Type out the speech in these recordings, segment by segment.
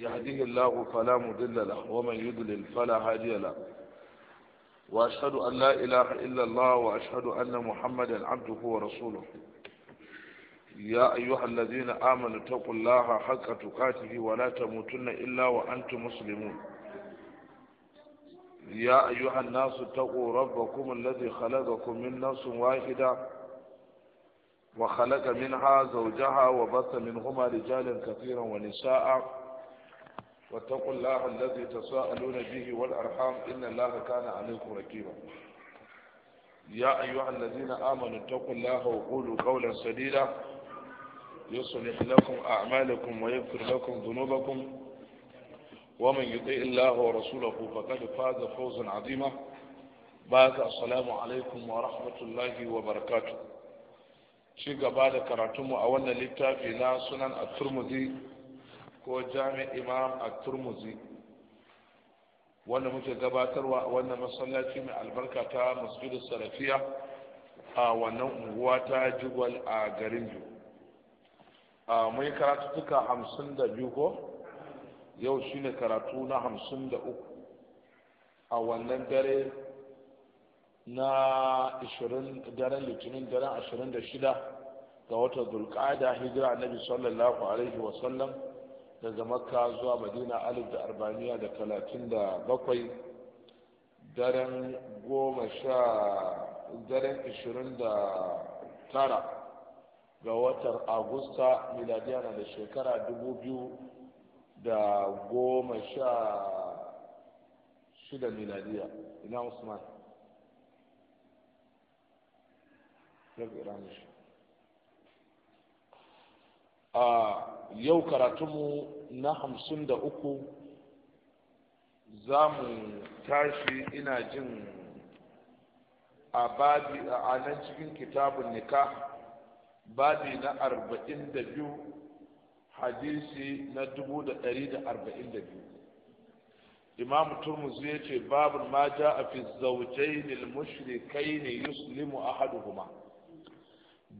يهديه الله فلا مضل له ومن يضلل فلا هادي له وأشهد أن لا إله إلا الله وأشهد أن محمدا عبده ورسوله يا أيها الذين آمنوا اتقوا الله حق تقاته ولا تموتن إلا وأنتم مسلمون يا أيها الناس اتقوا ربكم الذي خلقكم من نفس واحدة وخلق منها زوجها وبث منهما رجالا كثيرا ونساء واتقوا الله الذي تساءلون به والأرحام إن الله كان عليكم ركيبا يا أيها الذين آمنوا اتقوا الله وقولوا قولا سديدا يصلح لكم أعمالكم ويغفر لكم ذنوبكم ومن يطيع الله ورسوله فقد فاز فوزا عظيما بعد السلام عليكم ورحمة الله وبركاته شيخ بعد كراتم أولا للتافي لا سنن الترمذي ko jami imam a turmuzi wanda muke gabatarwa a wannan masallaci mai albarka ta masjidu Sarafiya? a wannan unguwa ta jigwal a garin ju a mai karatu tuka hamsin da biyu ko yau shine karatu na hamsin da uku a wannan dare na daren litinin daren ashirin da shida ga watan dulƙada hijira annabi sallallahu alaihi wasallam daga makka zuwa madina alif da arba'iniya da talatin da bakwai daren goma sha daren ishirin da tara ga watan agusta miladiya na da shekara dubu biyu da goma sha shida miladiya ina usman Tabi iranishi a yau karatunmu na hamsin da uku za mu tashi ina jin a babi a nan cikin kitabun nika babi na arba'in da biyu hadisi na dubu da ɗari da arba'in da biyu imam turmuzi ya ce babin ma ja a fi zaujai ne mushrikai ne haɗu kuma.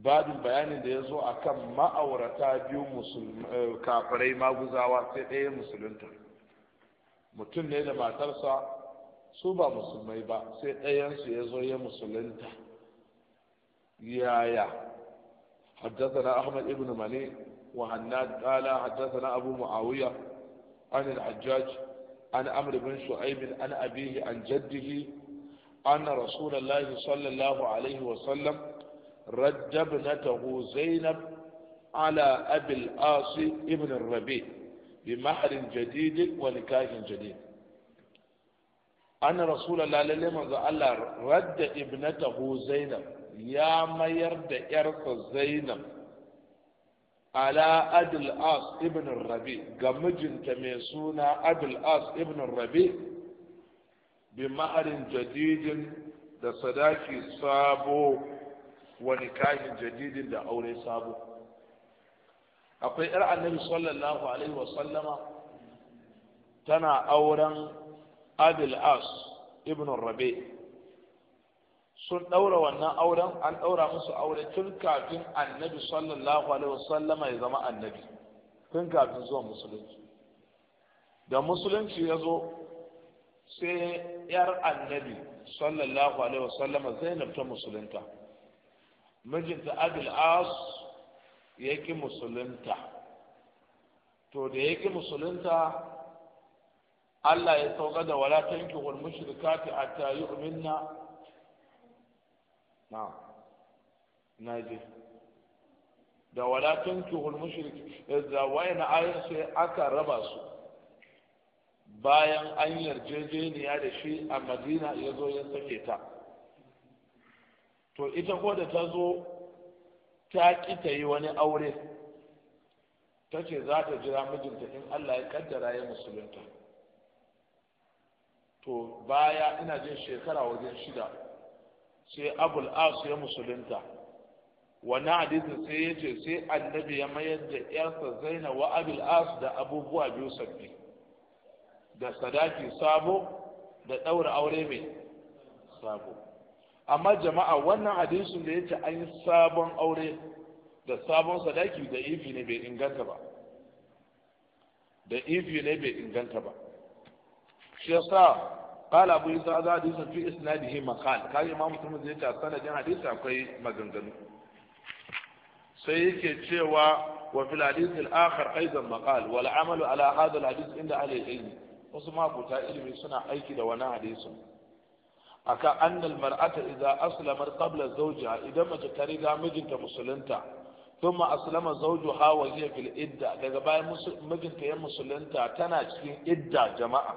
babin bayanin da ya zo a kan ma'aurata biyu eh, kafirai maguzawa sai ɗaya musulunta mutum ne da matarsa su ba musulmai ba sai ɗayansu ya zo ya musulunta yaya حدثنا أحمد بن مني وهناد قال حدثنا أبو معاوية عن الحجاج عن عمرو بن شعيب عن أبيه عن جده أن رسول الله صلى الله عليه وسلم رجبنته زينب على أبي الآص ابن الربيع بمهر جديد ونكاح جديد أن رسول الله لله من الله رد ابنته زينب يا ما يرد إرث زينب على أبي الآص ابن الربيع جمجن تميسونا أبي الآص ابن الربيع بمهر جديد da sadaki sabo wa nikahin jadidin da aure sabo akwai yar annabi sallallahu alaihi wa sallama tana auren abil as ibn rabi sun daura wannan auren an daura musu aure tun kafin annabi sallallahu alaihi wa sallama ya zama annabi tun kafin zuwa musulunci da musulunci ya zo sai yar annabi sallallahu alaihi wa sallama zainab ta musulunta mijinta abil as ya ƙi musulunta to da ya ƙi musulunta Allah ya sauka da wala tankihul mushrikati hatta yu'minna na na ji da wala tankihul mushrik da wayna ayin sai aka raba su bayan an yarjejeniya da shi a Madina ya zo ya sake ta to ita ko da ta zo ta ƙi ta yi wani aure ta ce za ta jira mijinta in Allah ya kaddara ya musulunta to baya ina jin shekara wajen shida sai abul as ya musulunta wannan hadisin sai ya ce sai annabi ya mayar da yarsa zaina wa abul as da abubuwa biyu sabbi da sadaki sabo da ɗaura aure mai sabo amma jama'a wannan hadisin da yace an yi sabon aure da sabon sadaki da ifi ne bai inganta ba da ifi ne bai inganta ba shi yasa qala abu isa za hadisin fi isnadihi maqal kai imam muslim zai ta sanadin hadisi akwai maganganu sai yake cewa wa fil hadith al akhar aidan maqal wal amalu ala hadha al hadith inda ahli al ilm wasu ma ilmi suna aiki da wannan hadisin aka annal mar'ata idza aslama qabla zawjiha idan mace ta riga mijinta musulunta thumma aslama zawjuha wa hiya fil idda daga bayan mijinta ya musulunta tana cikin idda jama'a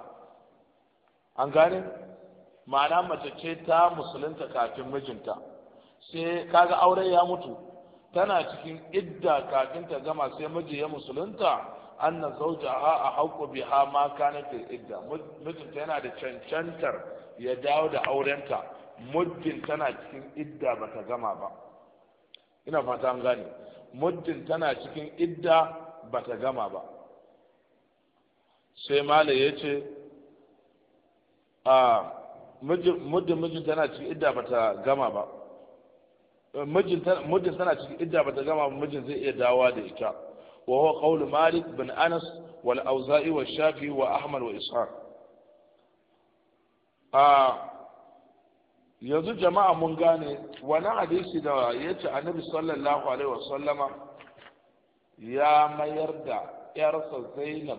an gane ma'ana mace ce ta musulunta kafin mijinta sai kaga aure ya mutu tana cikin idda kafin ta gama sai miji ya musulunta anna zawjaha a hauku biha ma kana fil idda mijinta yana da cancantar ya dawo da aurenta muddin tana cikin idda ba ta gama ba ina fata an gane muddin tana cikin idda ba ta gama ba sai malam ya ce a muddin mijin tana cikin idda ba ta gama ba muddin tana cikin idda ba ta gama ba mijin zai iya dawa da ita wa huwa qawlu malik bin anas wal auza'i wa shafi wa ahmad wa ishaq a yanzu jama'a mun gane wani hadisi da ya ce annabi sallallahu alaihi wasallama ya mayar da yarsa zainab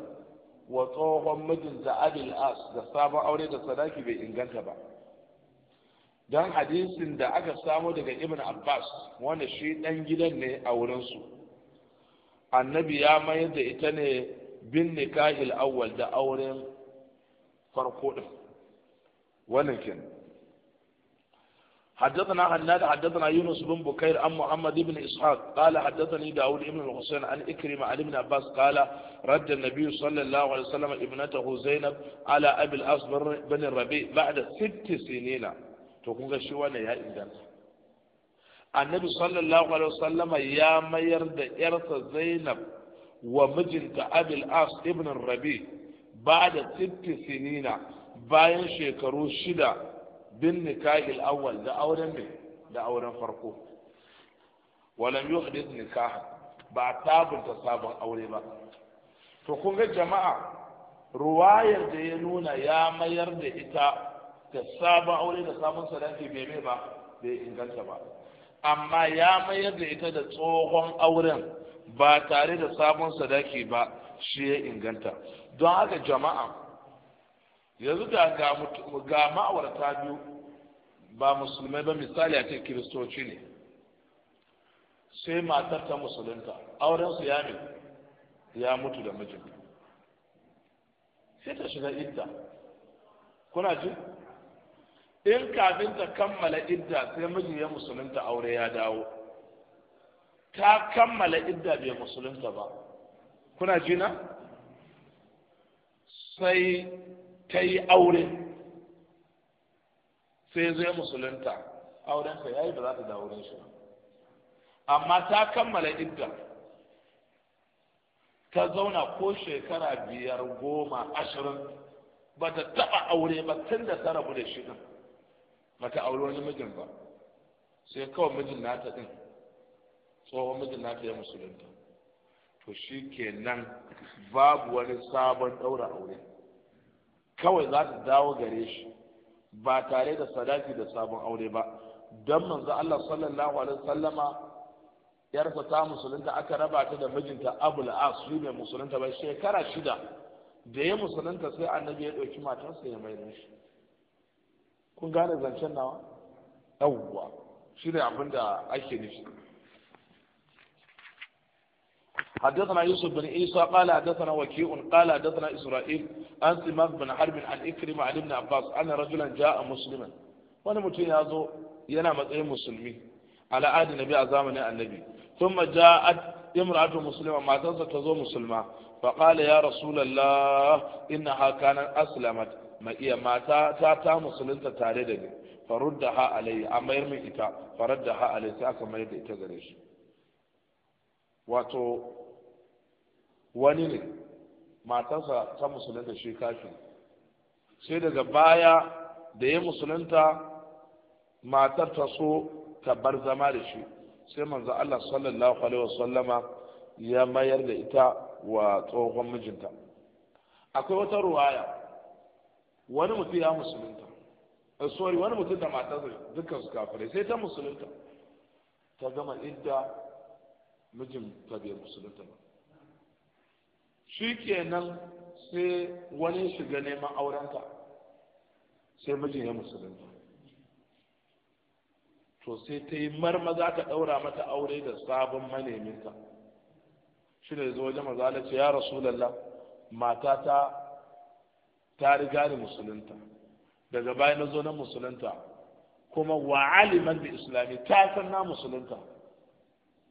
wa tsohon mijinta abil as da sabon aure da sadaki bai inganta ba don hadisin da aka samu daga ibn abbas wanda shi dan gidan ne a wurinsu annabi ya mayar da ita ne bin nikahil awwal da auren farko din ولكن حدثنا هناد حدثنا يونس بن بكير عن محمد بن اسحاق قال حدثني داود بن الحسين عن اكرم عن ابن عباس قال رد النبي صلى الله عليه وسلم ابنته زينب على ابي الاص بن الربيع بعد ست سنين تقول شو انا يا انسان النبي صلى الله عليه وسلم يا ما يرد ارث زينب ومجد ابي الاص ابن الربيع بعد ست سنين bayan shekaru shida bin nikahil awwal da auren ne da auren farko walam yuhdith nikaha ba tabunta sabon aure ba to kun ga jama'a ruwayar da ya nuna ya mayar da ita da sabon aure da sabon sadaki bai mai ba bai inganta ba amma ya mayar da ita da tsohon auren ba tare da sabon sadaki ba shi ya inganta don haka jama'a yanzu ga ga ma'aurata biyu ba musulmai ba misali a ce kiristoci ne sai matar ta musulunta auren su ya ya mutu da mijin sai ta shiga idda kuna ji in kafin ta kammala idda sai miji ya musulunta aure ya dawo ta kammala idda bai musulunta ba kuna ji na sai ta yi aure sai zai musulunta aurensa ya yi ba za ta da auren shi amma ta kammala idda ta zauna ko shekara biyar goma ashirin ba ta taɓa aure ba tun da ta rabu da shi ɗin ba ta aure wani mijin ba sai kawai mijin nata ɗin tsohon mijin nata ya musulunta to shi kenan babu wani sabon ɗaura aure kawai za ta dawo gare shi ba tare da sadaki da sabon aure ba don manzo Allah sallallahu alaihi wasallama yarsa ta musulunta aka raba ta da mijinta Abul As shi ne musulunta bai shekara shida da ya musulunta sai annabi ya ɗauki matarsa ya mai shi kun gane zancen nawa yawwa shi ne abin ake nufi haddasana يوسف bin isa قال حدثنا وكيء قال حدثنا إسرائيل عن سماك بن حرب عن إكرم عن ابن عباس أن رجلا جاء wani mutum ya zo yana matsayin musulmi ala adi nabi a zamanin annabi thumma ja'at imra'atu muslima matarsa ta zo musulma fa qala ya rasulullah innaha kanat aslamat ma iya mata ta ta tare da ni faruddaha alayya a mayar min ita faruddaha alayya sai aka mayar da ita gare shi wani ne matarsa ta musulunta shi kafin sai daga baya da ya musulunta matar ta so ta bar zama da shi sai manzo Allah sallallahu alaihi wasallama ya mayar da ita wa tsohon mijinta akwai wata ruwaya wani mutum ya musulunta eh, sorry wani mutum da matarsa dukkan su kafirai sai ta musulunta ta gama idda mijin ta bai musulunta ba shi kenan sai wani shiga neman aurenta sai mijin ya musulunta to sai ta yi marmaza ta ɗaura mata aure da sabon maneminta shi ne zuwa jama zala ce ya rasulallah mata ta ta riga da musulunta daga baya na zo na musulunta kuma wa aliman da islami ta san na musulunta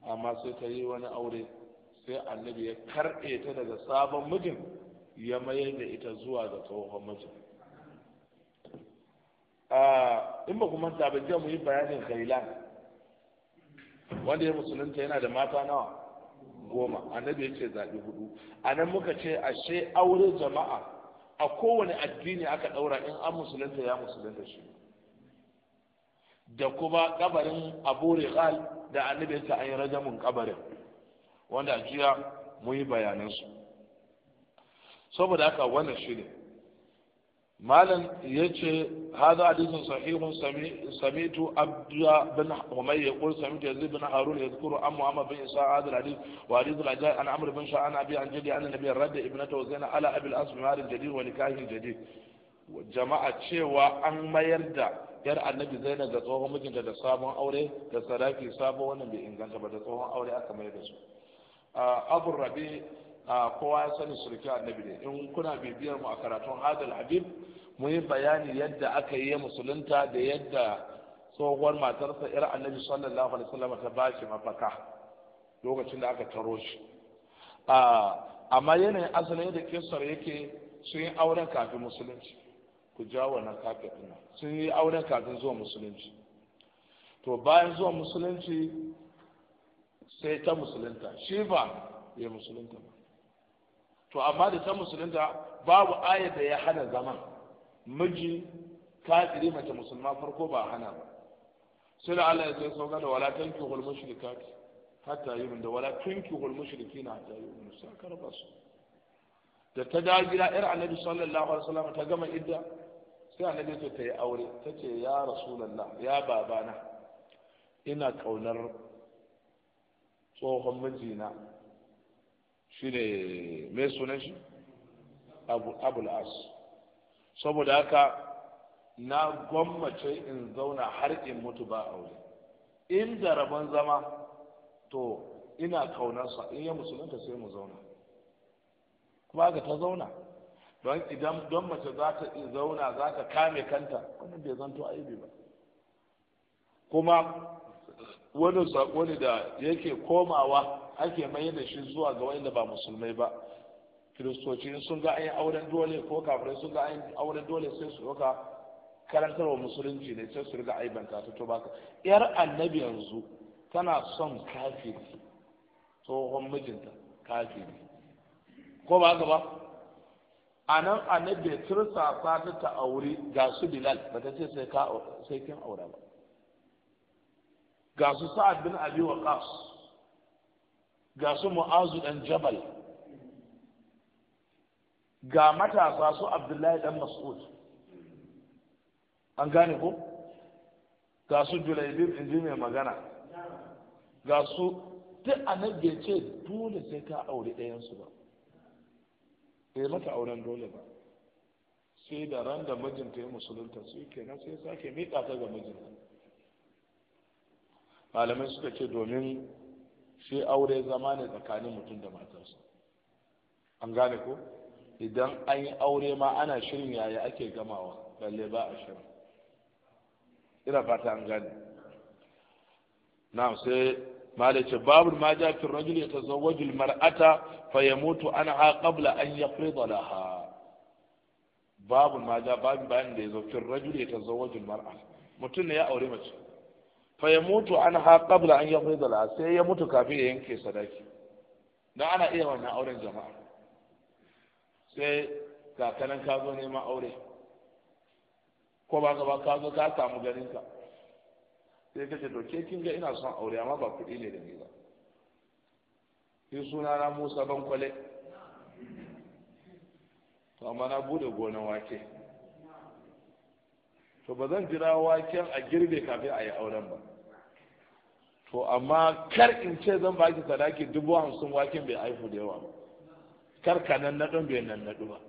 amma sai ta yi wani aure sai annabi ya karɓe ta daga sabon mijin ya mayar da ita zuwa ga tsohon mijin in ba kuma ta bajiya mu yi bayanin gailan wanda ya musulunta yana da mata nawa goma annabi ya ce zaɓi hudu a nan muka ce ashe aure jama'a a kowane addini aka ɗaura in an musulunta ya musulunta shi da kuma kabarin abu Rikal da annabi ya ce an yi rajamin kabarin wanda a jiya mu yi bayanansu saboda haka wannan shi ne malam ya ce hada hadisin sahihun samitu abdulla bin humay ya qul samitu yanzu bin harun yadhkuru an muhammad bin isa adil hadith wa hadith al-ajai an amur bin sha'an abi an jadi anna nabiy radda ibnatahu zainab ala abil al-asmi marin jadid wa nikahin jadid jama'a cewa an mayar da yar annabi zainab da tsohon mijinta da sabon aure da sadaki sabon wannan bai inganta ba da tsohon aure aka mayar da su abu rabi kowa ya sani surki annabi ne in kuna bibiyar mu a karatun hadal habib mu yi bayani yadda aka yi musulunta da yadda tsohuwar matarsa yar annabi sallallahu alaihi wasallam ta ba shi mafaka lokacin da aka taro shi amma yanayin asalin da kisar yake sun yi auren kafin musulunci ku jawo na, kafin sun yi auren kafin zuwa musulunci to bayan zuwa musulunci sai ta musulunta shi ba ya musulunta ba to amma da ta musulunta babu ayar da ya hana zaman miji tsiri mace musulma farko ba hana ba sai da Allah ya sai sauka da wala tankihul mushrikat hatta yi da wala tankihul mushrikina hatta mun sai ka raba su da ta da gida yar annabi sallallahu alaihi wasallam ta gama idda sai annabi ya ce ta yi aure ta ce ya rasulullah ya babana ina kaunar tsohon mijina shi ne mai sunan shi abul'as saboda haka na gwammace in zauna har in mutu ba aure in da rabon zama to ina kaunarsa in ya musulunta sai mu zauna kuma ga ta zauna don idan don mace za ta zauna za ta kame kanta wannan bai zanto aibi ba kuma wani sako ne da yake komawa ake mai da shi zuwa ga wanda ba musulmai ba kiristoci sun ga an auren dole ko kafirai sun ga an auren dole sai su karantar karantarwa musulunci ne sai su riga aibanta ta to baka yar annabi yanzu tana son kafiri tsohon mijinta kafiri ko ba ka ba a nan annabi ya tursa ta ta aure ga su bilal ba ta ce sai kin aura ba ga su sa'ad bin abi waqas ga su mu'azu dan jabal ga matasa su abdullahi dan mas'ud an gane ko ga su julaibir in ji mai magana ga su duk annabi ya ce dole sai ka aure ɗayansu ba bai mata auren dole ba sai da ran da mijinta ya musulunta su kenan sai sake miƙa ta ga mijinta malamai suka ce domin shi aure zama ne tsakanin mutum da matarsa an gane ko idan an yi aure ma ana shirin yaya ake gamawa balle ba a shirin ina fata an gane na sai malice babu ma ja fi rajul ya tazawwaju mar'ata fa yamutu anha qabla an yaqrid laha babu ma ja babu bayan da yazo fi rajul ya tazawwaju mar'a mutum ne ya aure mace fa ya mutu an ha qabla an yi da sai ya mutu kafin ya yanke sadaki don ana iya wannan auren jama'a sai kakanan ka zo neman aure ko ba ka ba ka zo ka samu ganinka sai ka ce to ke kin ga ina son aure amma ba kuɗi ne da ni ba shi suna na Musa Bankwale to amma na bude gonan wake to ba zan jira waken a girbe kafin a yi auren ba to amma kar in ce zan baki sadaki dubu hamsin waken bai haihu da yawa ba kar ka nan naɗin bai nan na ba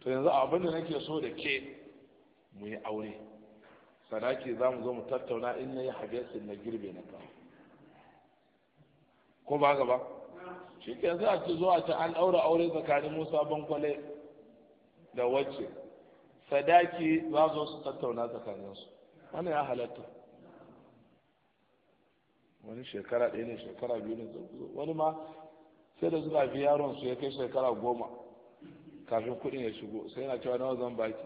to yanzu abin da nake so da ke mu yi aure sadaki za mu zo mu tattauna in na yi habesin na girbe na kawo ko ba gaba shi ke za a ci zo a ta an ɗaura aure tsakanin musa bankwale da wacce Fadaki za zo su tattauna tsakaninsu Wani ya halatta wani shekara ɗaya ne shekara biyu ne wani ma sai da suka fi yaron su ya kai shekara goma kafin kuɗin ya shigo sai yana cewa nawa zan baki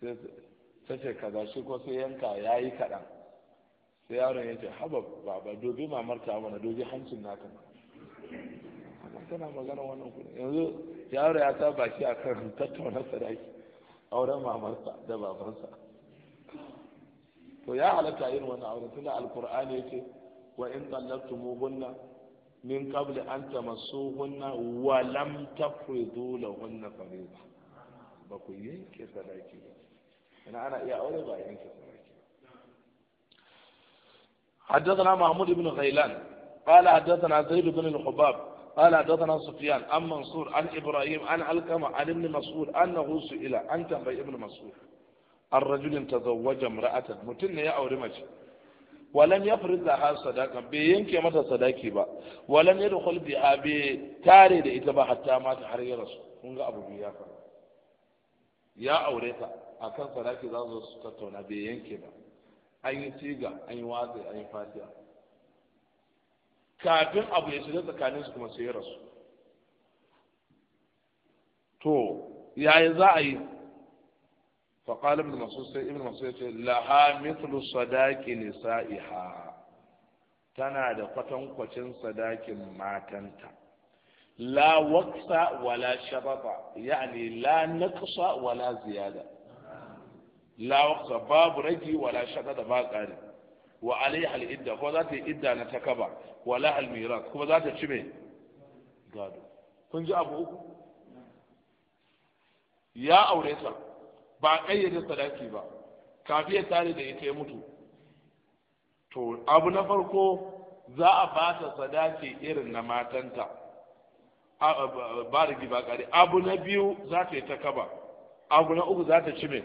sai ta ce kaza shi ko sai yanka ya yi kaɗan sai yaron ya ce haba baba dobi mamar ta mana dobi hancin naka tana magana wannan kuɗi yanzu yaro ya sa shi a kan tattauna sadaki auren mamarsa da babansa to ya halatta yin wani auren tunda alkur'ani yake wa in tallaqtumuhunna min qabli an tamassuhunna wa lam tafridu lahunna fariida ba ku yanke sadaki ba ina ana iya aure ba yanke sadaki ba حدثنا محمود بن غيلان قال حدثنا زيد بن الحباب قال حدثنا سفيان عن منصور عن ابراهيم عن علقمه عن ابن مسعود انه سئل عن تنبي ابن مسعود عن رجل تزوج امراه متن يا اوري مجي ولم يفرض لها صداقا بينك متى صداقي با ولم يدخل بها بتاري da ita ba hatta ma ta har ya rasu kun ga abu ya fara ya aure ta akan sadaki za su tattauna bai yanke ba an yi siga an yi watsi an yi fatiha kafin abu ya shiga tsakanin su kuma sai ya rasu to yayi za a yi ibn ابن sai ibn ابن ce, يقول لها mithlu صداق nisa'iha tana da kwatankwacin sadakin matanta la waqsa wala shababa yani la naqsa wala ziyada la waqsa babu ragi wala shababa ba ƙarin. wa alaiha al-idda ko za ta yi idda na takaba wa la al-miras kuma za ta ci me gado kun ji abu uku ya aure ta ba kayyade sadaki ba kafin ya tare da ita ya mutu to abu na farko za a ba ta sadaki irin na matanta ba da kare abu na biyu za ta yi ta kaba abu na uku za ta ci me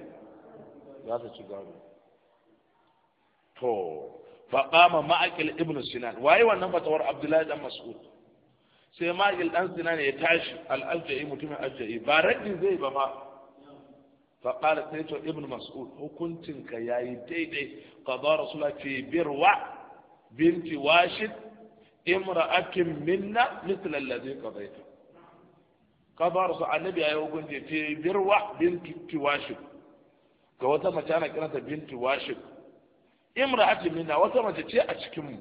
za ta ci gado to fa qama ma'aqil ibn sinan waye wannan fatawar abdullahi dan mas'ud sai ma'aqil dan sinan ya tashi al'ajai mutumin ajai ba raddi zai ba ma fa qala sai to ibn mas'ud hukuncin ka yayi daidai qada rasulullah fi birwa binti washid imra'atin minna mithla alladhi qadayta qada rasul annabi yayi hukunci fi birwa binti washid ga wata mace ana kiranta binti washid imra'ati minna wata mace ce a cikin mu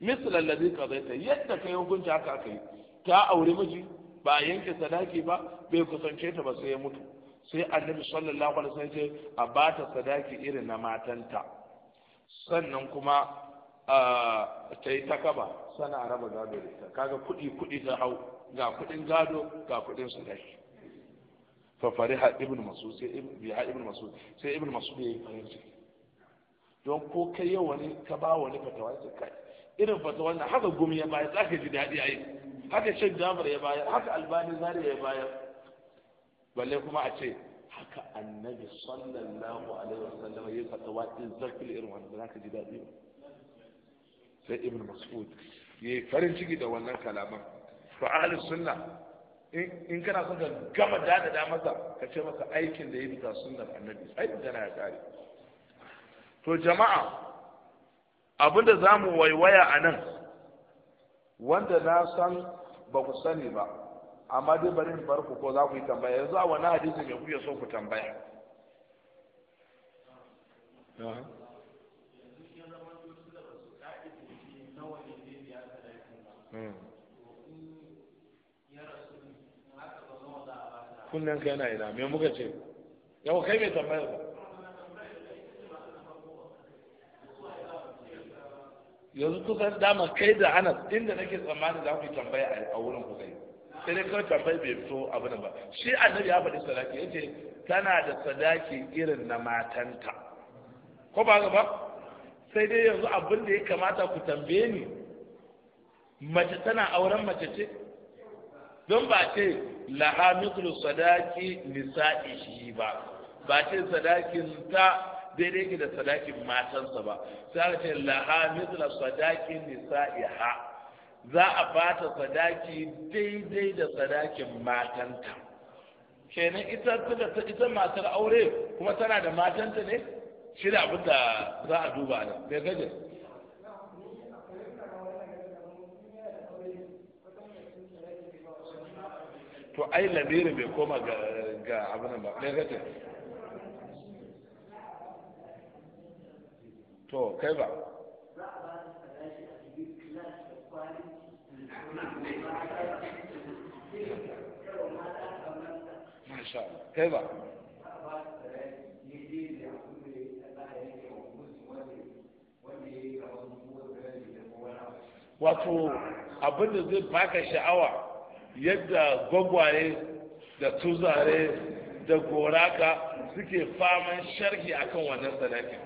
misal allazi qadaita yadda kai hukunci haka aka yi ta aure miji ba yanke sadaki ba bai kusance ta ba sai ya mutu sai annabi sallallahu alaihi wasallam ce a ba ta sadaki irin na matanta sannan kuma ta yi takaba sana a raba gado da ita kaga kuɗi kuɗi ta hau ga kuɗin gado ga kuɗin sadaki fa fariha ibnu masud sai ibnu masud sai ibnu masud ya yi farin ciki don ko kai yau wani ka ba wani fatawa sai kai irin fatawa na haka gumi ya bayar za ka ji daɗi a yi haka shan jamar ya bayar haka albani zari ya bayar balle kuma a ce haka annabi sallallahu alaihi wasallam ya fatawa in zakil irin wanda za ka ji daɗi ba sai ibn mas'ud ya yi farin ciki da wannan kalaman fa ahli sunna in kana son ka gama dada da masa ka ce masa aikin da ya bi ta sunnar annabi aikin magana ya kare to jama'a abinda za mu waiwaya a nan wanda na san ba ku sani ba amma dai bari in farko ko za ku yi tambaya yanzu a wani hadisi mai kuke so ku tambaya hmm. kunnen ka yana ina me muka ce yau kai mai tambayar ba yanzu kusan dama kai da anas inda nake tsammani za ku yi tambaya a wurin ku kai sai dai kawai tambayi bai fito abin ba shi annabi ya faɗi sadaki yace tana da sadaki irin na matanta ko ba ga ba sai dai yanzu abin da ya kamata ku tambaye ni mace tana auren mace ce don ba ce laha mithlu sadaki nisa'i shi ba ba ce sadakin ta daidai ke da sadakin matansa ba sai aka ce laha mithla sadakin nisa'iha za a bata sadaki daidai da sadakin matanta kenan ita ta ita matar aure kuma tana da matanta ne shi da abin da za a duba da. mai gaje to ai labirin bai koma ga abin ba mai gaje to kai ba wato abinda zai baka sha'awa yadda gwagwaye da tuzare da goraka suke faman sharhi akan wannan sadakin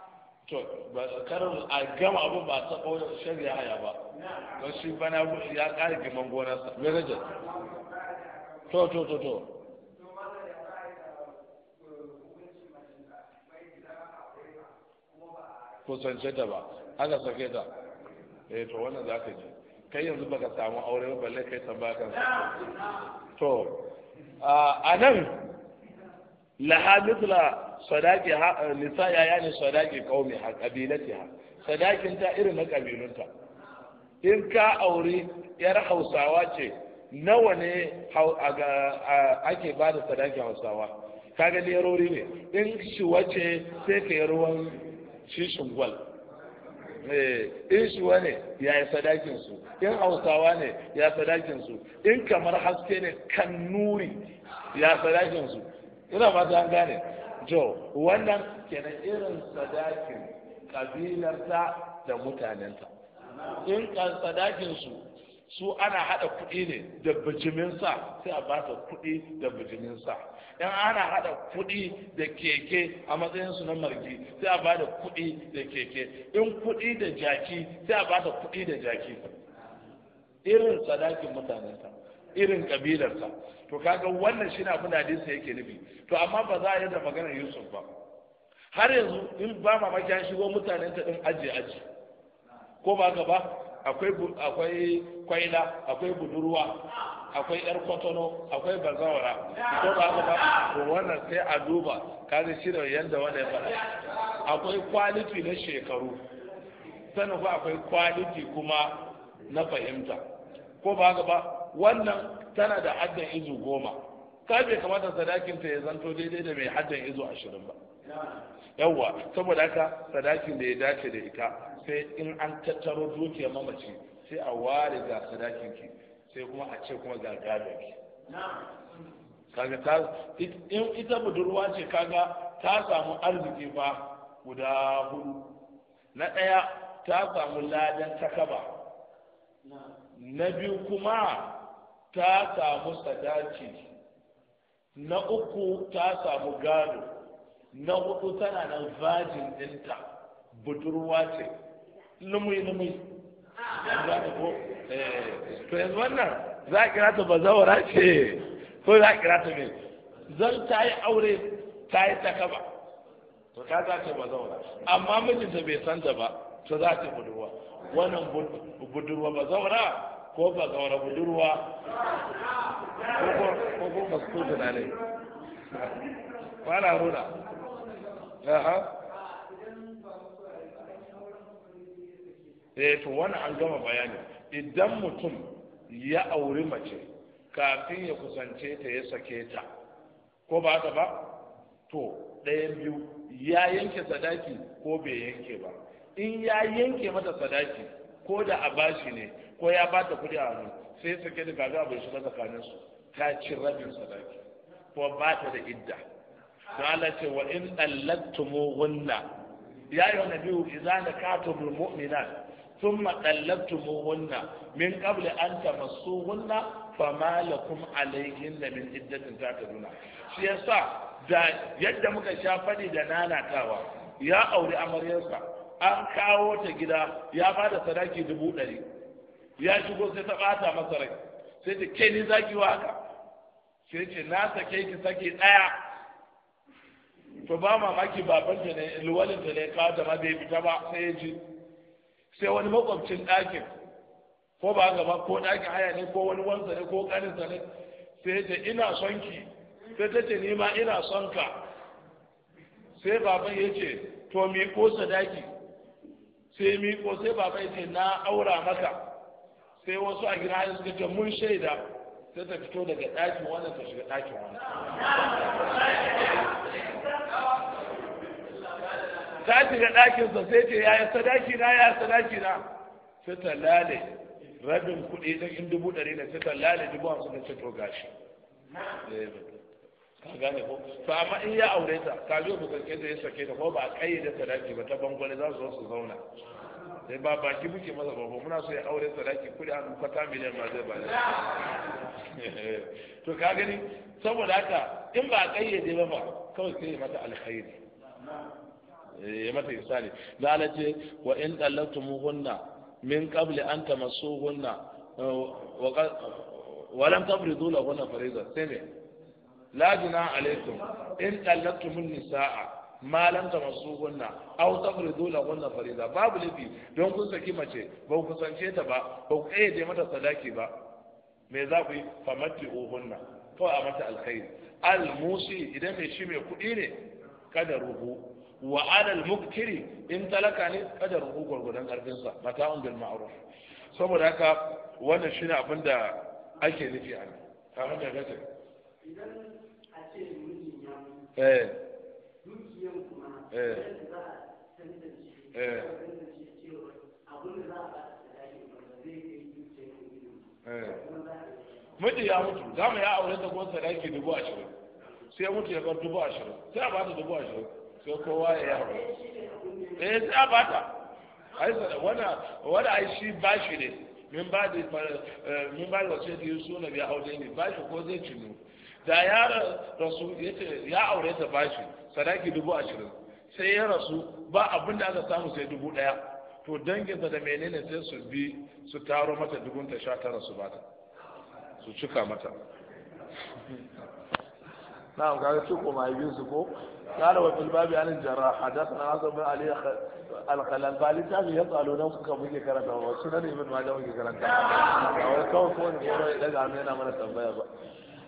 to ba kar a gama abu ba ta ɓoye shari'a haya ba don shi bana ya kare giman gonarsa manager to to to to ce ta ba haka sake ta eh to wannan za ka ji kai yanzu baka samu aure ba balle kai tambaya kan to a nan la mithla sadaki eh, nisa ya yani sadaki qaumi ha qabilatiha sadakin ta irin na kabilunta in ka auri yar hausawa ce nawa ne ake ba da sadaki hausawa kaga ne yarori ne in shi wace sai ka yi ruwan shishin gwal eh, in shi wane ya yi sadakinsu in hausawa ne ya sadakinsu in kamar haske ne kan nuri ya sadakinsu ina fata an gane jo wannan kenan irin sadakin kabilarta da mutanenta in sadakin su su ana haɗa kuɗi ne da bijimin sai a ba ta kuɗi da bijimin in ana haɗa kuɗi da keke a matsayinsu na margi sai a ba da kuɗi da keke in kuɗi da jaki sai a ba ta kuɗi da jaki irin sadakin mutanenta irin kabilarsa to kaga wannan shi na abin da hadisi yake nufi to amma ba za a yi da maganar yusuf ba har yanzu in ba mamaki an shigo mutanen ta din aje aje ko ba ka ba akwai akwai kwaila akwai budurwa akwai yar kwatano akwai bazawara ko ba ka ba to wannan sai a duba kaga shi da yanda wanda ya faɗa akwai kwaliti na shekaru ba akwai kwaliti kuma na fahimta ko ba ka ba wannan tana da haddan izu goma ka bai kamata sadakinta ya zanto daidai da mai haddan izu ashirin ba yawwa saboda haka sadakin da ya dace da ita sai in an tattaro dukiya mamaci sai a ware ga sadakin sai kuma a ce kuma ga gadon kaga ta in ita budurwa ce kaga ta samu arziki fa guda hudu na ɗaya ta samu ladan takaba na biyu kuma ta samu sadaci na uku ta samu gado na hudu tana nan vajin dinta. budurwa ce lumi lumi za ta ko eh, to yanzu wannan za a kira ta bazawara ce ko za a kira ta mai zan ta yi aure ta yi ta kaba to ta za ta bazawara amma mijinta bai san da ba to za ta budurwa wannan budurwa bazawara ko ba wara budurwa ko ko ba su tuna ne ba na runa aha eh to wani an gama bayani idan mutum ya auri mace kafin ya kusance ta ya sake ta ko ba ta ba to ɗaya biyu ya yanke sadaki ko bai yanke ba in ya yanke mata sadaki ko da a bashi ne ko ya ba ta kuɗi a hannu sai sake da gaga bai shiga tsakanin su ta ci rabin sadaki ko ba ta da idda to Allah ce wa in dallaktumunna ya ayyuhan nabiyyu idza nakatumul mu'minat thumma dallaktumunna min qabli an tamassuhunna fama lakum alayhinna min iddatin takaduna shi yasa da yadda muka sha fadi da nanatawa ya auri amaryarsa an kawo ta gida ya ba da sadaki dubu ɗari ya shigo sai ta bata masa rai sai ta ke ni zaki wa haka sai ce na sake ki sake daya to ba mamaki baban ta ne luwalin ta ne ka da ma bai fita ba sai ya ji sai wani makwabcin ɗakin ko ba gaba ko ɗakin haya ne ko wani wansa ne ko ƙaninsa ne sai ta ina son ki sai ta ce ni ma ina son ka sai baban ya ce to mi ko sadaki sai mi ko sai baban ya ce na aura maka sai wasu a gina hali suka ce mun shaida sai ta fito daga ɗakin wanda ta shiga ɗakin wannan ta shiga ɗakinsa sai ce yaya sadaki na yaya sadaki na sai ta lale rabin kuɗi ta in dubu ɗari na sai ta lale dubu hamsin da ta to gashi eh, ka gane ko to amma in ya aure ta ka zo ku da ya sake ta ko ba a kayyade sadaki ba ta bangwale za su zo su zauna sai ba baki muke masa ba muna so ya aure sadaki kuri an kwata miliyan ma zai ba to ka gani saboda haka in ba a kayyade ba ba kawai sai mata alkhairi eh, ya mata isali lalace wa in dallaqtumuhunna min qabli an tamassuhunna eh, wa lam tafridu lahunna fariidan sai ne la junaha alaykum in dallaqtumun nisaa malam ta masu gunna dole tafridu lahunna farida babu lafi don kun saki mace ba ku kusance ta ba ba ku kayyade mata sadaki ba me za ku yi famatti uhunna to a mata alkhairi musi idan mai shi mai kuɗi ne kada ruhu wa alal muktiri in talaka ne kada ruhu gwargwadon mata mata'un bil ma'ruf saboda haka wannan shine abin da ake nufi a nan a gata idan a ce mijin ya eh miji ya mutu za mu ya aure ta kuma sadaki dubu ashirin sai mutu ya bar dubu ashirin sai a ba ta dubu ashirin sai kowa ya yi aure eh sai a ba ta wani ai shi bashi ne min ba da eh, min ba da wace da yusu na biya aure ne bashi ko zai cinu da ya rasu ya aure ta bashi sadaki dubu ashirin sai ya rasu ba abin da aka samu sai dubu ɗaya to danginsa da menene sai su bi su taro mata dubun ta sha tara su bata su cika mata na amka ga cikin kuma ya su ko kada wata babi anin jara hadasa na nasa bin Ali alkalan ba ali tafi ya tsalo na kuka muke karanta ba su na nemi ma da ke karanta a wani kawai kowane kowane ya daga amina mana tambaya ba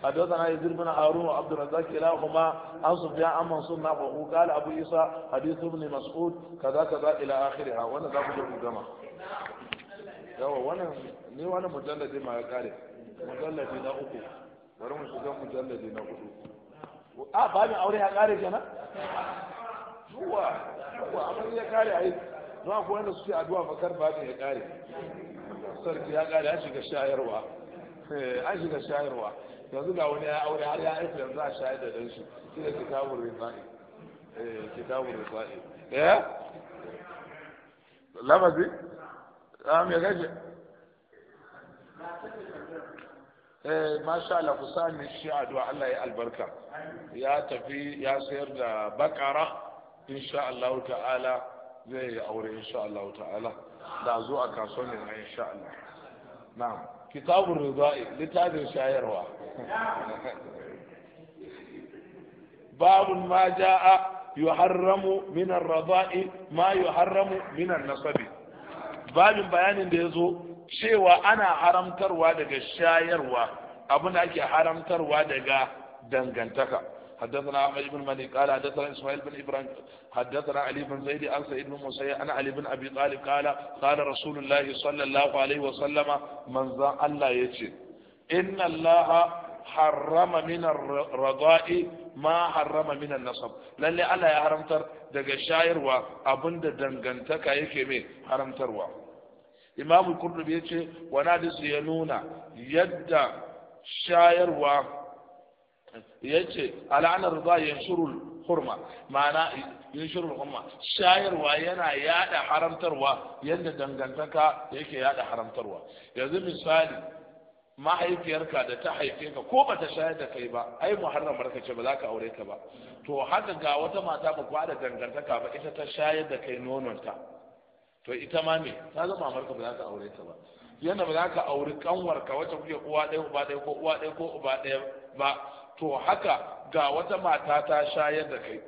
حدثنا يزيد بن هارون وعبد الرزاق كلاهما عن سفيان عن منصور نحوه قال ابو عيسى حديث ابن مسعود كذا كذا الى اخرها وانا ذاك الجمع yawa wannan ne wani mujalladi ma ya kare mujalladi na uku bari mu shiga mujalladi na hudu a babin aure ya kare kenan zuwa zuwa amma ya kare ai zuwa ko wanda suke addu'a fakar babin ya kare sarki ya kare ya shiga shayarwa Eh, an shiga shayarwa yanzu ga wani ya aure har ya aiki yanzu a shayar da dan shi shi ne kitabun rifa'i eh, kitabun rifa'i eh lamazi am ah, ya gaje eh masha Allah ku sani shi a addu'a Allah ya albarka ya tafi ya sayar da bakara insha Allah ta'ala zai aure insha Allah ta'ala da zo a kasuwar ne insha Allah na'am kitabun rizai littafin shayarwa babun ma ja'a yuharramu min ar ma yuharramu min an babin bayanin da ya zo cewa ana haramtarwa daga shayarwa abin da ake haramtarwa daga dangantaka حدثنا عمرو بن مالك قال حدثنا اسماعيل بن ابراهيم حدثنا علي بن زيد عن سعيد بن مسيع عن علي بن ابي طالب قال قال رسول الله صلى الله عليه وسلم من ذا الله يجي ان الله حرم من الرضاء ما حرم من النصب lalle Allah ya haramtar daga shayarwa abinda dangantaka yake mai haramtarwa imamu kurdubi ya ce wani hadisi ya nuna yadda shayarwa yace al'anar rida yanshurul hurma ma'ana yanshurul hurma shayarwa yana yada haramtarwa yadda dangantaka yake yada haramtarwa yanzu misali mahaifiyarka da ta haife ka ko ba ta shayar da kai ba ai muharram ka ce ba za ka aure ka ba to haka ga wata mata ba kwa da dangantaka ba ita ta shayar da kai nononta to ita ma me ta zama amarka ba za ka aure ta ba yadda ba za ka auri kanwarka wacce kuke uwa ɗaya uba ɗaya ko uwa ɗaya ko uba ɗaya ba to haka ga wata mata ta shayar da kai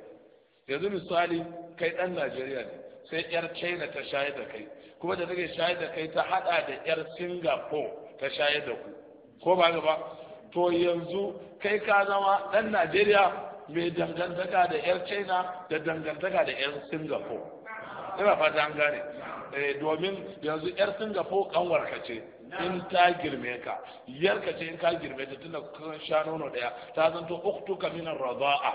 yanzu misali kai ɗan najeriya ne sai yar china ta shayar da kai kuma da take shayar da kai ta haɗa da yar singapore ta shayar da ku ko ba gaba to yanzu kai ka zama ɗan najeriya mai dangantaka da yar china da dangantaka da yar singapore ina fata an gane eh, domin yanzu yar singapore kanwarka ce in ta girme ka yarka ce in ka girme ta tunda kun sha nono daya ta zanto ka min ar-radha'a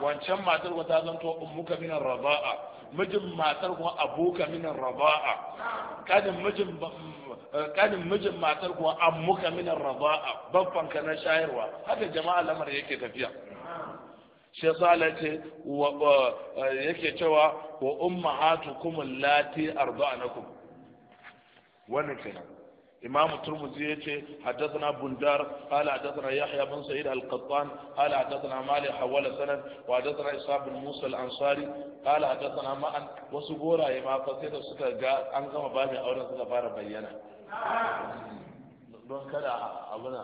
wancan matar ko ta zanto ka min ar-radha'a mijin matar ko abuka min ar-radha'a kadin mijin kadin mijin matar ko ka min ar-radha'a babban ka na shayarwa haka jama'a lamar yake tafiya shi yasa wa yake cewa wa ummahatukum allati arda'anakum wannan kenan إمام الترمذي حدثنا بندار قال حدثنا يحيى بن سعيد القطان قال حدثنا مالي حول سند وحدثنا إسحاق بن موسى الأنصاري قال حدثنا معا وسبورا إمام فسيد سكا أنغم بابي أولا سكا فارا بيانا don kada abuna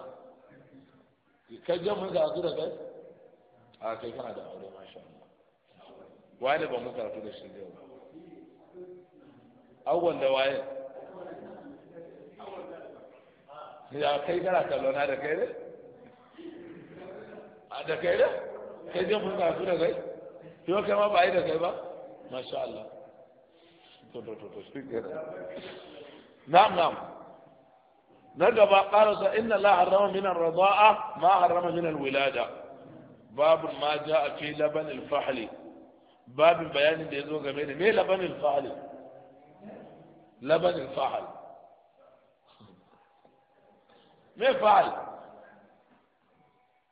ka ga mun ga da kai a kai kana da aure masha Allah wani ba mu karatu da shi da yau awwal da waye ya kai kana kallo na da kai ne a da kai ne kai zai fuska su da kai yau kai ma ba a yi da kai ba masha Allah to to to to shi kenan na'am na'am نجب قال إن لا حرم من الرضاعة ما حرم من الولادة باب ما جاء في لبن الفحل باب بيان اللي يزوج من لبن الفحل لبن الفحل me fa'al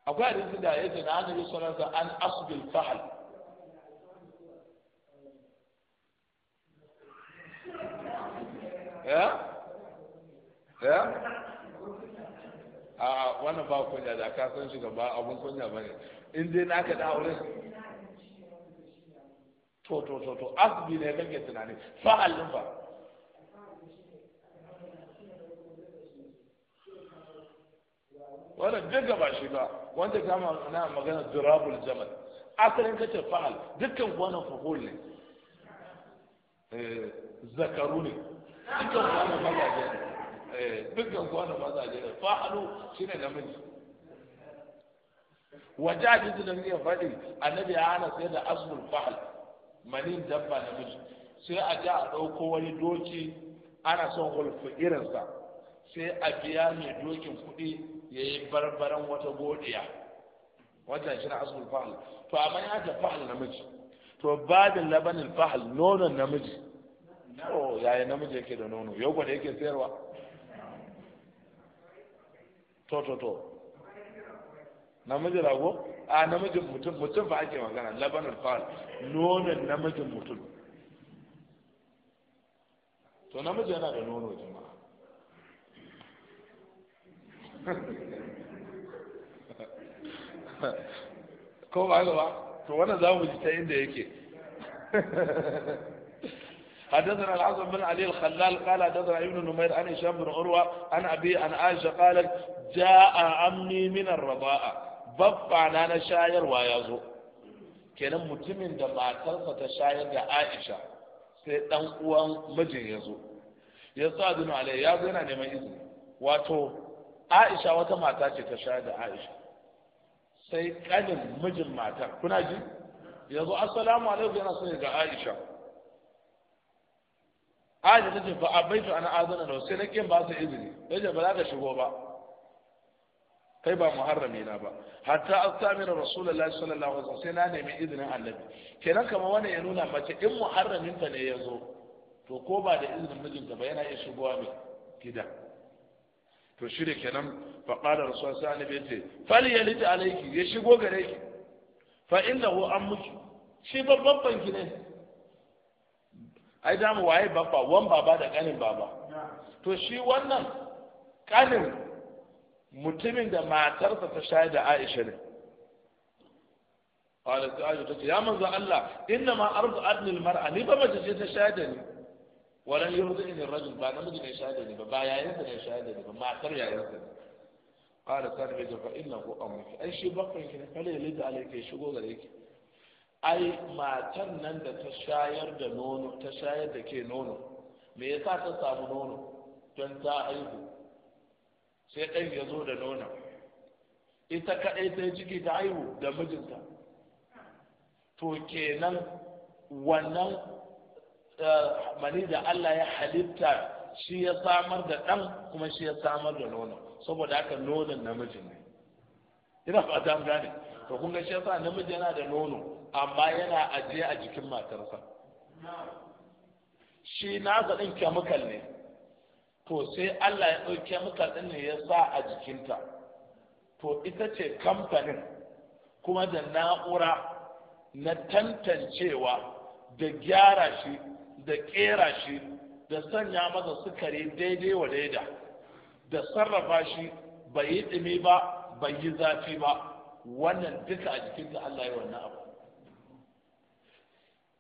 akwai hadisi da yake na annabi sallallahu alaihi an asbil fa'al ya ya a wannan ba kunya da ka san shi gaba abun kunya bane in dai na da aure to to to to asbi ne kake tunani fahal din ba. wanda duk gaba shi ba wanda kama na magana durabul jamal asalin kace fa'al dukkan wannan fuhul ne eh zakaru ne dukkan wannan mazaje ne eh dukkan wannan mazaje ne fa'alu shine namiji wajaji da ya fadi annabi ana sai da asmul fa'al manin dabba namiji sai a ga a dauko wani doki ana son hulfu irinsa sai a biya mai dokin kuɗi ya yi barbaran wata godiya wannan shi na asibin fahal to amma ya ta fahal namiji to babin labanin fahal nonon namiji to yaya namiji yake da nono yau gwada yake sayarwa to to to namiji rago a namijin mutum mutum ba ake magana labanin fahal nonon namijin mutum to namiji yana da nono jama'a ko ba ga ba to wannan za mu ji ta inda yake حدثنا العاصم بن علي الخلال قال حدثنا ابن نمير عن هشام بن عروه عن ابي عن عائشه قالت جاء عمي من الرضاعه بابا انا شاير ويازو kenan mutumin da matarsa ta shayar da Aisha sai dan uwan mijin ya zo ya sa dinu alai ya zo yana neman izini wato aisha wata mata ce ta sha da aisha sai kanin mijin matar kuna ji yanzu assalamu alaikum yana so ga aisha aisha ta ce ba bai ta ana azana da sai nake ba su izini yace ba za ka shigo ba kai ba muharrami na ba hatta astamira rasulullahi sallallahu alaihi wasallam sai na nemi izinin annabi kenan kamar wani ya nuna mace in muharramin ta ne ya zo to ko ba da izinin mijinta ba yana iya shigowa mai gida to shi da kenan fa qala rasul Sani bai ce fali fal lita alayki ya shigo gare ki fa an muki. shi babban banki ne ai da waye babba wan baba da kanin baba to shi wannan kanin mutumin da matarsa ta shayar da Aisha ne قالت عائشة يا من الله إنما أرض أدنى المرأة نبا ما shaida تشاهدني walan yurdi ni rajul ba namiji ne shahada ne ba ba ya yayin da ne shahada ne ba matar yayin da qala sarbi da ko an amruki An shi bakan kala ne kale lida ya shigo gare ki ai matan nan da ta shayar da nono ta shayar da ke nono me ya sa ta samu nono don ta aihu sai ɗan ya zo da nono. ita kaɗai ta ciki ta aihu da mijinta to kenan wannan mani da Allah ya halitta shi ya samar da ɗan kuma shi ya samar da nono saboda haka nonon namiji ne ina fata gane to kun ga shi yasa namiji yana da nono amma yana ajiye a jikin matarsa shi nasa ɗin chemical ne to sai Allah ya ɗauki chemical ɗin ne ya sa a jikinta to ita ce kamfanin kuma da na'ura na tantancewa da gyara shi da kera shi da sanya masa sukari daidai wa daida da sarrafa shi bai yi ɗumi ba bai yi zafi ba wannan duka a jikin da Allah ya wannan abu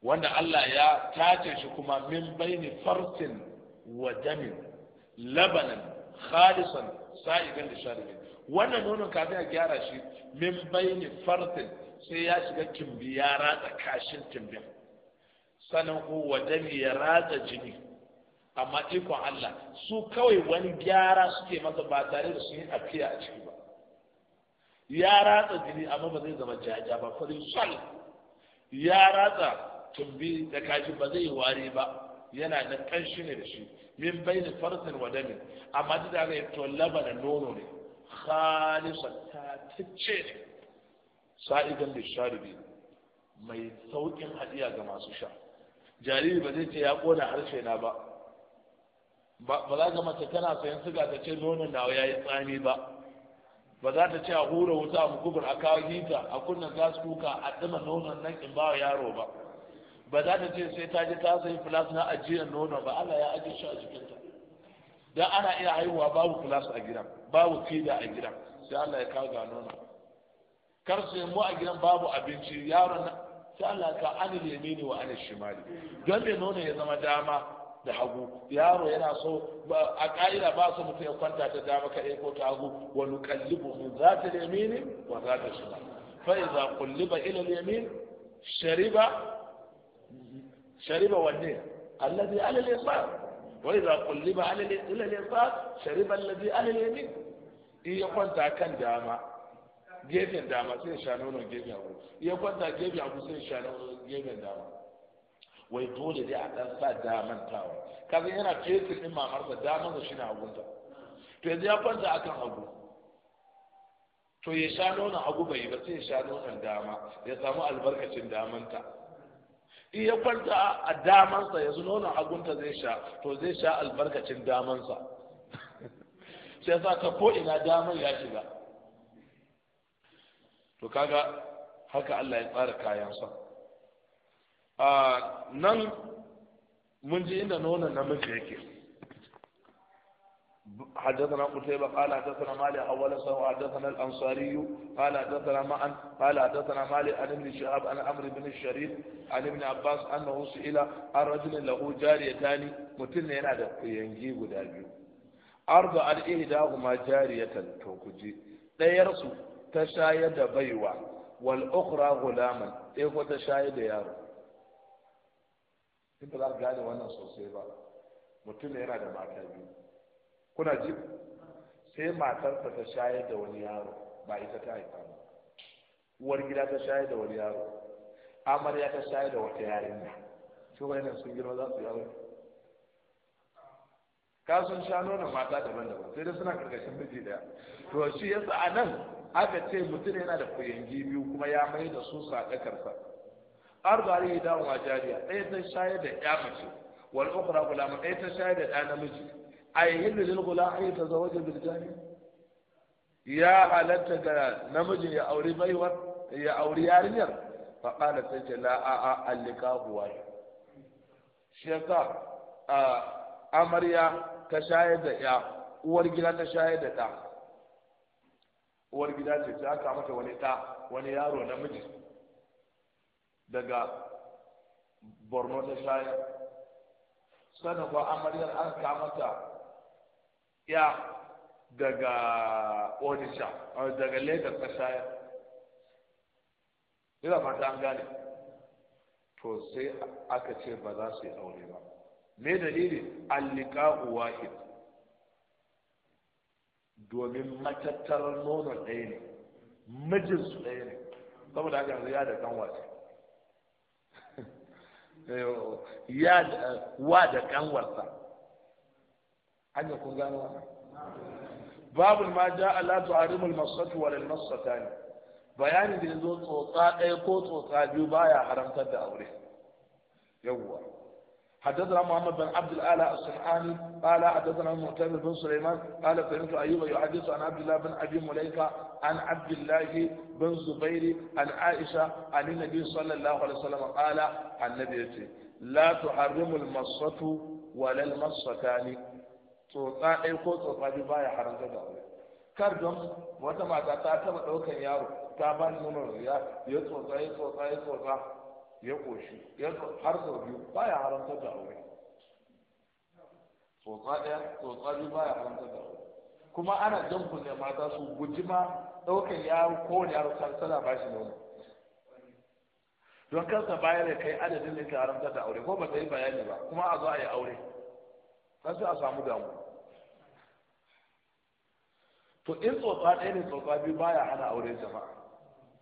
wanda Allah ya tace shi kuma min baini farsin wa damin labanan khalisan sa'igan da sharibin wannan nonon kafin a gyara shi min baini farsin sai ya shiga kimbiya ratsa kashin kimbin sanin wa dami ya ratsa jini amma ikon Allah su kawai wani gyara suke masa ba tare da su yi afiya a ciki ba ya ratsa jini amma ba zai zama jaja ba fari sal ya ratsa tumbi da kashi ba zai ware ba yana da kanshi ne da shi min bayni farsin wa dami amma duk da ya laba da nono ne khalisan ta tace ne sa'idan lisharibi mai sauƙin hadiya ga masu sha jariri ba zai ce ya kona harshe na ba ba za ka mace tana sayan suga ta ce nonon na ya yi tsami ba ba za ta ce a hura wuta a mukubur a kawo hita a kunna gas kuka a dima nonon nan in ba yaro ba ba za ta ce sai ta ji ta sayi filas na ajiyar nono ba Allah ya ajiye shi a jikinta dan ana iya haihuwa babu filas a gidan babu fida a gidan sai Allah ya kawo ga nono kar su mu a gidan babu abinci yaron sai Allah ta anil yamini wa ani shimali don me nono ya zama dama da hagu yaro yana so a ka'ida ba su mutum ya kwanta ta dama kaɗai ko ta hagu wa nuqallibu min zati nemi yamini wa zati shimali fa idza qulliba ila al-yamin shariba shariba wanne alladhi ala al-yasar wa idza qulliba ala ila al-yasar shariba alladhi ala al-yamin in ya kwanta kan dama gefen dama sai sha nono gefen abu iya kwanta gefen abu sai sha nono gefen dama wai dole dai a dan sa daman tawa kaga yana fesin din mamarsa shi shine hagunta to yanzu ya kwanta a kan hagu to ya sha nono hagu bai ba sai ya sha nonon dama ya samu albarkacin damanta in ya kwanta a damansa yanzu nonon hagunta zai sha to zai sha albarkacin damansa sai sa ta ko ina daman ya shiga to kaga haka Allah ya tsara kayansa a nan mun ji inda nuna namiji yake حدثنا قتيبة قال حدثنا مالي أولا سوى حدثنا الأنصاري قال حدثنا معا قال حدثنا مالي عن ابن شهاب عن عمرو بن الشريف عن ابن عباس أنه سئل عن رجل له جاريتان متن ينادى ينجي guda biyu arba al ihdahuma jariyatan to kuji dayar su ta shayar da baiwa wal ukhra gulaman ɗaya eh ko ta shaye da yaro in ba za ka gane wannan sosai ba mutum yana da mata biyu kuna ji sai matarsa ta shayar da wani yaro ba ita ta haifa ba uwar gida ta shayar da wani yaro amarya ta shayar da wata yarinya ba wannan sun girma za su yaro ka sun sha nonon mata daban-daban sai dai suna karkashin miji daya to shi yasa a nan aka ce mutum yana da kuyangi biyu kuma ya mai da su sadakarsa da ya dawo a jariya ɗaya ta shayar da ya mace wal ukhra gulama ɗaya ta shayar da ɗa namiji ayyin lil yi ta tazawaja bil jari ya halatta da namiji ya auri baiwar ya auri yarinyar fa qala sai ce la a a allika huwa shi amarya ta shayar da ya uwar gida ta shayar da ɗa uwar gida ce ta aka mata wani ta wani yaro namiji daga borno ta shaya sannan kuwa amaryar an ta ya daga odisha eh, daga lagos ta shaya ina fata an gane to sai aka ce ba za su yi aure ba me dalili allika wahid domin matattarar nonon ɗaya ne mijinsu ɗaya ne saboda haka yanzu ya da kan ce ya wa da kanwarsa hanyar kun gano wannan babul ma ja ala tuharimul masatu wal masatani bayanin da yazo tsotsa ɗaya ko tsotsa biyu baya haramtar da aure yawwa حدثنا محمد بن عبد الآلة الصحاني قال حدثنا المعتمر بن سليمان قال فهمت أيوب يحدث عن عبد الله بن أبي مليكة عن عبد الله بن زبير عن عائشة عن النبي صلى الله عليه وسلم قال عن نبيتي لا تحرم المصة ولا المصتان tsotsa ɗaya ko tsotsa biyu baya haramta da aure kar don wata mata ta taɓa ɗaukan yaro ya ƙoshi, har sau biyu ba ya haramta da aure tsotsa ɗaya tsotsa biyu ya haramta da aure kuma ana jan kunne mata su guji ma ɗaukar yaro kowane yaro sana ba shi nono don kansa bayan da kai adadin da ke haramta da aure ko ba ta yi bayani ba kuma a zo a yi aure kan sai a samu damu to in tsotsa ɗaya ne tsotsa biyu baya hana aure jama'a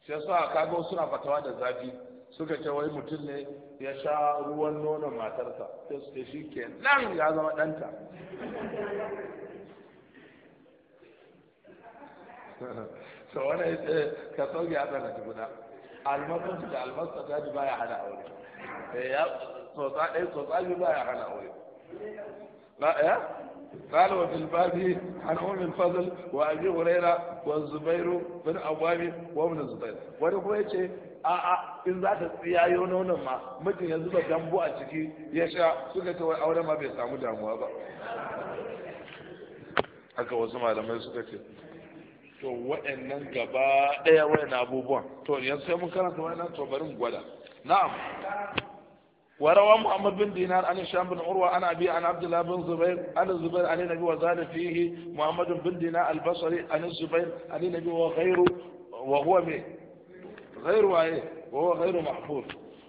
shi yasa kaga suna fatawa da zafi suka ce wai mutum ne ya sha ruwan nonon matarsa sai su shi ke nan ya zama ɗanta so wani ya ce ka sauke a tsana guda almasun da almasa ta ji baya hana aure eh, ya tsotsa ɗaya tsotsa ji baya hana aure ya قال وفي الباب عن أم الفضل وأبي هريرة والزبير بن عوام وابن الزبير wani kuma ya in za ta tsiyayo nonon ma mijin ya zuba dambu a ciki ya sha suka ce wai aure ma bai samu damuwa ba haka wasu malamai suka ce to waɗannan gaba ɗaya waɗannan abubuwan to yanzu sai mun karanta waɗannan to bari gwada na'am وروى محمد بن دينار عن هشام بن عروة عن أبي عن عبد الله بن زبير عن الزبير عن النبي وزاد فيه محمد بن دينار البصري عن الزبير عن النبي وغيره وهو من غيره وعيه وهو غير محفوظ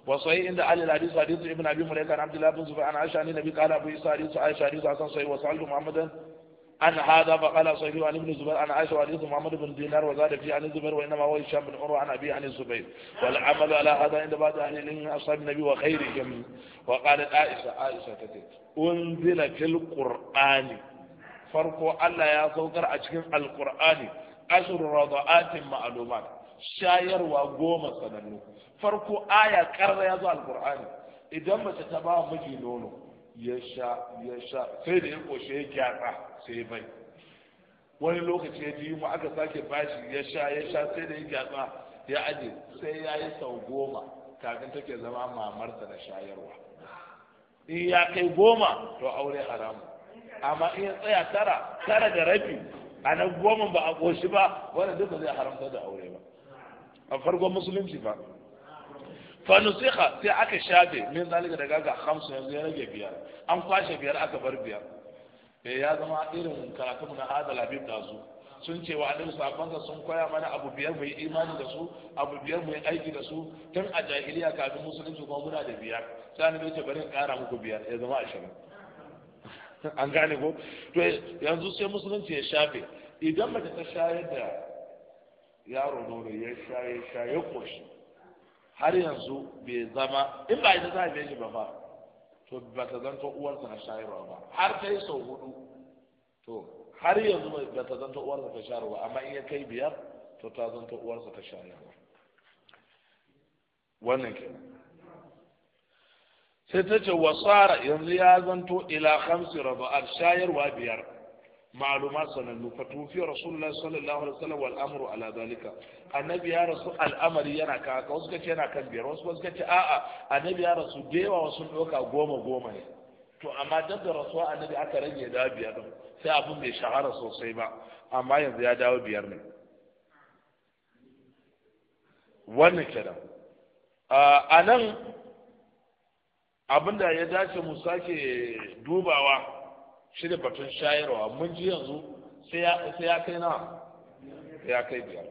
وصحيح عند علي الحديث حديث ابن ابي مليكه عن عبد الله بن زبير عن عائشه عن النبي قال ابو عيسى حديث عائشه حديث حسن صحيح وسالت محمدا عن هذا فقال صحيح عن ابن زبير عن عائشه وحديث محمد بن دينار وزاد فيه عن الزبير وانما هو هشام بن عروه عن ابي عن الزبير والعمل على هذا عند بعض اهل العلم من اصحاب النبي وخيرهم وقالت عائشه عائشه تتي انزل في القران فرق الله يا سوكر اشكن القران اشر رضاءات معلومات shayarwa goma sanannu farko aya karra ya zo alkur'ani idan mace ta ba miji nono ya sha ya sha sai da ya koshe ya gyatsa sai bai wani lokaci ya biyu mu aka sake bashi ya sha ya sha sai da ya gyatsa ya aje sai ya yi sau goma kafin take zama mamarsa da shayarwa in ya kai goma to aure haramu amma in ya tsaya tara tara da rabi a nan goma ba a koshi ba wani duka zai haramta da aure ba a farkon musulunci ba fa nusiha sai aka shafe min zalika daga ga hamsin yanzu ya rage biyar an kwashe biyar aka bar biyar eh ya zama irin karatu na hada labib da su sun ce wa annabi sahabbansa sun koya mana abu biyar mu yi imani da su abu biyar mu yi aiki da su tun a jahiliya kafin musulunci kuma muna da biyar sai annabi ya ce bari in kara muku biyar ya zama ashirin an gane ko to yanzu sai musulunci ya shafe idan mace ta shayar da yaro nono ya sha ya sha ya koshi har yanzu bai zama in ba ita za a shi ba ba to ba ta zanto uwarsa na shayarwa ba har ta yi sau hudu to har yanzu ba ta zanto uwarsa ta shayarwa amma in ya kai biyar to ta zanto uwarsa ta shayarwa wannan ke sai ta ce wasara yanzu ya zanto ila khamsi rabu'ar shayarwa biyar ma'lumat sanannu fa tufi rasulullah sallallahu alaihi wasallam wal amru ala zalika annabi ya rasu al'amari yana ka ka wasu kace yana kan biyar wasu wasu a'a annabi ya rasu da yawa wasu doka goma goma ne to amma duk da rasuwa annabi aka rage da biyar sai abin bai shahara sosai ba amma yanzu ya dawo biyar ne wannan kenan a nan abinda ya dace mu sake dubawa shirya batun shayarwa mun ji yanzu sai ya kai na ya kai biyar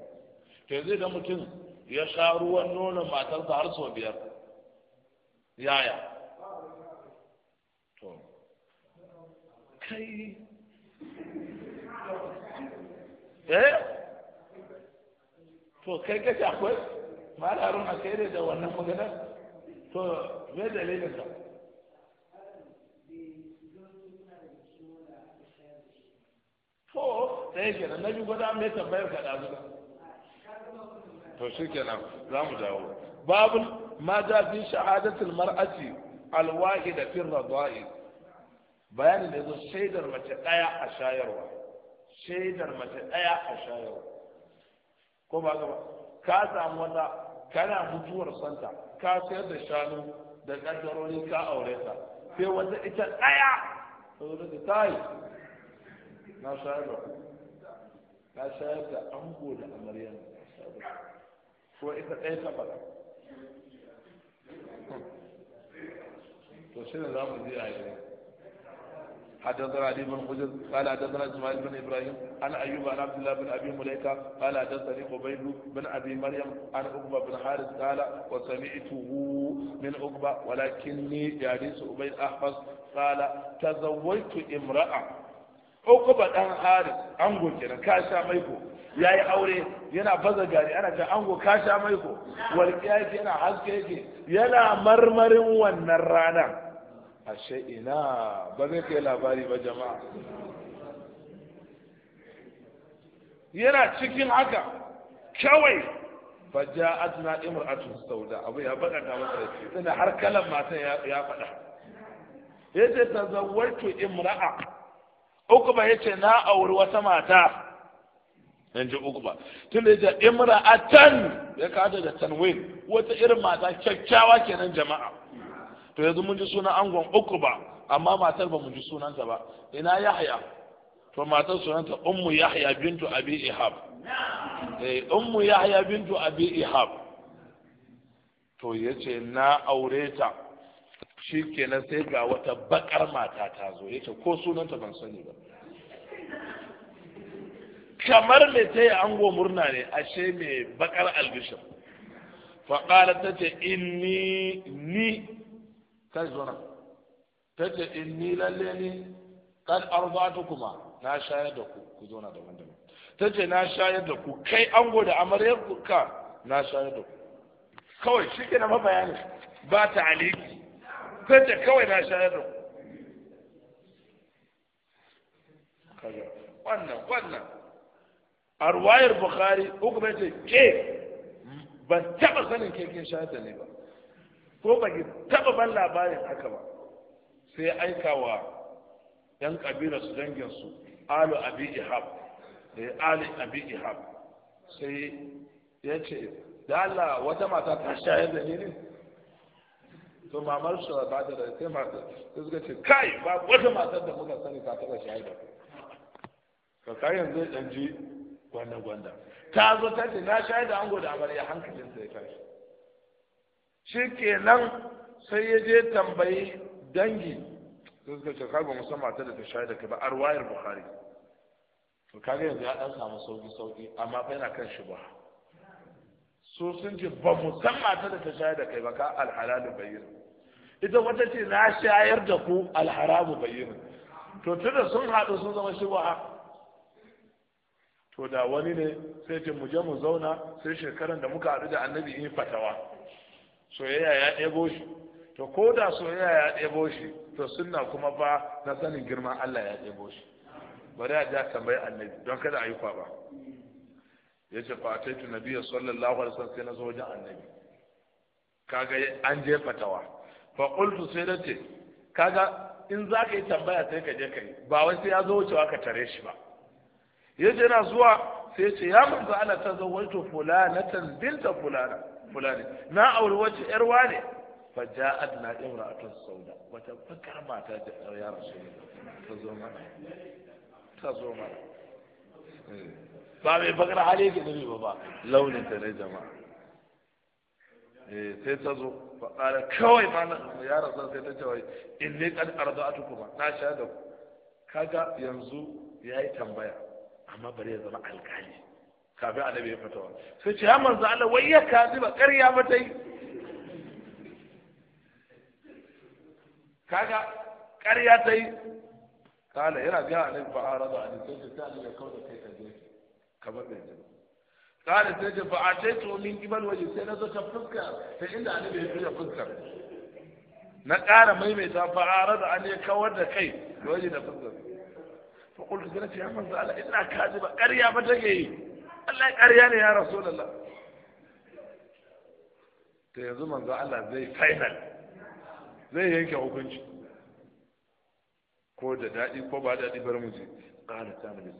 to yanzu idan mutum ya sha ruwan nonon matarsa har sau biyar yaya to kai eh to kai kace akwai malarin a kai da wannan maganar to me dalilin ka to sai kenan na bi gwada mai tambayar ka da zuwa to shi kenan za mu dawo babu ma za fi shahadatul mar'ati da fi radai bayani da zo shaidar mace daya a shayarwa shaidar mace daya a shayarwa ko ba gaba ka samu wata kana mutuwar santa ka sayar da shanu da kaddarori ka aure ta sai wata ita daya ta yi na shayar da ku na shayar da ango da amarya ko ita ɗaya ta faɗa to shi ne za mu ji a yi حدثنا علي بن حجر قال حدثنا اسماعيل بن ابراهيم عن ايوب عن عبد الله بن ابي مليكه قال حدثني قبيل بن ابي مريم عن عقبه بن حارث قال وسمعته من عقبه ولكني جالس ابي احفظ قال تزوجت امراه ukuba dan hari ango kenan ka sha maiko yayi aure yana baza gari ana ga ango ka sha maiko walƙiya yake yana haske yake yana marmarin wannan rana. ashe ina ba zai kai labari ba jama'a yana cikin haka kawai ba ja adna imra'atun sauda abu ya bada da masa rai har kalan matan ya faɗa yace tazawwatu imra'a ukuba ya ce na auri wata mata in ji ukuba tun da ya can ya kada da tanwin wata irin mata kyakkyawa kenan jama'a to yanzu mun ji sunan angon ukuba amma matar ba mu ji sunanta ba ina yahya to matar sunanta ummu yahya bintu abi ihab eh ummu yahya bintu abi ihab to ya ce na aure ta shi kenan sai ga wata bakar mata ta zo ya ce ko sunanta ban sani ba kamar mai ta yi ango murna ne ashe mai bakar albishir faƙala ta ce inni ni kai zuna ta ce inni lalle ni kan arba'atu kuma na shayar da ku ku zauna daban daban ta ce na shayar da ku kai ango da amaryar ka na shayar da ku kawai shi ke na mabayani ba ta aliki sai ce kawai na shayar da kaga wannan wannan a ruwayar bukhari uku mai ce ke ban taba sanin ke kin shayar da ni ba ko ba ki taba ban labarin haka ba sai aika wa yan kabila su dangin su alu abi ihab da ali abi ihab sai ya ce da Allah wata mata ta shayar da ni ne to mamar shi ba da sai masu sai suka ce kai ba wata matar da muka sani ta taba shahida ka kai yanzu dan ji gwanda gwanda ta zo ta ce na shahida ango da amarya hankalin sai shi shikenan sai ya je tambayi dangi sai suka ce kai ba mu san matar da ta shahida ka ba arwayar bukhari to kaga yanzu ya dan samu sauki sauki amma fa yana kan shi ba so sun ce ba mu san matar da ta da kai ba ka alhalalu bayyana ita wata ce na shayar da ku alharamu bayyana to tunda sun haɗu sun zama shubha to da wani ne sai ce mu je mu zauna sai shekaran da muka haɗu da annabi in fatawa soyayya ya ɗebo shi to ko da soyayya ya ɗebo shi to sunna kuma ba na sanin girman Allah ya ɗebo shi bari a ja tambayi annabi don kada a yi kwaba ya ce fataitu nabiya sallallahu alaihi wasallam sai na zo wajen annabi kaga an je fatawa faƙul su sai dace kaga in za ka yi tambaya sai ka je ka yi ba wai sai ya zo wucewa ka tare shi ba Ya je yana zuwa sai ce ya manzo ana ta fulana ta binta fulana fulani na auri wacce yar wane fa ja'at na imra'atun sauda wata fakar mata da ya rasu ta zo mana ta zo mana eh. ba mai bakar hali ke nabi ba ba launin ta ne jama'a Eh, sai ta zo fa qala kawai malam ya rasa sai ta in ne wai arzu a tukuma na sha da ku kaga yanzu ya yi tambaya amma bare ya zama alkali kafin annabi ya fatawa sai ce ya manzo Allah wai ya ba ƙarya ba ta yi kaga ƙarya ta yi kala yana biya annabi fa arada an sai ta ya kauda kai ka je kamar da yanzu قالت نجم فأعطيته من قبل وجه سينا ذكا فذكر فإن أنه يحيي فذكر نقال ميميتا فأعرض أن يكوّد كي وجه فذكر فقلت قلت يا من قال إلا كاذبة قريا بتجي الله قرياني يا رسول الله تيزو من قال الله زي فاينل زي هيك أو كنش كودة دائي كوبا دائي برمزي قالت يا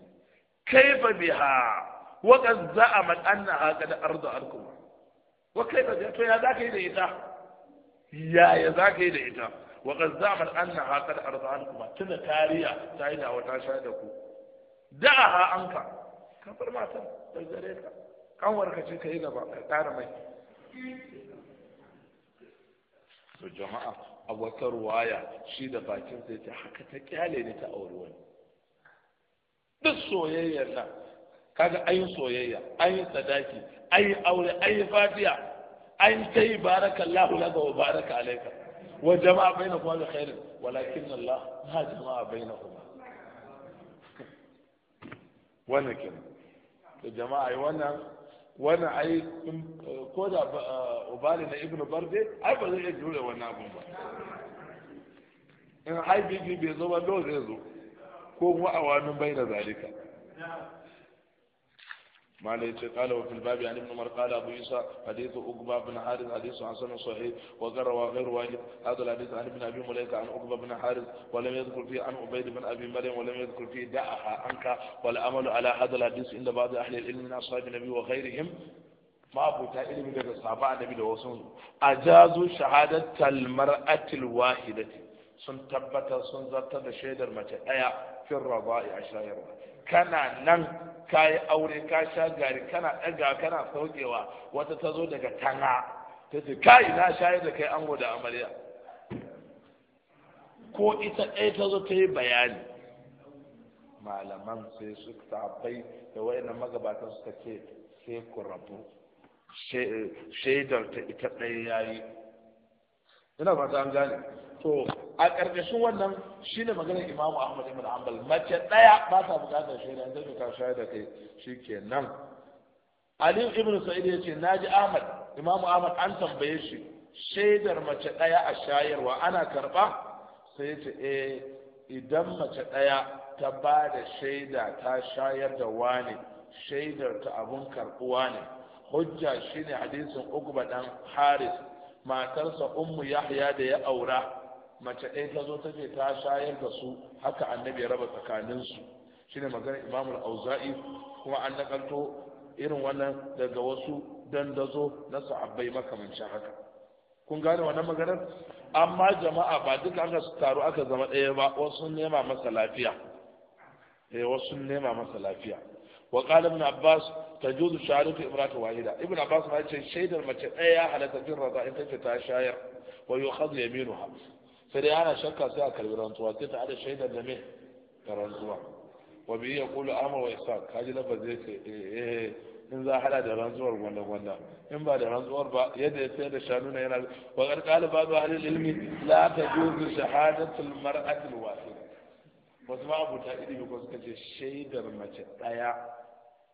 كيف بها وقد زعمت أنها قد أرضأتكم وكيف جاءت يا ذاك إلى إيتا يا يا ذاك إلى إيتا وقد زعمت أنها قد أرضأتكم تنا تاريا تايدا وتاشادكم دعها عنك كفر ما تم تجريتك kan warka ce ka yi gaba ka ƙara mai to jama'a a wata ruwaya shi da bakin sai ce haka ta kyale ni ta auri wani duk soyayyar nan kaga an yi soyayya an yi sadaki an yi aure an yi fatiya an ta yi baraka Allahu laka wa baraka alaika wa jama'a kuma da khairin walakin Allah na jama'a kuma. wannan kenan da jama'a yi wannan wannan ai ko da eh, ubali na ibnu barde ai ba zai iya jure wannan abun ba in ai bibi bai zo ba dole zai zo ko kuma awamin bai na zalika ما ليس قال وفي الباب عن ابن عمر قال ابو يسا حديث عقبه بن حارث حديث حسن صحيح وقر وغير واحد هذا الحديث عن ابن ابي مليكه عن عقبه بن حارث ولم يذكر فيه عن عبيد بن ابي مريم ولم يذكر فيه دعها عنك والامل على هذا الحديث عند بعض اهل العلم من اصحاب النبي وغيرهم ما ابو تائل من sahaba النبي da wasu شهادة المرأة الواحدة wahidati sun tabbatar sun zartar da shaidar mace daya fil كان ashayar kana nan ka aure ka sha gari kana ɗaga kana saukewa wata ta zo daga tanga ta ce kai na shayar da kai ango da amarya ko ita ɗaya ta zo ta yi bayani malaman sai su tafai da wayannan magabatan suka ce sai ku rabu shaidar ta ita ɗaya yayi ina ba ta an gane to a ƙarƙashin wannan shi ne maganar imamu ahmad ibn hanbal mace ɗaya ba ta buƙatar shi ne zai ka da kai shi ke nan ali ibn sa'id ya ce na ji ahmad imamu ahmad an tambaye shi shaidar mace ɗaya a shayarwa ana karɓa sai ya ce eh idan mace ɗaya ta ba da shaida ta shayar da wani shaidar ta abun karɓuwa ne hujja shine hadisin ugba ɗan haris matarsa ummu yahya da ya aura mace ɗaya ta zo ta ce ta shayar da su haka annabi ya raba tsakaninsu shine magana imamul auza'i kuma an nakalto irin wannan daga wasu dandazo na sahabbai makamancin haka kun gane wannan maganar amma jama'a ba duka aka su taru aka zama ɗaya ba wasu nema masa lafiya eh wasu nema masa lafiya wa qala ibn abbas tajuzu sharatu imratu wahida ibn abbas ma ce shaidar mace ɗaya halatta jin raza in take ta shayar wa yukhadhu yaminuha sai dai ana shakka sai a karbi rantsuwa sai ta ada shaidar da me da rantsuwa wa bi ya kulu amma wa isa kaji lafaz zai ce eh, eh, eh in za hada da rantsuwar gwanda gwanda in ba da rantsuwar ba yadda ya sai da shanu na yana wa karkal ba ba halil ilmi la tajuzu shahadatul mar'atil wahida wasu ma ta idi ko suka ce shaidar mace daya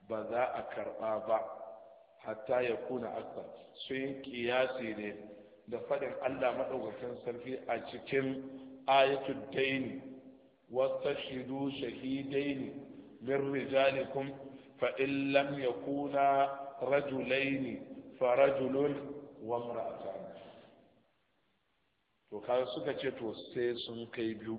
ba za a karba ba hatta ya kuna aksa sun kiyasi ne da faɗin Allah maɗaukakin sarki a cikin ayatul daini shidu shahidaini min rijalikum fa in lam yakuna rajulaini fa rajulun wa imra'atan to kaga suka ce to sai sun kai biyu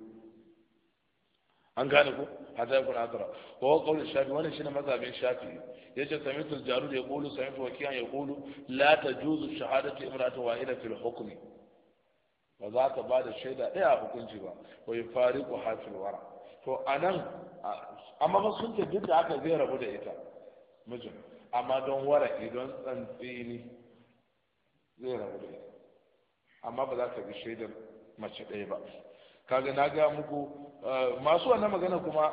an gane A hatta ya kula tara. wa kawai shafi shi shine mazabin shafi Ya ce jaru da ya kulu sami sami'tu wakiyan yaqulu la tajuzu imra ta wahida fil hukumi ba za ta ba da shaida ɗaya a hukunci ba ya fari ko hafi wara to nan amma ba sun ce duk da aka zai rabu da ita mijin amma don wara idan tsantsini zai rabu da ita amma ba za ta bi shaidar mace ɗaya ba kaga na ga muku Eh, masu wannan magana kuma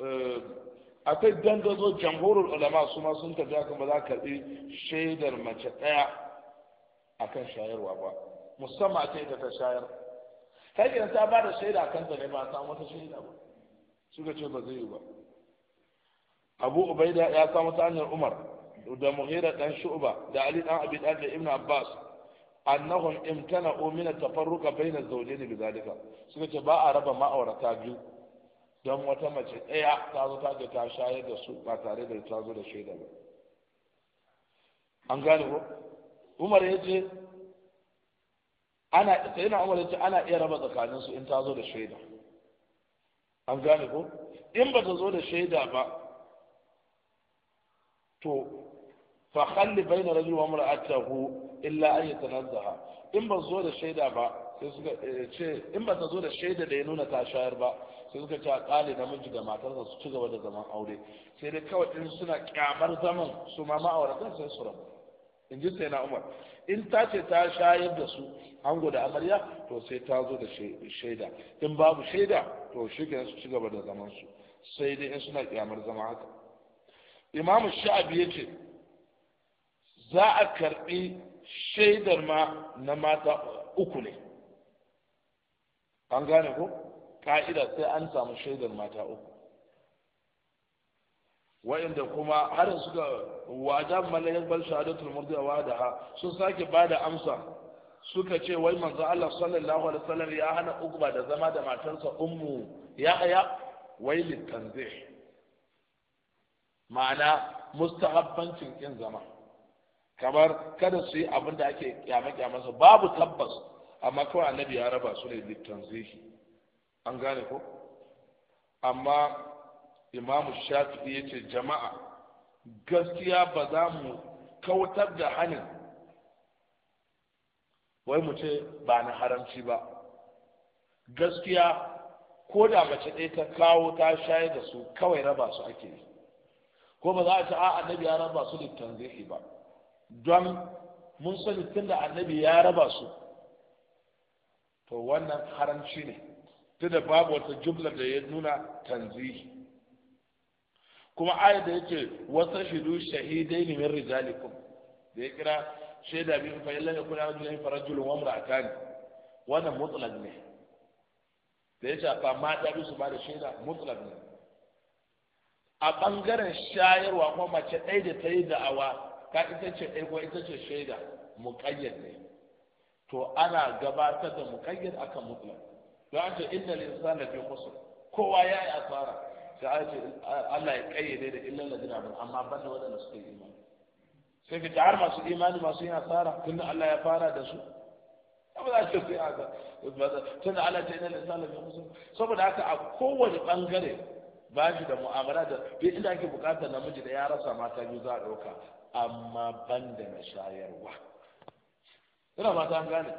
eh, akwai dangazo jamhurul ulama su ma sun tafi haka ba za ka karbi shaidar mace ɗaya akan shayarwa ba musamman a kai ta shayar kai idan ta ba da shaida akan ta ne ba ta wata shaida ba suka ce ba zai yi ba abu ubaida ya samu ta hanyar umar da muhira dan shu'ba da ali dan abi da ibn abbas annahum imtana min at-tafarruqa bayna az-zawjayn bidhalika suka ce ba a raba ma'aurata biyu don wata mace ɗaya ta zo ta ga ta shayar da su ba tare da ta zo da shaida ba an gane ko Umar ya ce ana sai na Umar ya ce ana iya raba tsakanin su in ta zo da shaida an gane ko in ba ta zo da shaida ba to fa khalli bayna rajul wa mar'atahu illa an illa in ba zo da ha. Eh, in ba zo da shaida da ya nuna ta shayar ba sai suka ce kale namiji da matarsa su ci gaba da zaman aure sai dai kawai in suna kyamar zaman su ma ma'auratan sai su rabu in ji sai na umar in ta ce ta shayar da su ango da amarya to sai ta zo da shaida in babu shaida to shi su ci gaba da zaman su sai dai in suna kyamar zaman haka imamu sha'abi ya za a karɓi shaidar ma na mata uku ne an gane ko ka'ida sai an samu shaidar mata uku wa'inda kuma har suka wajen malayar bal shahadatul murdiya ha, sun sake da amsa suka ce wai manzo Allah sallallahu alaihi wasallam ya hana ukba da zama da matarsa ummu aya wai litanzih ma'ana mustahabbancin kin zama kamar kada su yi abin da ake kyame su babu tabbas amma kawai annabi ya raba su ne zai an gane ko amma imamu shafi'i ya ce jama'a gaskiya ba za mu kautar da hanin wai mu ce ba na haramci ba gaskiya ko da mace ɗaya ta kawo ta shayar da su kawai raba su ake yi ko ba za a ce a annabi ya raba su zai ba don mun sani tunda annabi ya raba su to wannan haramci ne tunda babu wata jumla da ya nuna tanzihi kuma aya da yake wata shidu shahidai ne min rijalikum da ya kira shaida biyu fa illa yakun rajulun fara rajulun wa imra'atan wannan mutlaq ne da ya fa da bi su ba da shaida mutlaq ne a bangaren shayarwa kuma mace ɗaya da ta yi da'awa ka ita ce ɗaya ko ita ce shaida muƙayyad ne to ana gabatar da muƙayyad aka mutlaq don an ce inda linsan da fi kusur kowa ya yi asara sai an ce Allah ya ƙayyade da illan da jira amma ban da waɗanda suka yi imani sai ka har masu imani masu yin asara tun Allah ya fara da su ba za ta fi haka tun Allah ta yi na linsan da fi kusur saboda haka a kowane bangare ba shi da mu'amala da duk inda ake bukatar namiji da ya rasa mata biyu za a ɗauka amma ban da na shayarwa ina mata an gane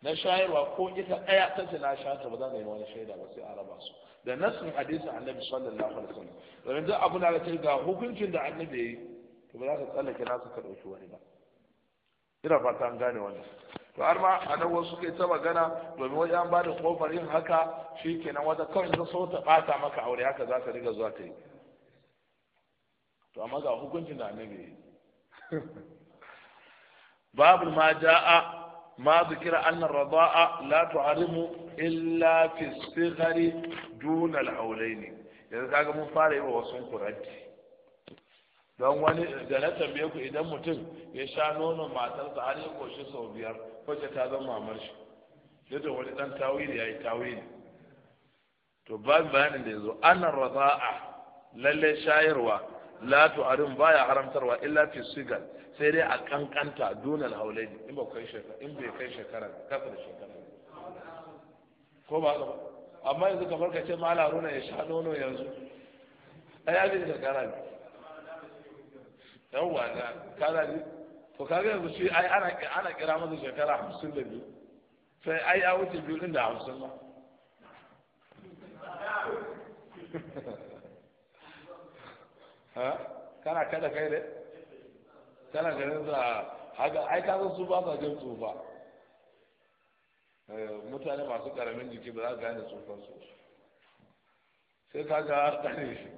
na shayarwa ko ita ɗaya ta ce na shata ba za ka yi wani shaida ba sai a raba su da nasin hadisin annabi sallallahu alaihi wasallam domin duk na da aka ga hukuncin da annabi ya yi to ba za ka tsallake nasu ka ɗauki wani ba ina fata an gane wannan to har ma a nan wasu kai ta magana domin wajen an da kofar yin haka shi kenan wata kawai ta so ta ɓata maka aure haka za ka riga zuwa ta yi to amma ga hukuncin da annabi ya yi babu ma ja'a ما ذكر أن الرضاء لا تعرم إلا في الصغر دون الحولين yanzu kaga mun fara yi wa wasu kuranti don wani da na tambaye ku idan mutum ya sha nono matarsa har ya koshi sau biyar wacce ta zama mamar shi yadda wani dan tawili ya yi ne. to babu bayanin da yanzu annan raza'a lalle shayarwa la tu'arim baya haramtarwa illa fi sigal sai dai a kankanta dunal haulai, in ba kai shekara in bai kai shekara kasa da shekara ko ba ba amma yanzu kamar ka ce mala runa ya sha nono yanzu ai abin shekara ne yawa na kana ne to kaga yanzu shi ai ana ana kira masa shekara hamsin da biyu sai ai ya wuce biyu din da hamsin ba kana kada kai da kana ganin za haka ai ka su ba sa jin tsufa eh, mutane masu karamin jiki ba za ka gane tsufan su sai ka ga har ne shi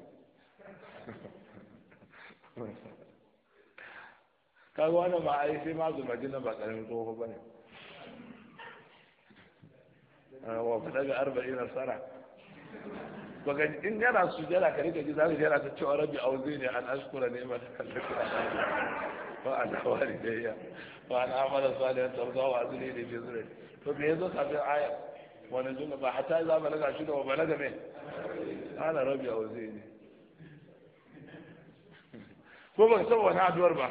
ka ga wani ba ai sai ma zumaji na ba karamin ko ba ne eh, wa daga arba'in sana to in yana sujjada ka rika ji za ka jira ta cewa rabbi auzini an ashkura ni'mataka Ba an'amta wa ala walidayya wa an amala salihan tarda wa azli li fi zurri to me yazo kafin aya wani jumla ba hatta za balaga shi da wa balaga me ala rabbi auzini ko ba san wani aduwar ba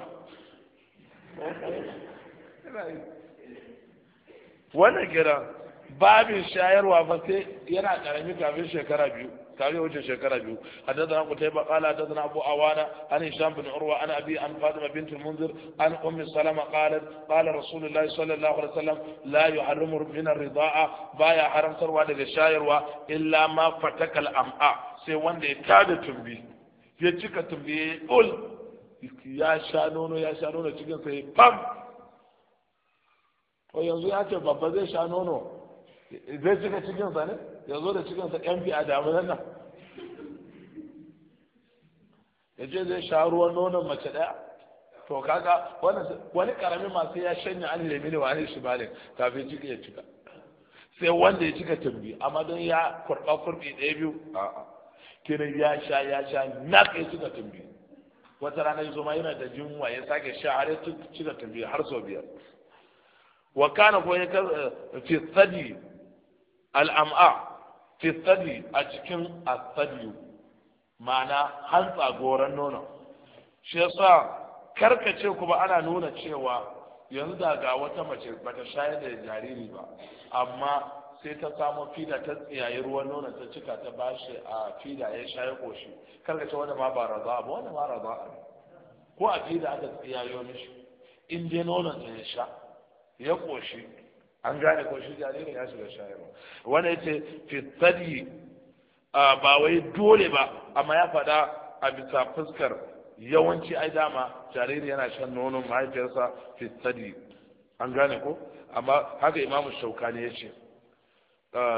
wannan kira babin shayarwa fa sai yana karami kafin shekara biyu tare wuce shekara biyu haddathana qutayba qala haddathana abu awana an hisham bin urwa an abi an fatima bint al-munzir an ummi salama qalat qala rasulullahi sallallahu alaihi wasallam la yuharrimu min ar-rida'a baya haramtarwa daga shayarwa illa ma fatakal am'a sai wanda ya tada tumbi ya cika tumbi ya ul ya sha nono ya sha nono cikin sai pam to yanzu ya ce babba zai sha nono zai cika cikinsa ne ya zo da cikinsa yan biyu a damunan nan ya ce zai sha ruwan nonon mace ɗaya to kaga wani karamin masu ya shanya an lemi ne wani shi balin kafin ciki ya cika sai wanda ya cika tambi amma don ya kurɓa kurɓi ɗaya biyu a'a kenan ya sha ya sha na ya cika tambi wata rana ya zo ma yana da jinwa ya sake sha har ya cika tambi har sau biyar wa kana ko ya eh, fi tsadi al'am'a fi tsadi a cikin tsadi ma'ana hantsa goron nono shi yasa karkace kuma ana nuna cewa yanzu da ga wata mace bata shayar da jariri ba amma sai ta samo fida ta tsiyayi ruwan nono ta cika ta bashi a fida ya shayi koshi karkace wanda ma ba raza ba wanda ma raza ne ko a fida aka tsiyayo mishi in dai nonon ta ya sha ya koshi an gane ko shi jariri ya shiga shayarwa wani ya ce fitari ba wai dole ba amma ya faɗa a bisa fuskar yawanci ai dama jariri yana shan nono mahaifiyarsa fitari an gane ko amma haka imamu ne ya ce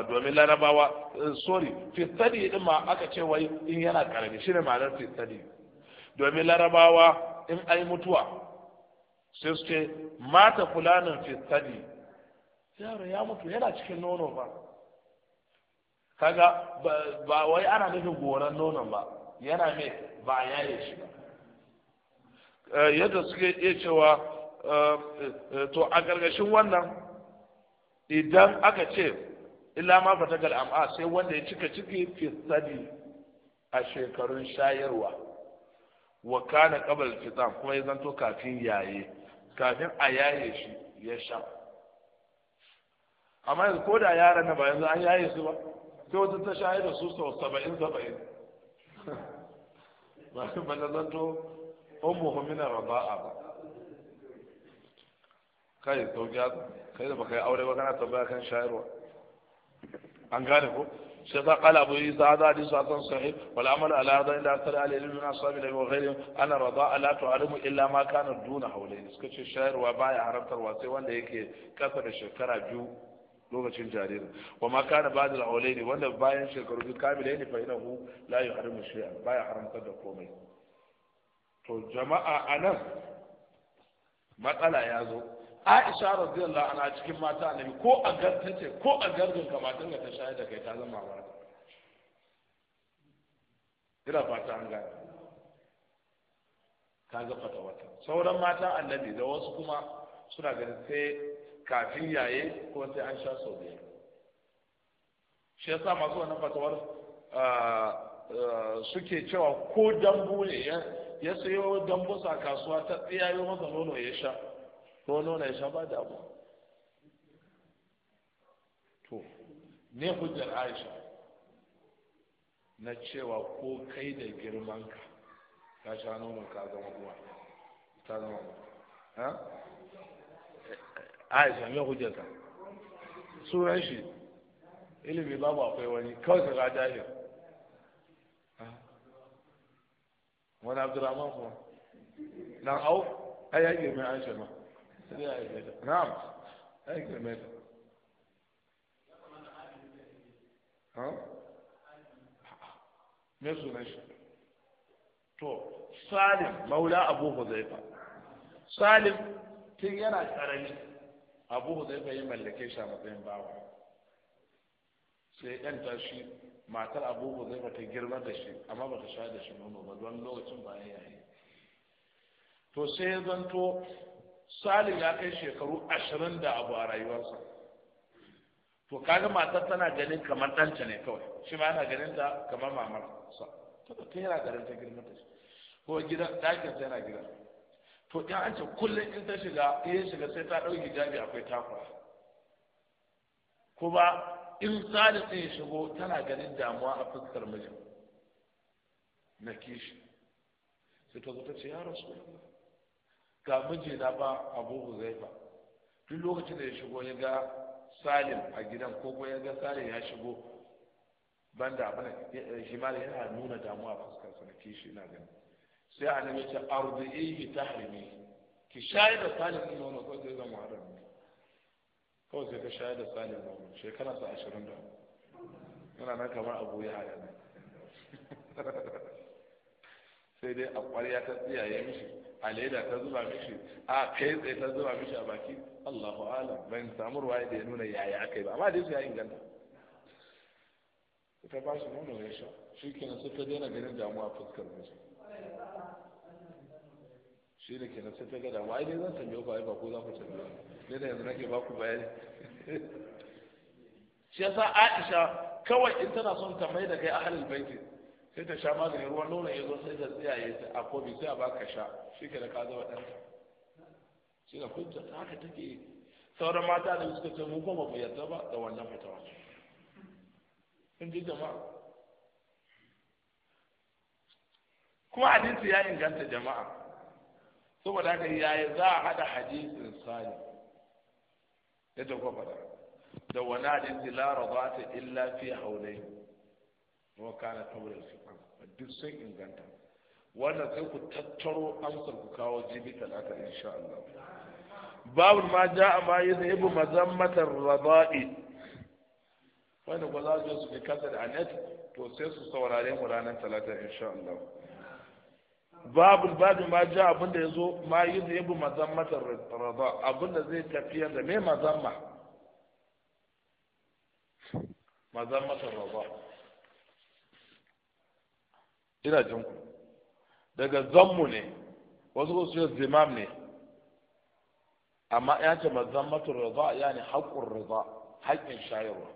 domin larabawa eh, sorry fitari din ma aka ce wai in yana karami ne ma'anar fitari domin larabawa in ai mutuwa sai su ce mata fulanin fitari yaro ya mutu yana cikin nono ba kaga ba wai ana nufin goran nonon ba yana mai ba ya yi shi ba eh, yadda suke iya cewa eh, eh, to a gargashin wannan idan aka ce illa ma am'a sai wanda ya cika ciki fi sadi a shekarun shayarwa wa kana kabal fitan kuma ya zanto kafin yaye kafin a yaye shi ya sha amma yanzu ko da yaran na ba yanzu an yaye su ba sai wata ta shayar da su sau saba'in saba'in ba su ba na zanto o muhammina raba'a ba kai sauki haka kai da ba kai aure ba kana tambaya kan shayarwa an gane ko sai ta kala abu yi za a hadisu a kan sahi wala amal ala hada ila tara ala ilimin na sami daga yawan hailin ana raba alatu to alimu illa ma kanar duna haulai suka ce shayarwa baya haramtarwa sai wanda yake kasa da shekara biyu lokacin jaririn wa ma kana ba'da al ne wanda bayan shekaru biyu kamilaini fa inahu la yuhrimu shay'an baya haramta da komai to jama'a anan matsala ya zo Aisha radiyallahu anha cikin mata annabi ko a gartace ko a gargin ka matan dinga ta shayar da kai ta zama ba ina fata an gane ka ga fata wata sauran mata annabi da wasu kuma suna ganin sai kafin yaye ko sai an sha sau biyar shi yasa masu wannan fatawar ah, ah, suke cewa ko dambu ne ya sayo dambu sa kasuwa ta tsiyayo masa nono ya sha ko nono ya sha ba damu to ne hujjar aisha na cewa ko kai da girmanka ka sha nono ka zama uwa ta zama ha aisha mai hujjata. sunan shi ilimi babu akwai wani kawai ka ga jahil ah. wani abdurrahman kuma dan au ai ya girme aisha ma sai ya girme ta na'am ai girme ta ha me sunan shi to salim maula abu huzaifa salim tun yana karami abu huzaifa ya mallake shi a matsayin bawa sai ta shi matar abu huzaifa ta girma da shi amma ba ta sha da shi nono ba don lokacin ba ya yi. to sai ya zanto salim ya kai shekaru ashirin da abu a rayuwarsa to kaga matar tana ganin kamar ɗanta ne kawai shi ma yana ganin ta kamar mamar sa ta yana garin ta girma da shi ko gidan ɗakin ta yana gidan to ya an ce kullum in ta shiga in shiga sai ta ɗauki jabi akwai takwa kuma in Salisu ya shigo tana ganin damuwa a fuskar mijin na kishi sai ta zata ce ya rasu ga miji na ba abu zai ba duk lokacin da ya shigo ya ga salim a gidan ko kuma ya ga salim ya shigo banda abin shi ma yana nuna damuwa a fuskar sa na kishi na ganin sai annabi ce arzi'i bi tahrimi ki shayar da salim nono ko zai zama haram ne kawai sai ka shayar da salim nono shekara sa ashirin da yana nan kamar abu ya haya ne sai dai a ƙwarya ta tsiyaye mishi a leda ta zuba mishi a kai tsaye ta zuba mishi a baki Allahu alam ban samu ruwa da ya nuna yaya aka yi ba amma dai su ya inganta ta ba su nuna ya sha shi kenan sai ta daina ganin damuwa fuskar mishi shi ne kenan sai ta gada wa'ai ne zan tambaye ku ba ko za ku ba? ne da yanzu nake ba ku bayani shi yasa Aisha kawai in tana son ta mai da kai halin baiti sai ta sha maganin ruwan nono ya zo sai ta tsiyaye ta a kobi sai a baka sha shi ke da ka zama ɗan shi da kunta haka take sauran mata da suka ce mu kuma mu yarda ba da wannan fitawa in ji jama'a kuma hadisi ya inganta jama'a saboda haka yaya za a hada hadisin sani ya ta kwafara da wani hadisi la rabata illa fi haulai wa kana tawrin kan duk sun inganta wannan sai ku tattaro amsar ku kawo jibi talata insha Allah babu ma ja'a ma ibu mazammatar rabai wanda ba za su je su kasar anet to sai su saurare mu ranar talata insha Allah babu babu ma ji abin da yazo ma yi yabu mazammatar rida abin da zai tafiya da me mazamma mazammatar rida ina jin ku daga zammu ne wasu su zimam ne amma ya ce mazammatar rida yani haqqur rida haƙƙin shayarwa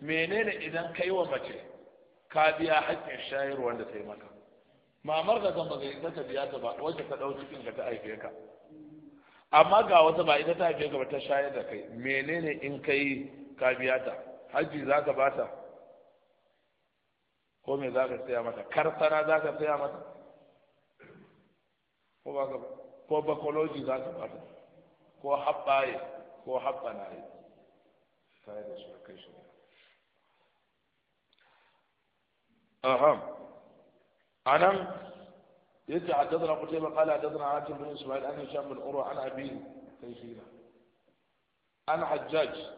menene idan kai wa mace ka biya haƙƙin shayarwa da ta yi maka mamar ka zan baka ita ta biya ta ba wacce ta ɗau cikin ka ta haife ka amma ga wata ba ita ta haife ka ba ta shayar da kai menene in kai ka biya ta hajji za ka bata ko me za ka saya mata karsana za ka saya mata ko ba ka ko bakoloji za ka bata ko haɓɓaye ko haɓɓanaye tare da su kai shi aham عنم يتي حدثنا قتيبة قال حدثنا عاتم بن اسماعيل أن هشام من عروة عن أبي تيخيرة عن حجاج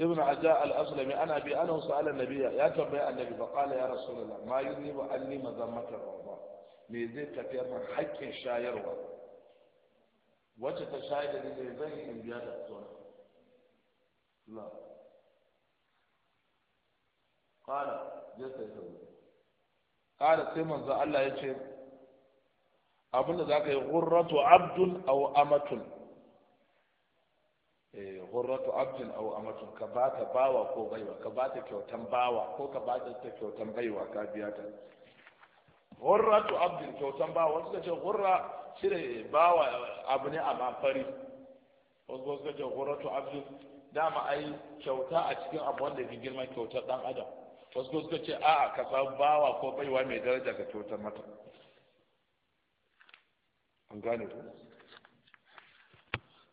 ابن عزاء الأسلمي عن أبي أنه وسأل النبي يا كم يا النبي فقال يا رسول الله ما يذيب أني مذمة الرضا ميزيد كثير من حق شاير وضا وجه تشاهد لليزين من بيادة الصورة لا قال جزء الله kada sai manzo Allah ya ce da za ka yi ghurratu abdun aw amatun eh ghurratu abdun aw amatun ka ba ta bawa ko baiwa ka ba ta kyautan bawa ko ka ba ta kyautan baiwa ka biya ta ghurratu abdun kyautan bawa wasu ka ce ghurra shine bawa abu ne a mafari. wasu ce ghurratu abdun dama ai kyauta a cikin abu wanda ke girman kyautar dan adam wasu suka ce a'a ka bawa ko baiwa mai daraja ka kyautar mata an gane ku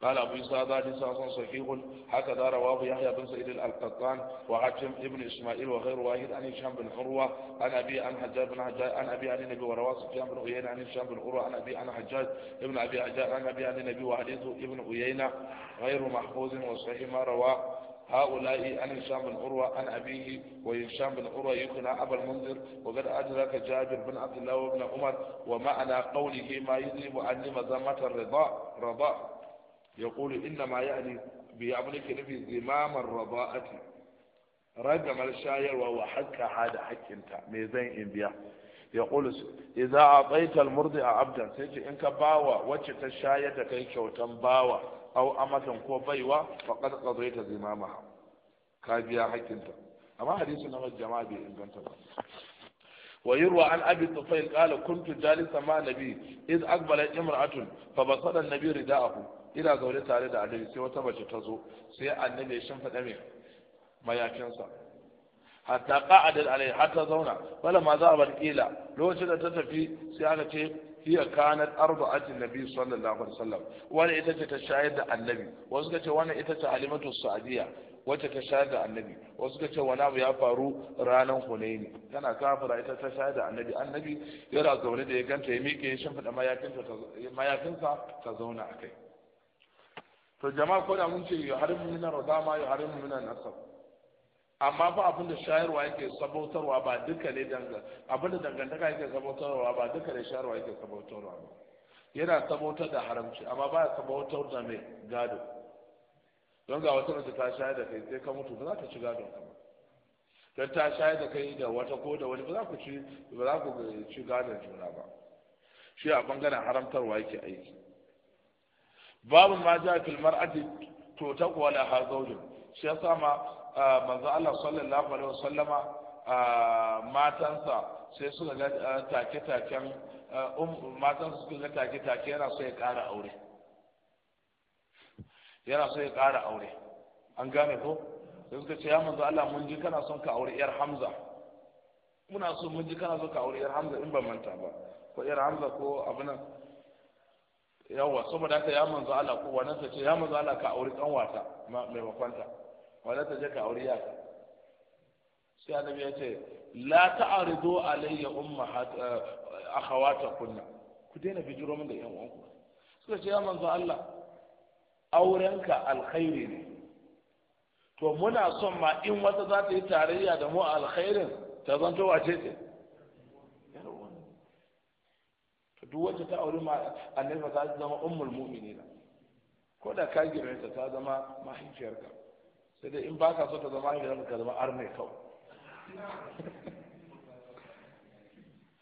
قال أبو يسعى ذلك ساس صحيح هكذا رواه يحيى بن سعيد القطان وحكم ابن إسماعيل وغير واحد عن هشام بن عروة عن أبي عن حجاج بن حجاج عن أبي عن النبي ورواه سفيان بن عيينة عن هشام بن عروة عن أبي عن حجاج ابن أبي حجاج عن أبي عن النبي وحديث ابن عيينة غير محفوظ وصحيح ما رواه هؤلاء عن هشام بن عروة عن أبيه وهشام بن عروة يكنى أبا المنذر وقد أدرك جابر بن عبد الله وابن عمر ومعنى قوله ما يذنب عن مذمة الرضا رضا يقول إنما يعني بيعملك نبي زمام الرضاءة رجم الشاير وهو حك هذا حك انت ميزين انبياء يقول إذا أعطيت المرضع عبدا سيجي إنك باوى وجهت الشاير كي شوتا باوى aw amatan ko baiwa faqad qadayta zimamaha ka biya hakinta amma hadisin na jama'a bai inganta ba ويروى عن ابي الطفيل قال كنت جالسا مع النبي اذ اقبلت امراه فبصر النبي رداءه ina zaune tare da annabi sai wata mace ta zo sai annabi ya shimfiɗa mai mayakinsa hatta qa'ada alai har ta zauna wala ma za a bar kila lokacin da ta tafi sai aka ce hiya kanat arba'ati nabi sallallahu alaihi wasallam wani ita ce ta shayar da annabi wasu ka ce wannan ita ce alimatu sa'diya wacce ta shayar da annabi wasu ka ce wani abu ya faru ranar hunaini tana kafira ita ta shayar da annabi annabi yana zaune da ya ganta ya miƙe ya fada mayafinsa ta zauna a kai to jama'a ko da mun ce ya harimu minan radama ya harimu minan nasab amma ba abin da shayarwa yake sabautarwa ba duka ne abin da dangantaka yake sabautarwa ba duka ne shayarwa yake sabautarwa ba yana sabautar da haramci amma ba ya sabautar da mai gado don ga wata mace ta shayar da kai sai ka mutu ba za ta ci gadon ka ba don ta shayar da kai da wata ko da wani ba za ku ci ba za ku ci gado juna ba shi a bangaren haramtarwa yake aiki babu ma ja fil mar'ati to taqwa har zaujin shi sa ma manzo Allah sallallahu alaihi wasallama matansa sai suka ga take-taken um, matansa suka ga take-take yana so ya ƙara aure yana so ya ƙara aure an gane ko sai suka ce ya manzo Allah mun ji kana son ka aure yar Hamza muna so mun ji kana son ka aure yar Hamza in ban manta ba ko yar Hamza ko abuna yawa saboda haka ya manzo Allah ko wannan sai ya manzo Allah ka aure kanwata mai bakwanta wala ta je ka aure ya sai annabi ya ce la ta'ridu alayya eh, akhawata kunna. ku daina bijiro min da yan ku suka ce ya manzo Allah aurenka alkhairi ne to muna son ma in wata za ta yi tarayya da mu alkhairin ta zanto wace ce to duk wacce ta aure ma annabi ta zama ummul mu'minina ko da ka girme ta ta zama mahaifiyarka sai dai in ba ka so ta zama hanyar ka zama ar mai kau,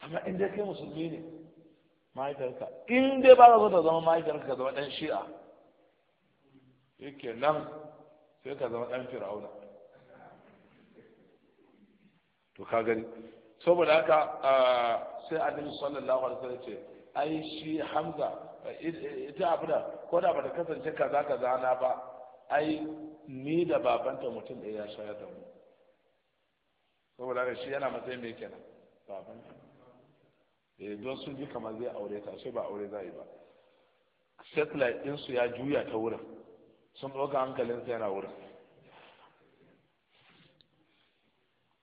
amma in dai kai musulmi ne mahaifarka in dai ba ka so ta zama mahaifarka ka zama dan shi'a yake nan sai ka zama dan fir'auna to ka gani saboda haka sai annabi sallallahu alaihi wasallam ce ai shi hamza ita abu da ko da ta kasance kaza kaza na ba ai ni da babanta mutum ɗaya ya shayar da mu saboda haka shi yana matsayin mai kenan babanta eh don sun ji kamar zai aure ta sai ba aure za yi ba satellite ɗinsu ya juya ta wurin sun ɗauka hankalinsa yana wurin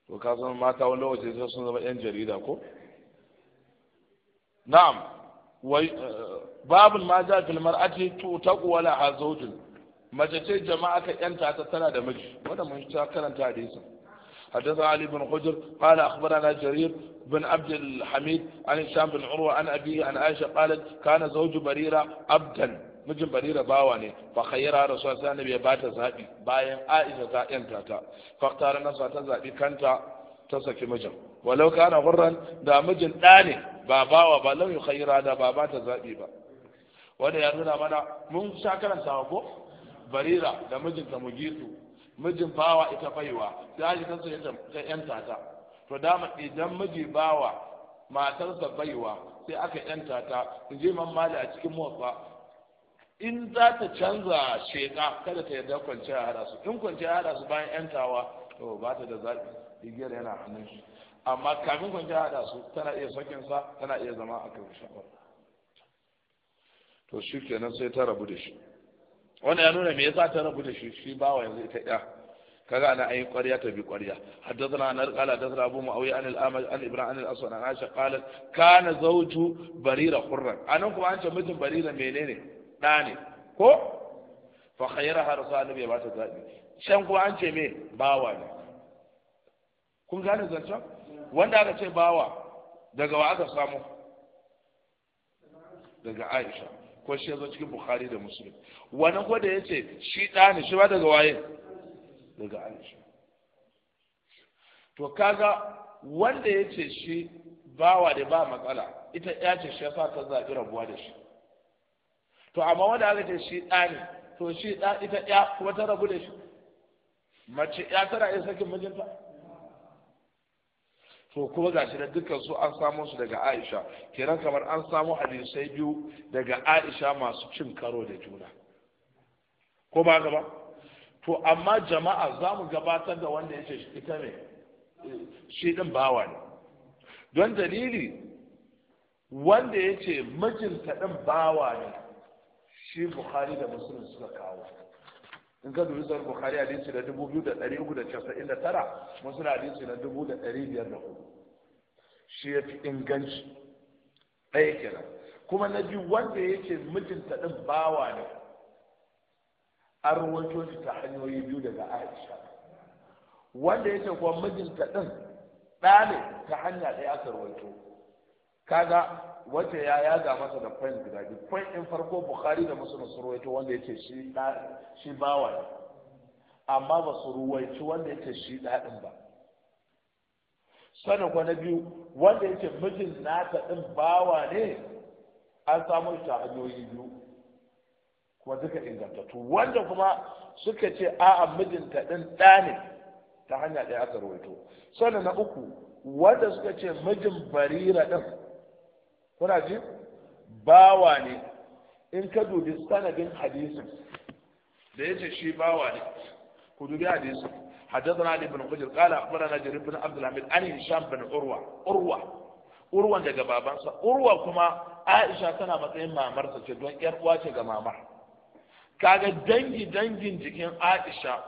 to ka zama mata wani lokaci sai sun zama yan jarida ko na'am wai eh, babul ma ja fil mar'ati tutaqu wala hazawjun mace ce jama'a ka yanta ta tana da miji wanda mun ta karanta hadisi حدثنا علي بن حجر قال اخبرنا جرير بن عبد الحميد عن هشام بن عروه عن ابيه عن عائشه قالت كان زوج بريره عبدا mijin barira bawa ne fa khayyara rasul sallallahu ya bata zabi bayan aisha ta yanta ta fa tare nasa ta zabi kanta ta saki mijin walau kana hurran da mijin da ne ba bawa ba lau khayyara da ba bata ba wanda ya mana mun sha karanta ko barira da mijinta mugisu mijin bawa ita baiwa sai aji kansu ta yanta ta to dama idan miji bawa matarsa baiwa sai aka yanta ta in je man mali a cikin muwafa in za ta canza sheka kada ta yarda kwanciya a hada su in kwanciya a hada su bayan yantawa to ba ta da zaɓi igiyar yana hannun shi amma kafin kwanciya a hada su tana iya sa tana iya zama a kai shawar to shi kenan sai ta rabu da shi wannan ya nuna me yasa ta rabu da shi shi bawa yanzu ita ya kaga ana ayi ƙwarya ta bi ƙwarya haddathana an qala haddathana abu muawiya an al-amaj an ibrahim an al-aswan an aisha qalat kana zawju barira hurran anan kuma an ce mijin barira menene da ne ko fa khayraha rasul ya ta zabi shan kuma an ce me bawa ne kun gane zancen wanda aka ce bawa daga wa aka samu daga aisha ko shi yazo cikin bukhari da muslim wani ko da yace shi da ne shi ba daga waye daga aisha to kaga wanda yace shi bawa da ba matsala ita ya ce shi yasa ta zabi rabuwa da shi to amma wanda aka ce shi da ne to shi da ita ya kuma ta rabu da shi mace ya tana iya sakin mijinta to kuma gashi da dukkan su an samo su daga Aisha kiran kamar an samo hadisai biyu daga Aisha masu cin karo da juna ko ba gaba to amma jama'a za mu gabatar da wanda ya ce ita ne shi din bawa ne don dalili wanda ya ce mijinta din bawa ne shi Bukhari da Muslim suka kawo in ka dubi sahih bukhari hadisi na dubu biyu da ɗari uku da da tara hadisi na dubu da biyar da hudu shi ya fi inganci ɗaya kenan kuma na biyu wanda yake mijinta ɗin bawa ne an ruwanto shi ta hanyoyi biyu daga aisha wanda yake kuwa mijinta ɗin ɗa ne ta hanya ɗaya aka ruwanto kaga wace ya yaga masa da point guda biyu point din farko bukhari da muslim su ruwaito wanda yake shi da shi bawa ne amma ba su ruwaici wanda yake shi dadin ba sanin ko na biyu wanda yake mijin nata din bawa ne an samu ta hanyoyi biyu kuma duka ingantattu wanda kuma suka ce a'a mijinta din da ne ta hanya ɗaya aka ruwaito sannan na uku wanda suka ce mijin barira din kuna ji bawa ne in ka dubi sanadin hadisin da yace shi bawa ne ku dubi hadisin حدثنا علي بن حجر قال اخبرنا جرير بن عبد الحميد عن هشام بن عروه urwa عروه daga babansa urwa kuma Aisha tana matsayin mamarsa ce don yar uwa ce ga mama kaga dangi dangin jikin Aisha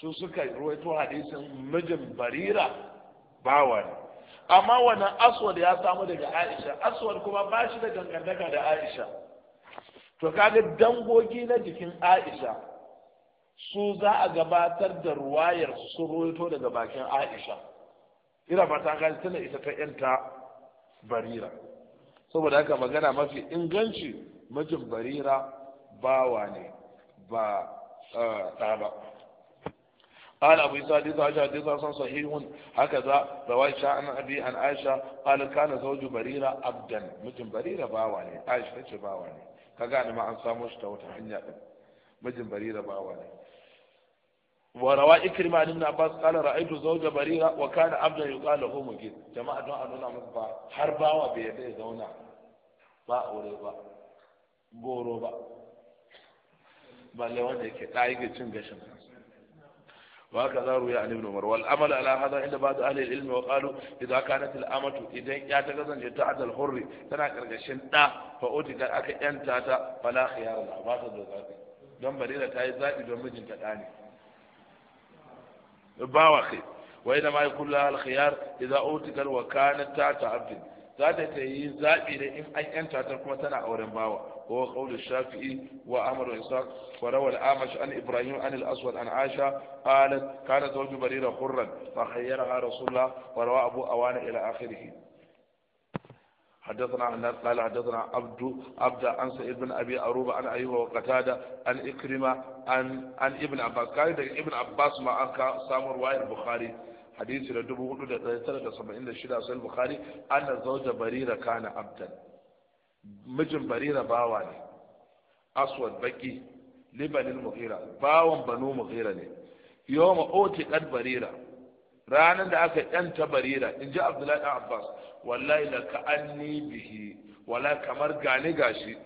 su suka ruwaito hadisin mijin Barira bawa ne amma wannan aswad ya samu daga aisha aswad kuma ba shi da dangantaka da aisha to kaga dangogi na jikin aisha su za a gabatar da ruwayar su roito daga bakin aisha ina fata gani tana ita ta yanta barira saboda haka magana mafi inganci mijin barira bawa ne ba eh, ɗa ba قال أبو عيسى حديث عائشة حديث حسن صحيح هكذا رواية عن أبي عن عائشة قال كان زوج بريرة عبدا مجن بريرة باواني عائشة ce bawa ne kaga an ma an samu shi ta wata hanya din mijin barira bawa ne wa rawa ikrima ibn abbas qala ra'aytu zawja barira wa kana abdan yuqalu hu jama'a don a nuna musu ba har bawa bai yadda ya zauna ba aure ba goro ba balle wanda yake ɗaya ga cin gashin kansa وهكذا روي عن ابن عمر والعمل على هذا عند بعض أهل العلم وقالوا إذا كانت الأمة إذا يتغزن تحت الحر تنا كرغشن دا فأوتي أك أنت فلا خيار لها ما تدرك don barira ta yi zaɓi don mijinta ɗa ne ba wa kai wa ina ma yi idan utikar wa kanar za ta ta yi zaɓi da in an yanta ta kuma tana auren bawa وهو قول الشافعي وأمر وإسحاق وروى الأعمش عن إبراهيم عن الأسود عن عائشة قالت كان زوج بريرة حرا فخيرها رسول الله وروى أبو أوان إلى آخره حدثنا عن قال حدثنا عبد عبد عن سعيد بن ابي اروبه عن ايوب وقتاده عن اكرمه عن عن ابن عباس قال ابن عباس ما انكا سامر واير البخاري حديث 4976 سنه البخاري ان زوج بريره كان عبدا mijin barira bawa ne aswad baki libanin muhira bawan banu muhira ne Yoma oti kad barira ranar da aka yanta barira in ji abdullahi abbas wallahi la ka anni bihi wala kamar gane gashi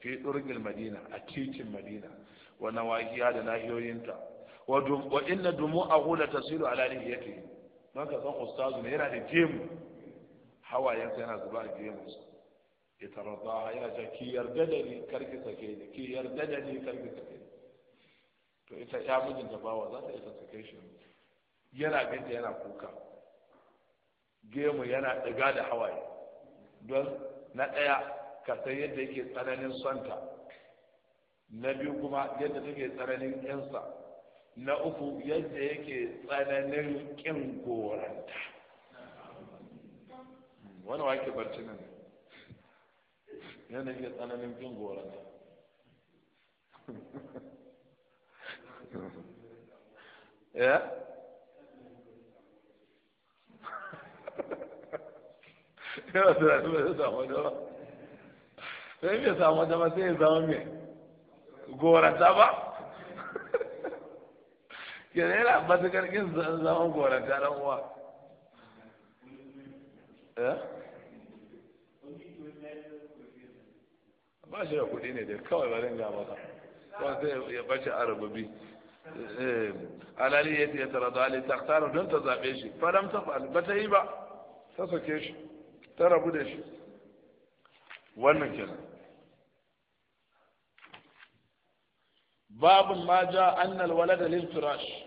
fi durgil madina a titin madina wa nawahiya da nahiyoyinta wa inna dumu'ahu la tasilu ala niyyatihi don ka san ustazu ne yana da gemu hawayensa yana zuba a gemunsa ita razaha yana ce ki yarda da ni karki sake ni ki yarda da ni karki sake ni to ita ya mijinta bawa za ta isa sake shi yana ganta yana kuka gemu yana ɗiga da hawaye don na ɗaya ka san yadda yake tsananin sonta na biyu kuma yadda take tsananin ƙinsa na uku yadda yake tsananin ƙin goranta wani wake barci nan yana iya tsananin kin gora ne ya eh? yana tunanin bai samu ba? sai bai samu ba sai ya zama mai goranta ba kenan yana matukar kin zama goranta dan uwa ya eh? ba shi da kuɗi ne dai kawai ba dinga masa kuma sai ya bace a rububi eh, alali ya tiya tara da ali taktara don ta zaɓe shi fadam ta fa'al ba ta yi ba ta sake shi ta rabu da shi wannan kenan babin ma ja annal walada lil turash.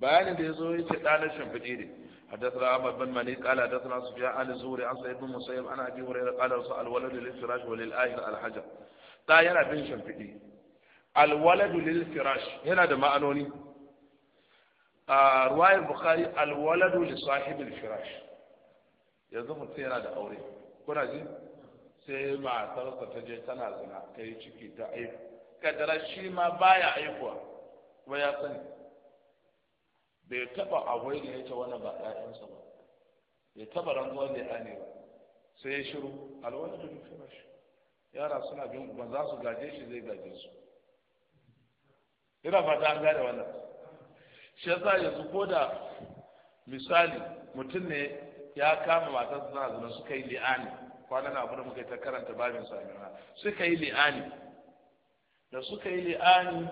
bayanin da ya zo yace ɗanar fidi ne حدثنا عمر بن مليك قال حدثنا سفيان عن الزهري عن سعيد بن مسيب عن ابي هريره قال الولد للفراش وللآخر الحجر دا yana bin shimfiɗi alwaladu lil firash yana da ma'anoni a ruwayar bukhari alwaladu li sahibil firash yanzu mutum yana da aure kuna ji sai matarsa ta je tana zina ta yi ciki shi ma baya aihuwa kuma ya sani bai taba abai da ya ce wani ba ɗayansa ba bai taba rantsuwa da ya ne ba sai ya shiru alwani da shi. yara suna bin ba za su gaje shi zai gaje su ina fata an gane wannan shi ya sa yanzu ko da misali mutum ne ya kama matarsa suna zina suka yi li'ani kwanan abu da muka yi ta karanta babin samira suka yi li'ani da suka yi li'ani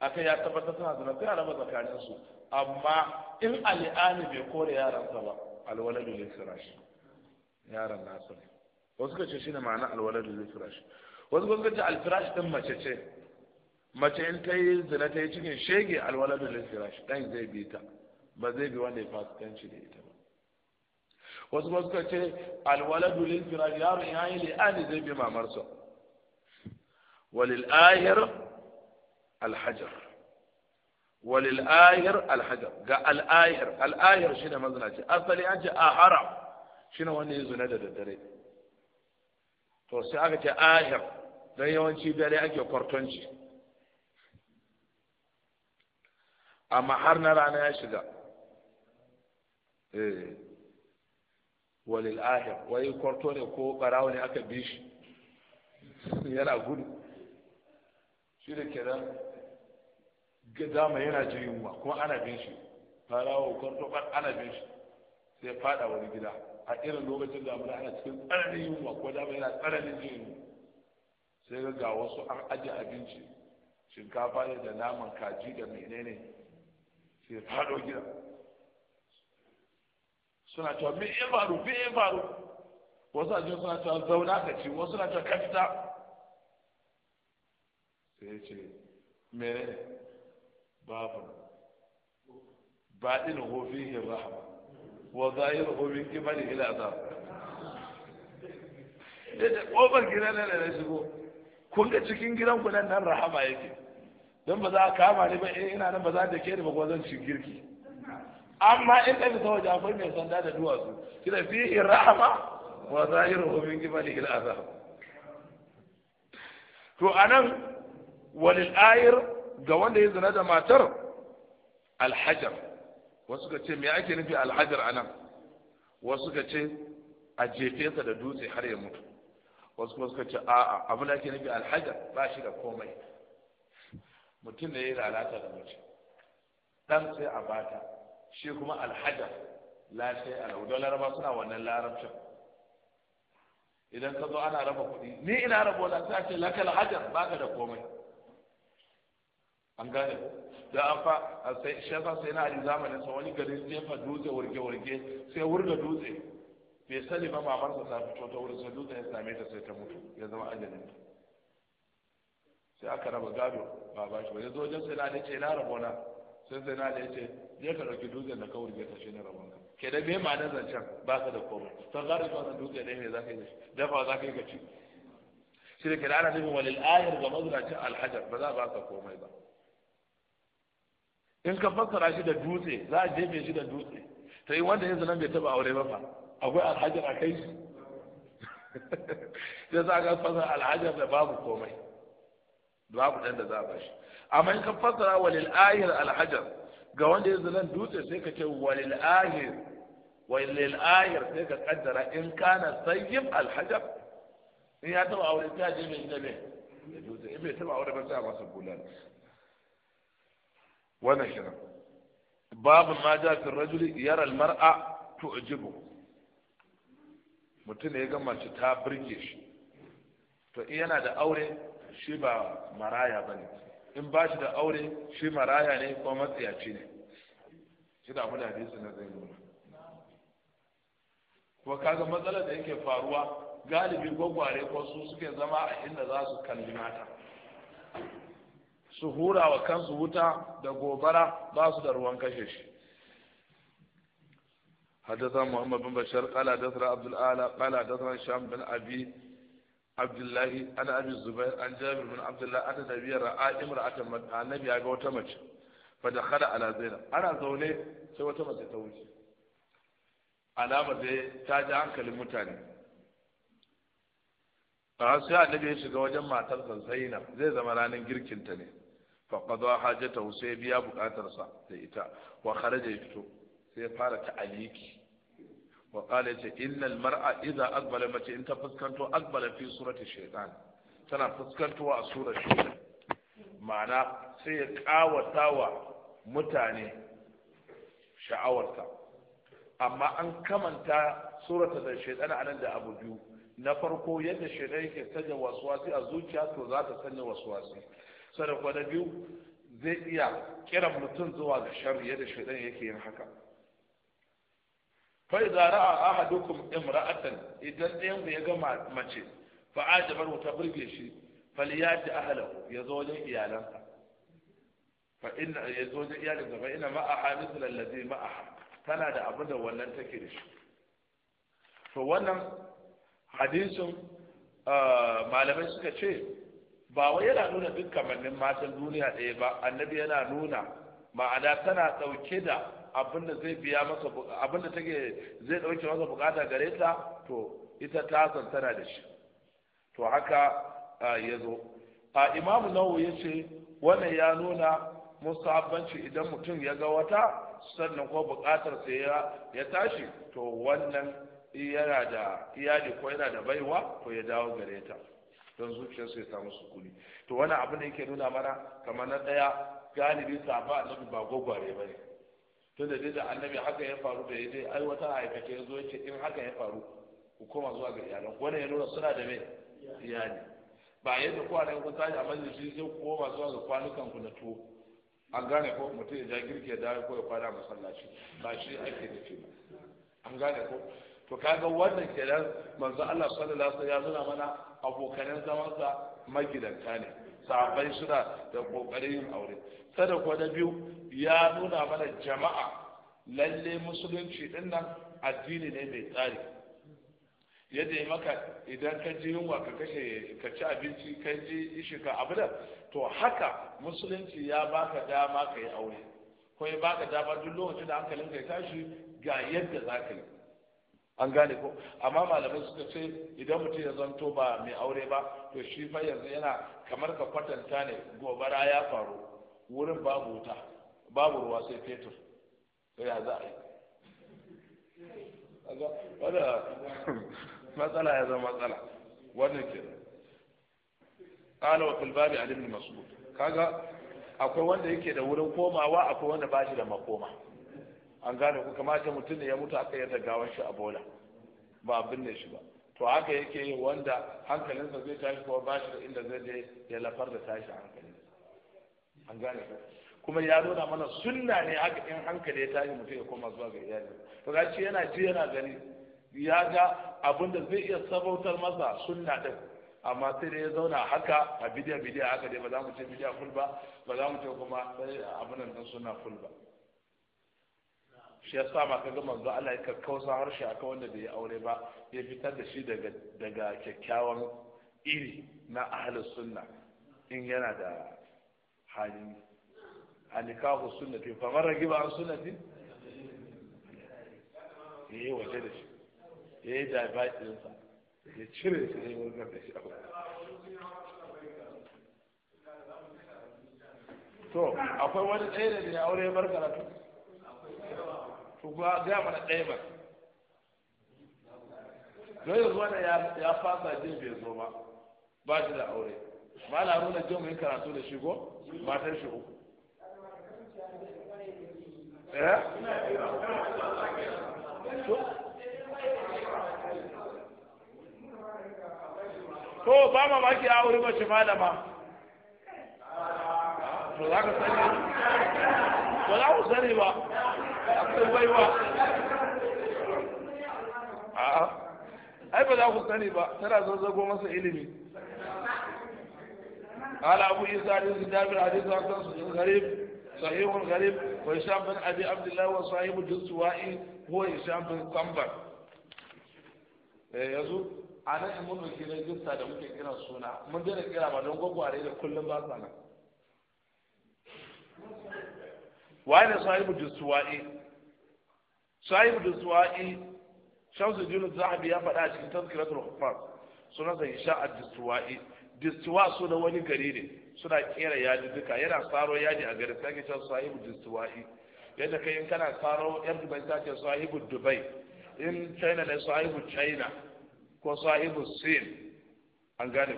aka ya tabbatar suna zina sai a raba tsakaninsu amma in al'ani bai kore yaransa ba alwaladu lil firash yaran nasa ne wasu kace shine ma'ana alwaladu zai firash wasu kuma kace al firash din mace ce mace in ta yi zina ta yi cikin shege alwaladu zai firash dan zai bi ta ba zai bi wanda ya fasikanci da ita ba wasu kuma suka ce alwaladu lil firash yaron ya yi li'ani zai bi mamarsa walil ahir alhajar walil alhajar ga al'ahir al'ahir shi ne mazinaci asali an ce ahara shi wanda ya zuna da daddare to aka ce ahir don yawanci dare ake kwartonci amma har na rana ya shiga eh, walil wai kwarto ko barawo aka bi shi yana gudu shi da dama yana jin yunwa kuma ana bin shi farawa kwartobar ana bin shi sai fada wani gida a irin lokacin damuna ana cikin tsananin yunwa ko dama yana tsananin ji yunwa sai ga ga wasu an aje abinci shinkafa ne da naman kaji da menene sai fado gida suna cewa me ya faru me ya faru wasu ajiyar suna cewa zauna ka ci wasu na cewa ka fita sai ce menene babu baɗin hofin rahama wa zahir hofin kimar ila azab eh, da ƙofar gidan na da shigo kun ga cikin gidan ku nan rahama yake don ba za a kama ni ba in eh, ina nan ba za ta ke ni ba kuma zan ci girki amma in ɗan fita waje akwai mai sanda da duwatsu kina fihi rahama wa zahiruhu min da ila azab to anan walil ayir ga wanda ya zina da matar alhajar wasu ka ce me ake nufi alhajar a nan wasu ka ce a jefe sa da dutse har ya mutu wasu kuma suka ce a'a abin da ake nufi alhajar ba shi da komai mutum da ya yi lalata da mace dan sai a bata shi kuma alhajar la sai alau don laraba suna wannan larabcin idan ka zo ana raba kuɗi ni ina rabo da sai a ce lakal hajar baka da komai an gane da an fa sai shafa sai na ali zamanin sa wani garin jefa dutse warge warge sai wurga dutse bai sani ba mamarsa ta fito ta wurin sai dutse ya same ta sai ta mutu ya zama ajalin sai aka raba gado ba ba shi ya zo wajen sai na ali ce na sai sai na ali ce je ka dauki dutsen da ka wurge ta shi ne rabon ka ke da me ma'anar zancen ba ka da komai ta zara ka wannan dutse ne me za ka yi dafa za ka yi ka ci shi da ke da ana nufin walil ayar ga mazunacin alhajar ba za ba ka komai ba in ka fassara shi da dutse za a jefe shi da dutse ta yi wanda yanzu nan bai taba aure ba fa akwai alhajar a kai shi sai za ka fassara alhajar da babu komai babu ɗan da za a bashi amma in ka fassara walil ahir alhajar ga wanda yanzu nan dutse sai ka ce walil ahir sai ka kaddara in kana sayyib alhajar in ya taba aure ta je mai da da dutse in bai taba aure ba sai a masa wannan kenan babu ma ja fi rajuli yara almar'a tu'jibu mutum ne ya gama shi ta birge shi to in yana da aure shi ba maraya ba ne in ba shi da aure shi maraya ne ko matsayaci ne shi da abu da hadisi na zai nuna kuma kaga matsalar da yake faruwa galibi gwagware ko su suke zama a inda za su kalli mata su hura wa kansu wuta da gobara ba su da ruwan kashe shi حدثنا محمد بن بشار قال حدثنا عبد الأعلى قال حدثنا هشام بن أبي عبد الله أنا أبي الزبير عن جابر بن عبد الله أن النبي رأى امرأة النبي يا جوة فدخل على زينب أنا زوني سوى تمس توجي sai زي تاج عنك للمتاني فأسيا النبي يشجع zai zama زينب زي ta ne. faqada hajatahu sai biya buƙatarsa da ita wa kharaja fito sai fara ta'aliki wa qala ce innal mar'a idza aqbala mace in ta fuskanto aqbala fi surati shaytan tana fuskantowa a surar shaytan ma'ana sai ya kawatawa mutane sha'awarta amma an kamanta surata da shaytan nan da abu biyu na farko yadda shaidan yake sanya wasuwasi a zuciya to za ta sanya wasuwasi sadaka na biyu zai iya kiran mutum zuwa ga shari'a yadda shaidan yake yin haka fai a ra'a ahadukum imra'atan idan ɗayan ya ga mace fa ajabar ta burge shi ji ahalau ya zo wajen iyalansa fa inna ya zo wajen iyalansa fa inna ma'aha mithla ma ma'aha tana da abin da wannan take da shi to wannan hadisin ah, malamai suka ce ba wai yana nuna dukkan kamannin matan duniya ɗaya ba annabi yana nuna ma'ana tana ɗauke da abin da zai biya masa take zai ɗauke masa bukata gare ta to ita ta sansana da shi to haka ya zo a imamu nawo ya ce wannan ya nuna musabbanci idan mutum ya ga wata sannan ko bukatar sa ya tashi to wannan yana da iyali ko yana da baiwa to ya dawo gare ta don zuciyarsu ya samu sukuni to wani abu da yake nuna mana kamar na ɗaya galibi sahaba annabi ba gwagware ba ne tun da da annabi haka ya faru da ya dai ai wata aikace ya zo ce in haka ya faru ku koma zuwa ga iyalan wani ya nuna suna da mai iyali ba yadda kwanan kun tashi a majalisi sai ku koma zuwa ga kwanukan ku na tuwo an gane ko mutum ya ja girki ya dawo ko ya kwana masallaci ba shi ake nufi ba an gane ko to kaga wannan kenan manzo Allah sallallahu alaihi wasallam ya zuna mana abokanan sa magidanta ne sahabbai suna da kokarin yin aure sada ko da biyu ya nuna mana jama'a lalle musulunci din nan addini ne mai tsari yadda yi maka idan ka ji yunwa ka kashe ka ci abinci ka ji ishi abu da to haka musulunci ya baka dama ka yi aure ko ya baka dama duk lokacin da hankalin ka ya tashi ga yadda za ka yi an gane ko amma malamai suka ce idan mutum ya zanto ba mai aure ba to shi fa yanzu yana kamar ka kwatanta ne gobara ya faru wurin babu wuta babu ruwa sai fetur sai ya za a yi wadda matsala ya zama matsala wannan ke wa filbabi a limin masu kaga akwai wanda yake da wurin komawa akwai wanda ba shi da makoma an gane ku kamata mutum ne ya mutu aka yadda gawar shi a bola ba abin ne shi ba to haka yake yi wanda hankalinsa zai tashi kuma ba shi da inda zai je ya lafar da tashi hankalin an gane ku kuma ya nuna mana sunna ne haka in hankali ya tashi mutum ya koma zuwa ga iyali to ga shi yana ji yana gani ya ga abin da zai iya sabautar masa sunna din amma sai da ya zauna haka a bidiya bidiya haka dai ba za mu ce bidiya fulba, ba ba za mu ce kuma sai abin nan sunna fulba. ba shi sa ma kaga manzo Allah ya kakkausa harshe aka wanda bai aure ba ya fitar da shi daga daga kyakkyawan iri na ahlus sunna in yana da hali anikahu sunnati fa mar ragiba an sunnati eh waje da shi eh da shi sa ya cire shi ne wurin da shi to akwai wani tsaye da ya aure ya bar karatu to ga gaya mana ɗaya ba don yanzu wanda ya fasa jin bai zo ba ba shi da aure ba na nuna jin mai karatu da shigo matan shi uku eh to ba mamaki a wuri mace malama to za ka sani ba za ku sani ba akwai baiwa a'a ba za ku sani ba tana zazzago masa ilimi قال أبو إيسى حديث جابر حديث أكثر غريب صحيح غريب وهشام بن أبي عبد الله وصاحب الجزوائي هو هشام بن قنبر yanzu a nan in mun ɗauki na jinsa da muke kira suna mun daina kira ba don gwagware da kullum ba nan wani sahibu jiswa'i sahibu jiswa'i shamsu jinu zahabi ya faɗa a cikin tazkiratul huffaz suna sa isha a jisuwa'i jisuwa su da wani gari ne suna kera yaji duka yana saro yaji a gari sai ke sahibu jiswa'i yadda kai in kana saro yan dubai ta ce sahibu dubai in china ne sahibu china ko sahibu sin an gane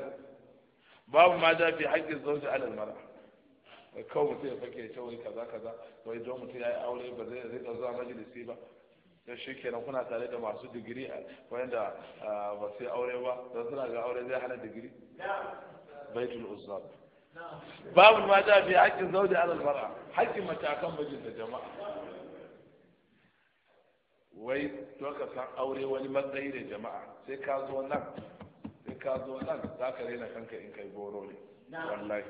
babu ma da bi haƙƙin zauji alal mara kawai mutum ya fake ya wai kaza kaza wai don mutum ya yi aure ba zai rika zuwa majalisi ba da shi kenan kuna tare da masu digiri wanda ba su yi aure ba don suna ga aure zai hana digiri baitul uzzab babu ma da fi hakkin zauji ala mar'a hakkin mace akan mijinta jama'a wai to ka san aure wani matsayi da jama'a sai ka zo nan sai ka zo nan za ka raina kanka in kai boro ne wallahi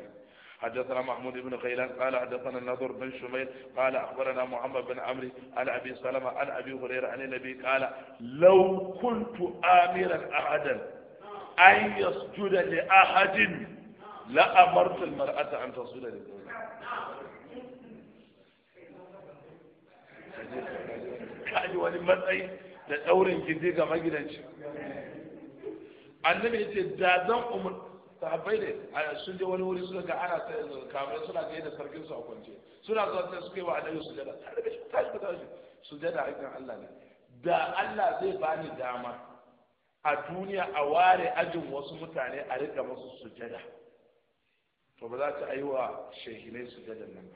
حدثنا محمود بن خيلان قال حدثنا النضر بن شميل قال أخبرنا محمد بن عمرو عن أبي سلمة عن أبي هريرة عن النبي قال لو كنت آمرا أحدا أن يسجد لأحد لأمرت المرأة أن تسجد لزوجها kaji wani matsayi da ɗaurin gindi ga magidanci annabi sahabbai ne sun je wani wuri suka ga ana kamar suna ga da sarkin su a kwance suna zuwa sai suka yi wa annabi sujada tashi ka tashi a aikin Allah ne da Allah zai bani dama a duniya a ware ajin wasu mutane a rika musu su sujada to ba za ta yi wa shehinai sujadan nan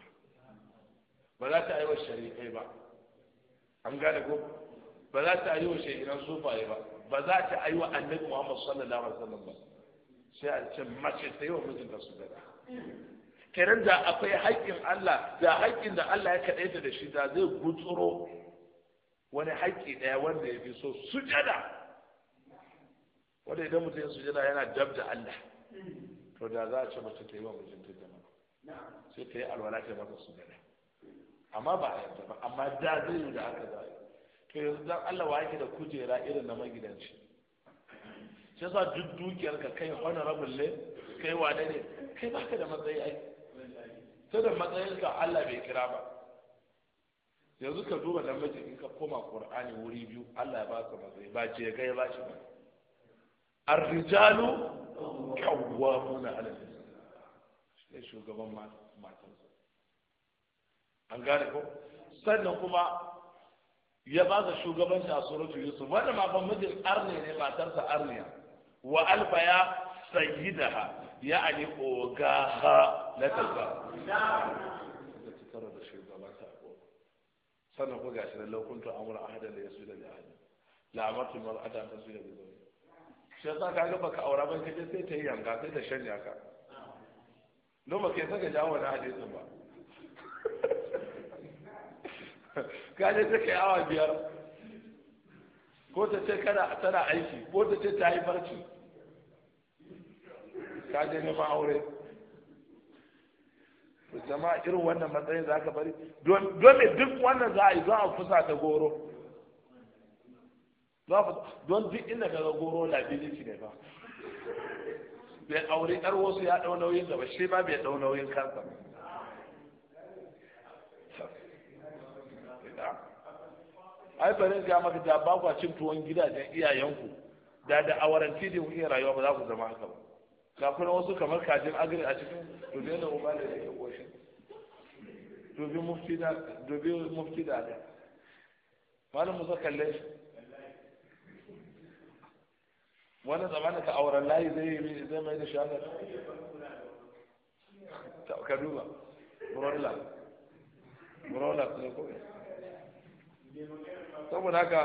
ba ba za ta yi wa sharikai ba an gane ko ba za ta yi wa shehinan sufaye ba ba za ta yi wa annabi Muhammad sallallahu alaihi wasallam ba sai a ce mace ta yi wa mijinta gada kenan da akwai haƙƙin Allah da haƙƙin da Allah ya kaɗaita da shi da zai gutsuro wani haƙƙi ɗaya wanda ya fi so sujada wanda idan mutum ya sujada yana dab da Allah to da za a ce mace ta yi wa mijinta da sai ta yi alwala ta mata gada amma ba a yarda ba amma da zai yi da haka za a yi to yanzu dan Allah wa yake da kujera irin na magidanci shi yasa duk dukiyar ka kai honorable ne kai wane ne kai baka da matsayi ai ta da matsayin ka Allah bai kira ba yanzu ka duba da mace in ka koma Qur'ani wuri biyu Allah ya ba ka matsayi ba ce ga ya ba shi ba ar-rijalu qawwamuna 'ala ne shugaban matansa an gane ko sannan kuma ya ba da shugabanci a suratul yusuf wanda ma ban mijin arne ne matarsa arniya wa alfaya sayyidaha ya ani ogaha na kalba sannan ko gashi nan laukuntu amura ahadan da ya su da ni ahadan la'amartu mar'ata ta su da ni shi yasa ka ga baka aura ban kaje sai ta yi yanga sai ta shanya ka no ba ke saka jawo na hadisin ba ka je ta kai awa biyar ko ta ce kana tana aiki ko ta ce ta yi barci ka je neman aure jama'a irin wannan matsayin za ka bari don me duk wannan za a yi za a fusa ta goro don duk inda ka ga goro labiliti ne ba bai aure ɗar wasu ya ɗau nauyin gaba, ba shi ma bai ɗau nauyin kansa ai bari ga maka da ba kwa cin tuwon gidajen iyayenku da da awaran tidin iya rayuwa ba za ku zama haka ba ga kuma wasu kamar kajin agri a cikin to da uba da yake koshin dubi mufti da dubi mufti da da musa kalle shi wani zamanin ka auren layi zai yi zai mai da shagar ka duba brola brola ne ko saboda haka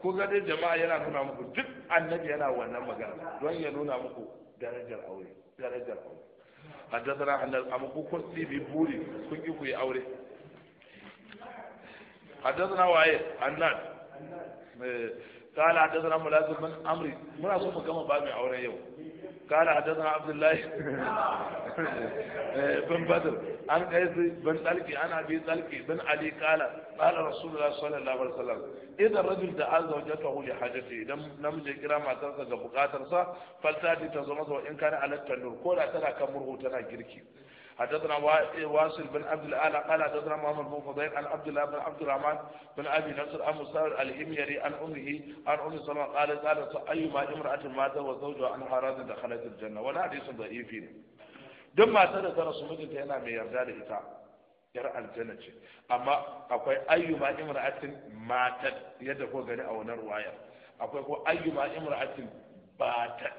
ko ga dai jama'a yana nuna muku duk annabi yana wannan magana don ya nuna muku darajar aure darajar aure haddasana hannal amma ku kun bi buri ku ki ku yi aure haddasana waye annan قال حدثنا ملازم بن عمرو مرا سو مكما باب من aure yau قال حدثنا عبد الله بن بدر عن قيس بن طلق عن ابي طلق بن علي قال قال رسول الله صلى الله عليه وسلم اذا الرجل دعا زوجته لحاجته لم لم يجرى ما ترسى بقاترسا فلتاتي تزمته وان كان على التنور كولا ترى كمره ترى جركي حدثنا واصل بن عبد الاعلى قال حدثنا محمد بن فضيل عن عبد الله بن عبد الرحمن بن ابي نصر عن مصطفى الحميري عن امه عن ام سلمه قال قالت ايما امراه مات وزوجها عن حرام دخلت الجنه ولا حديث ضعيف duk matar da ta rasu mijinta yana mai yarda da ita yar aljanna ce amma akwai ayyuma imra'atin matat yadda ko gani a wannan ruwayar akwai ko ayyuma imra'atin batat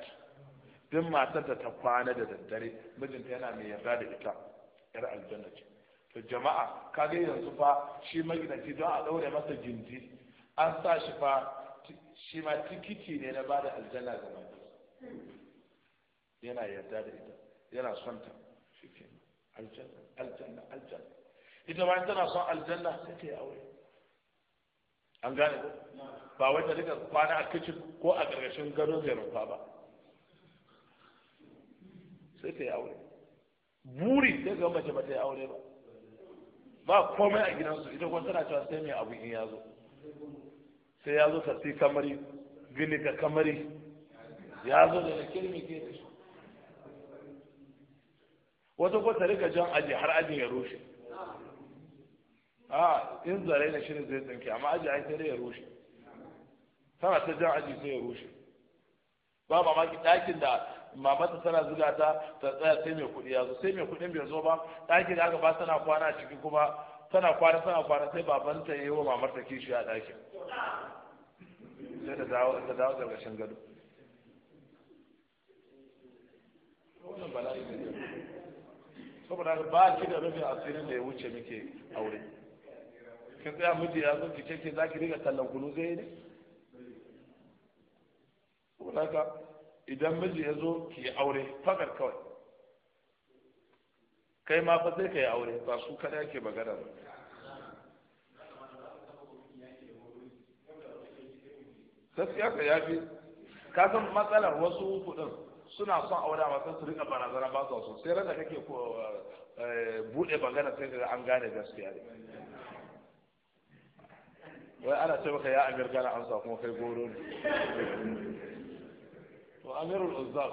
din matar da ta kwana da daddare mijinta yana mai yarda da ita yar aljanna ce to jama'a kaga yanzu fa shi magidanci don a daure masa jinji an sa shi fa shi ma tikiti ne na bada aljanna ga mai yana yarda da ita yana son ta shi ke aljanna aljanna aljanna ita ma tana son aljanna sai ta yi aure an gane ko ba wai ta rika kwana a kicin ko a ƙarƙashin gado mai rufa ba sai ta yi aure buri sai ga mace ba ta yi aure ba ba komai a gidansu ita kuma tana cewa sai mai abu in ya zo sai ya zo ka kamari gini ka kamari ya zo da kirmi ke da shi wata ko ta rika jan aji har ajin ya rushe a ah, in zare na shi ne zai tsinke amma aji ai sai ya rushe tana ta jan aji sai ya rushe ba mamaki ɗakin da mamansa tana zuga ta ta tsaya sai mai kuɗi ya zo sai mai kuɗin bai zo ba ɗakin da aka ba tana kwana a ciki kuma tana kwana tana kwana sai babanta ya yi wa mamarta kishi a ɗakin sai ta dawo ta dawo ƙarƙashin gado wannan bala'i ne saboda ba ki da rufin asirin da ya wuce muke aure kin tsaya miji ya zo ki ce ki za ki riga tallan kunu zai ne saboda haka idan miji ya zo ki yi aure fagar kawai kai ma fa sai ka yi aure ba su kada ke magana ba gaskiya ka yafi ka san matsalar wasu kudin suna son aure amma sai su rika barazana ba su wasu sai rana kake ko eh, bude magana sai ka an gane gaskiya ne wai ana ce maka ya amir gana an sa kuma kai goro ne to amirul uzzaq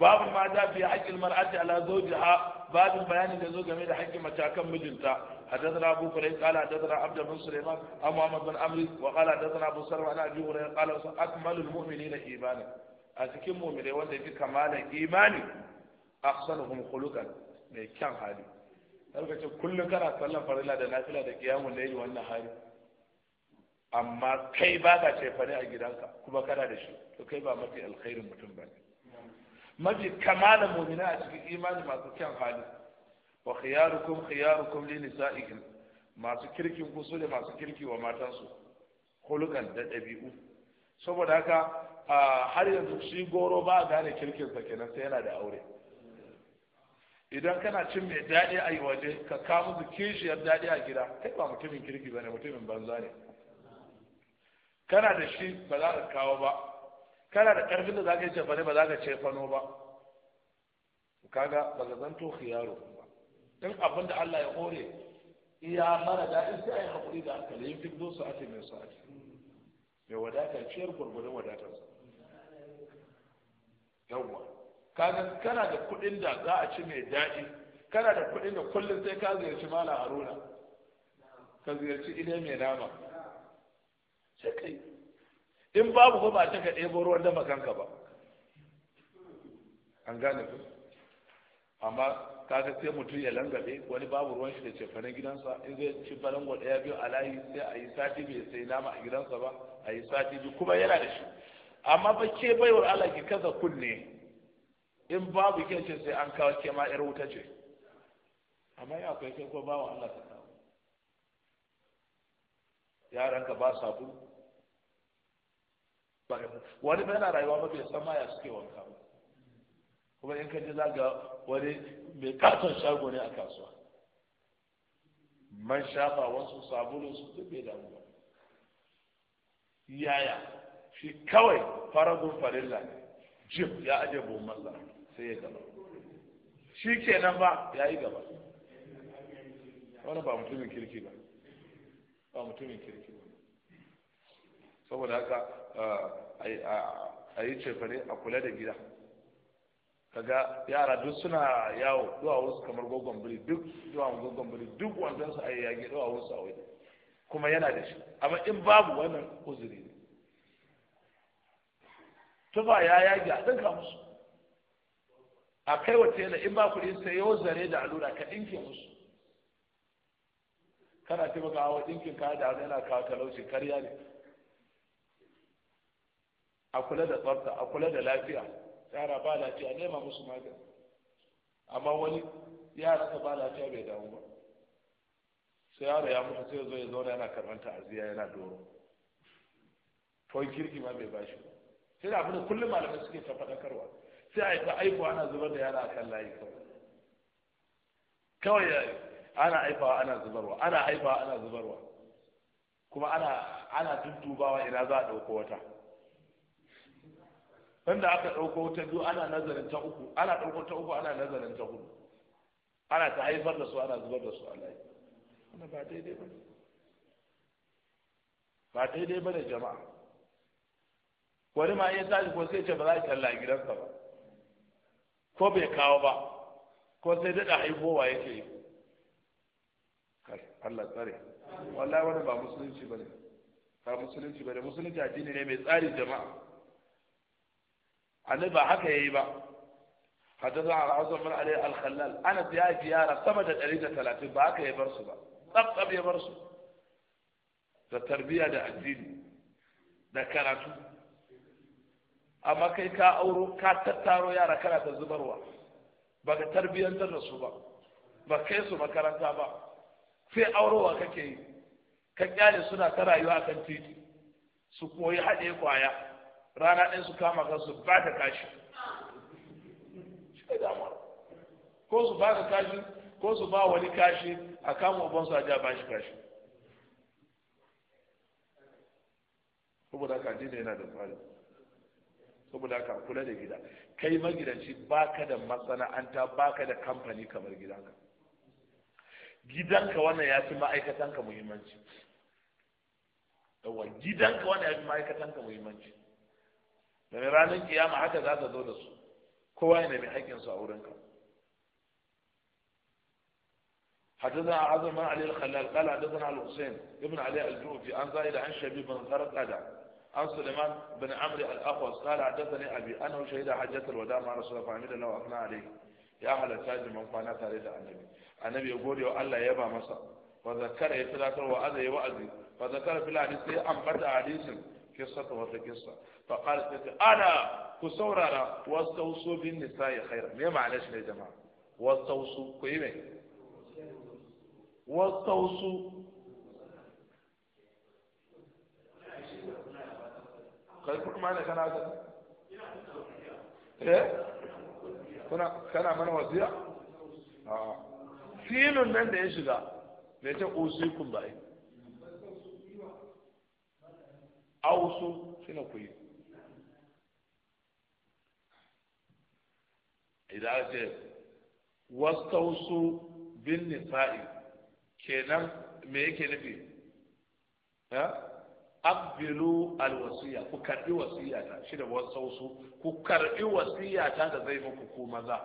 babu ma da fi haƙƙin mar'ati ala babin bayanin da zo game da haƙƙin mace akan mijinta حدثنا ابو فريد قال حدثنا عبد بن سليمان عن محمد بن عمرو وقال حدثنا ابو سلمة عن ابي هريره قال اكمل المؤمنين ايمانا اتكم مؤمنين وانت في كمال ايماني احسنهم خلقا mai kyan hali har ka ce kullum kana sallan farilla da nafila da qiyamul layli wannan hali amma kai ba ka cefane a gidanka kuma kana da shi to kai ba mafi alkhairin mutum ba ne. mafi kamala mumina a cikin imani masu kyan hali wa khiyarukum khiyarukum li nisa'ikum masu kirkin ku su ne masu kirki wa matansu hulukan da dabi'u saboda haka har yanzu shi goro ba a gane sa kenan sai yana da aure idan kana cin mai daɗi a yi waje ka kawo musu kishiyar daɗi a gida kai ba mutumin kirki ba ne mutumin banza ne kana da shi ba za ka kawo ba kana da ƙarfin da za ka yi cefane ba za ka cefano ba kaga ba ka zanto khiyaro ba in abin da Allah ya hore iya mara daɗin sai a yi haƙuri da hankali yin fito su ake mai su ake mai wadatar ciyar gwargwadon wadatar sa yawwa kaga kana da kuɗin da za a ci mai daɗi kana da kuɗin da kullum sai ka ziyarci mala haruna ka ziyarci ile mai nama sai in babu ko ba ta ka ɗebo ruwan dama kanka ba an gane ku amma kaga sai mutum ya langabe wani babu ruwan shi da cefanen gidansa in zai ci balango ɗaya biyu a layi sai a yi sati bai sai nama a gidansa ba a yi sati biyu kuma yana da shi amma ba ke baiwar Allah ki kaza kunne in babu ke ce sai an kawo ke ma yar wuta ce amma ya akwai kai ko bawa Allah ka kawo yaranka ba sabulu wani bai na rayuwa bai san ma ya suke wanka ba kuma in ka ji za ga wani mai katon shago ne a kasuwa man shafa wasu sabulun su duk bai damu ba yaya shi kawai faragun farilla ne jim ya aje bomalla sai ya gaba shi kenan ba ya yi gaba wani ba mutumin kirki ba ba mutumin kirki ba saboda haka eh, a yi cefane a kula da gida kaga yara duk suna yawo duwawunsu kamar gogon biri duk duwawun gogon biri duk wanzansu a yi yage duwawunsu a waje kuma yana da shi amma in babu wannan uzuri ne tufa ya yage a ɗinka musu a kai wa tela in ba ku ɗin sai yau zare da alura ka ɗinke musu kana taimaka wa ɗinkin kaya da yana kawo talauci karya ne a kula da tsarta a kula da lafiya yara ba lafiya nema musu magani amma wani yara ka ba lafiya bai damu ba sai yaro ya mutu sai zo ya zauna yana karɓar ta'aziyya yana doro tuwon kirki ma bai bashi ba sai da abin da kullum malamai suke ta faɗakarwa sai a yi aiko ana zubar da yara akan layi kawai kawai ana aifawa ana zubarwa ana aifawa ana zubarwa kuma ana ana tuntubawa ina za a ɗauko wata sanda aka ɗauko ta biyu ana nazarin ta uku ana ɗauko ta uku ana nazarin ta hudu ana ta haifar da su ana zubar da su a layi wanda ba daidai ba ba daidai ba da jama'a wani ma iya tashi ko sai ce ba za ki talla gidansa ba ko bai kawo ba ko sai daɗa haifowa yake yi kai Allah tsare wallahi wani ba musulunci ba ne. ba musulunci ba ne. musulunci addini ne mai tsari jama'a Ani ba haka yayi ba حدثنا على عزم بن علي الخلال انا في هاي زياره ثمت الاريده 30 bar يا برسو با ya يا برسو da tarbiyya da addini da karatu amma kai ka auro ka tattaro yara kana ta zubarwa ba ka tarbiyyantar da su ba ba kai su makaranta ba sai aurowa kake yi Kan kyale suna ta rayuwa kan titi su koyi haɗe kwaya rana ɗin su kama kansu ba ta kashi ko su ba ka kashi ko su ba wani kashi a kama ubansu a ja ba shi kashi saboda haka addini yana da fari saboda haka kula da gida kai magidanci ba ka da masana'anta ka da kamfani kamar gidanka gidanka wannan ya fi ma'aikatanka muhimmanci yawa gidanka wannan ya fi ma'aikatanka muhimmanci da mai ranar kiyama haka za ta zo da su kowa yana mai haƙƙin su a wurinka حدثنا عظم علي الخلال قال حدثنا على الحسين ابن علي الجوفي عن زائد عن شبيب بن غرقد عن سليمان بن عمرو الاخوص قال حدثني ابي انه شهد حجه الوداع مع رسول الله فعمل له afna alayhi ya اهل التاج man قانا tare da annabi annabi ya gode wa Allah ya ba masa wa zakara ya tunatar wa azai wa azai wa zakara fil hadisi sai bada hadisin قصة وتقصة فقالت لك أنا كسورة أنا واستوصوا بالنساء خيرا ليه معلش يا جماعة واستوصوا كيف واستوصوا kai kuma mana kana ga eh kuna kana mana wasiya a filin nan da ya shiga me ta usikum bai awsu sila kuyi idan ce wastausu bin nisa'i kenan me yake nufi ha abbilu alwasiya ku karbi ta shi da wastausu ku karbi ta da zai muku ku maza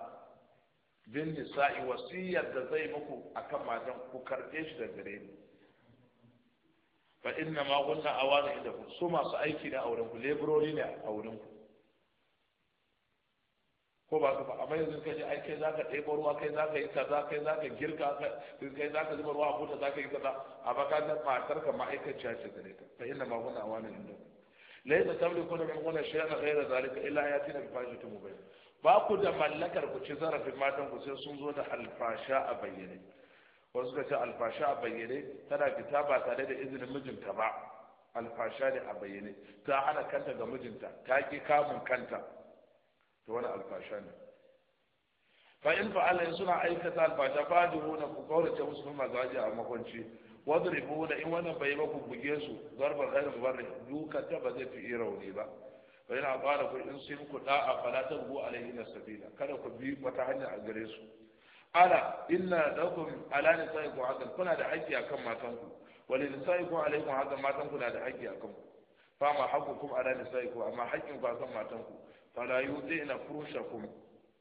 bin nisa'i wasiyar da zai muku akan matan ku karbe shi da gare ni fa inna ma kunna awada inda ku su masu aiki da auren ku laborori ne a wurin ku ko ba ka ba amma yanzu kai ai kai zaka ɗebo ruwa kai zaka yi kaza kai zaka girka kai zaka zuba ruwa a buta zaka yi kaza a baka da matar ka ma'aikaciya ce gare ka fa inna ma kunna awada inda ku laysa tamlikuna min kunna shay'an da zalika illa ya tina bi fahishatin bai ba ku da mallakar ku ci zarafin matan ku sai sun zo da alfasha a bayyane wasu suka ce alfasha a bayyane tana fita ba tare da izinin mijinta ba alfasha ne a bayyane ta hana kanta ga mijinta ta ki kamun kanta ta wani alfasha ne fa in fa'ala in suna aikata alfasha ba da huna ku kaurace musu ma zaji a makwanci wadribu da in wannan bai ba ku buge su zarba ghairu barri duka ta ba zai fi rauni ba fa ina fara ku in sun ku da'a fala tabu alaihi nasabila kada ku bi wata hanya a gare su ala inna lakum ala nisaikum haqqan kuna da haƙƙi akan matanku wa li nisaikum alaikum matan matanku na da haƙƙi akan ku fa ma kuma ala nisaikum amma haƙƙin ku akan matanku fala yudina furushakum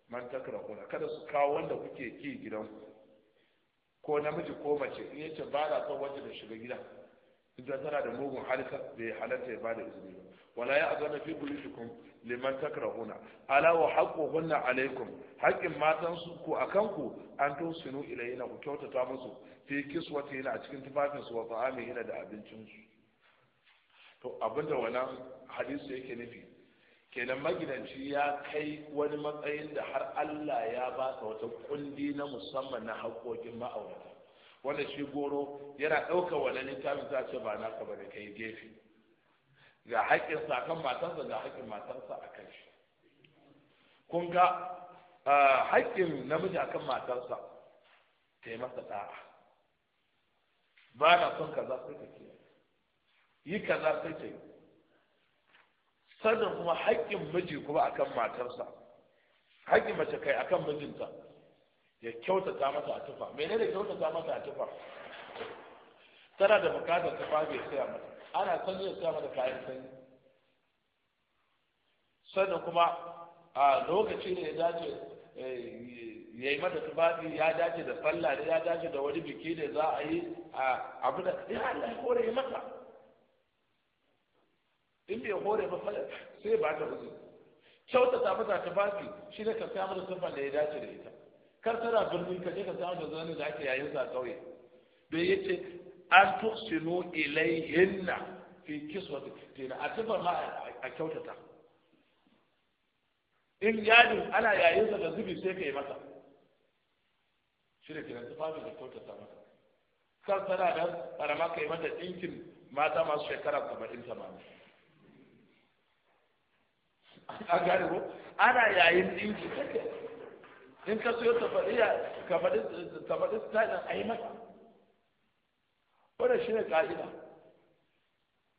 man takrahuna kada su kawo wanda kuke ki gidanku ko namiji ko mace in yace ba na son wanda da shiga gida idan tana da mugun halka bai halatta ya bada izini ba wala ya azana fi bulutukum liman takrahuna ala wa haqquhunna alaikum haqqin matan su ku akan ku an sunu ilayna ku kyautata musu fi kiswati a cikin tufafin su wa ila da abincin su to abinda wannan hadisi yake nufi kenan magidanci ya kai wani matsayin da har Allah ya ba ka wata kundi na musamman na haƙoƙin ma'aurata wanda shi goro yana ɗauka wani littafin za ce ba naka ba da kai gefe ga haƙƙin sa kan matarsa ga haƙƙin matarsa a kan shi kun ga haƙƙin namiji a kan matarsa ta yi masa ɗa'a. ba na son kaza sai ka ke yi kaza sai ta yi sannan kuma haƙƙin miji kuma a kan matarsa haƙƙin mace kai a kan mijinta ya kyautata mata a tufa menene kyautata mata a tufa tana da bukatar tufa bai saya mata ana san ya siya da kayan sanyi sannan kuma a lokaci ne ya dace eh, ya yi mata tufafi ya dace da sallah ne ya dace da wani biki ne za a yi a abu da ya Allah ya kore mata in bai hore ba sai ba ta rusu kyautata mata tufafi shi ne ka siya da da ya dace da ita kar tana birnin ka je ka samu da zanen da ake yayin sa kauye bai yace an tuksinu ilaihinna fi kiswati tina a tuba ma a kyautata in yadin ana yayin sa da zubi sai kai masa shi da kiran tufafi da kyautata masa kan sana da karama kai mata ɗinkin mata masu shekara saba'in tamanin a gane ko ana yayin ɗinki in ka so ta faɗi ka faɗi ta a yi mata wannan shine ka'ida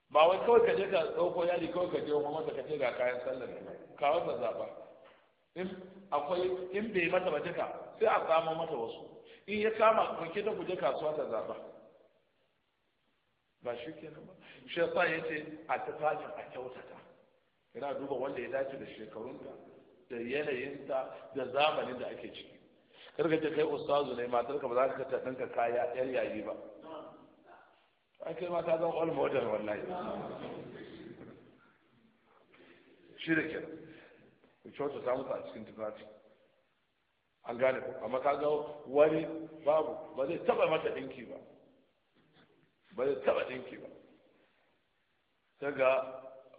ba wai kawai ka je ka dauko yadi kawai ka je wa masa ka ce ga kayan sallar ka wanda zaɓa in akwai in bai mata ba jika sai a samu mata wasu in ya kama kwanke ta guje kasuwa ta zaɓa ba shi nan ba shi yasa ya ce a ta tafajin a kyautata yana duba wanda ya dace da shekarunta da yanayinta da zamanin da ake ciki karka ce kai ustazu ne matar ka ba za ka ta ɗinka kaya yan yayi ba ake ma ta zan all wajen wallahi shi da ke ku kyauta ta mutu a cikin tufafi an gane ku amma ka ga wani babu ba zai taba mata dinki ba ba zai taba dinki ba ta ga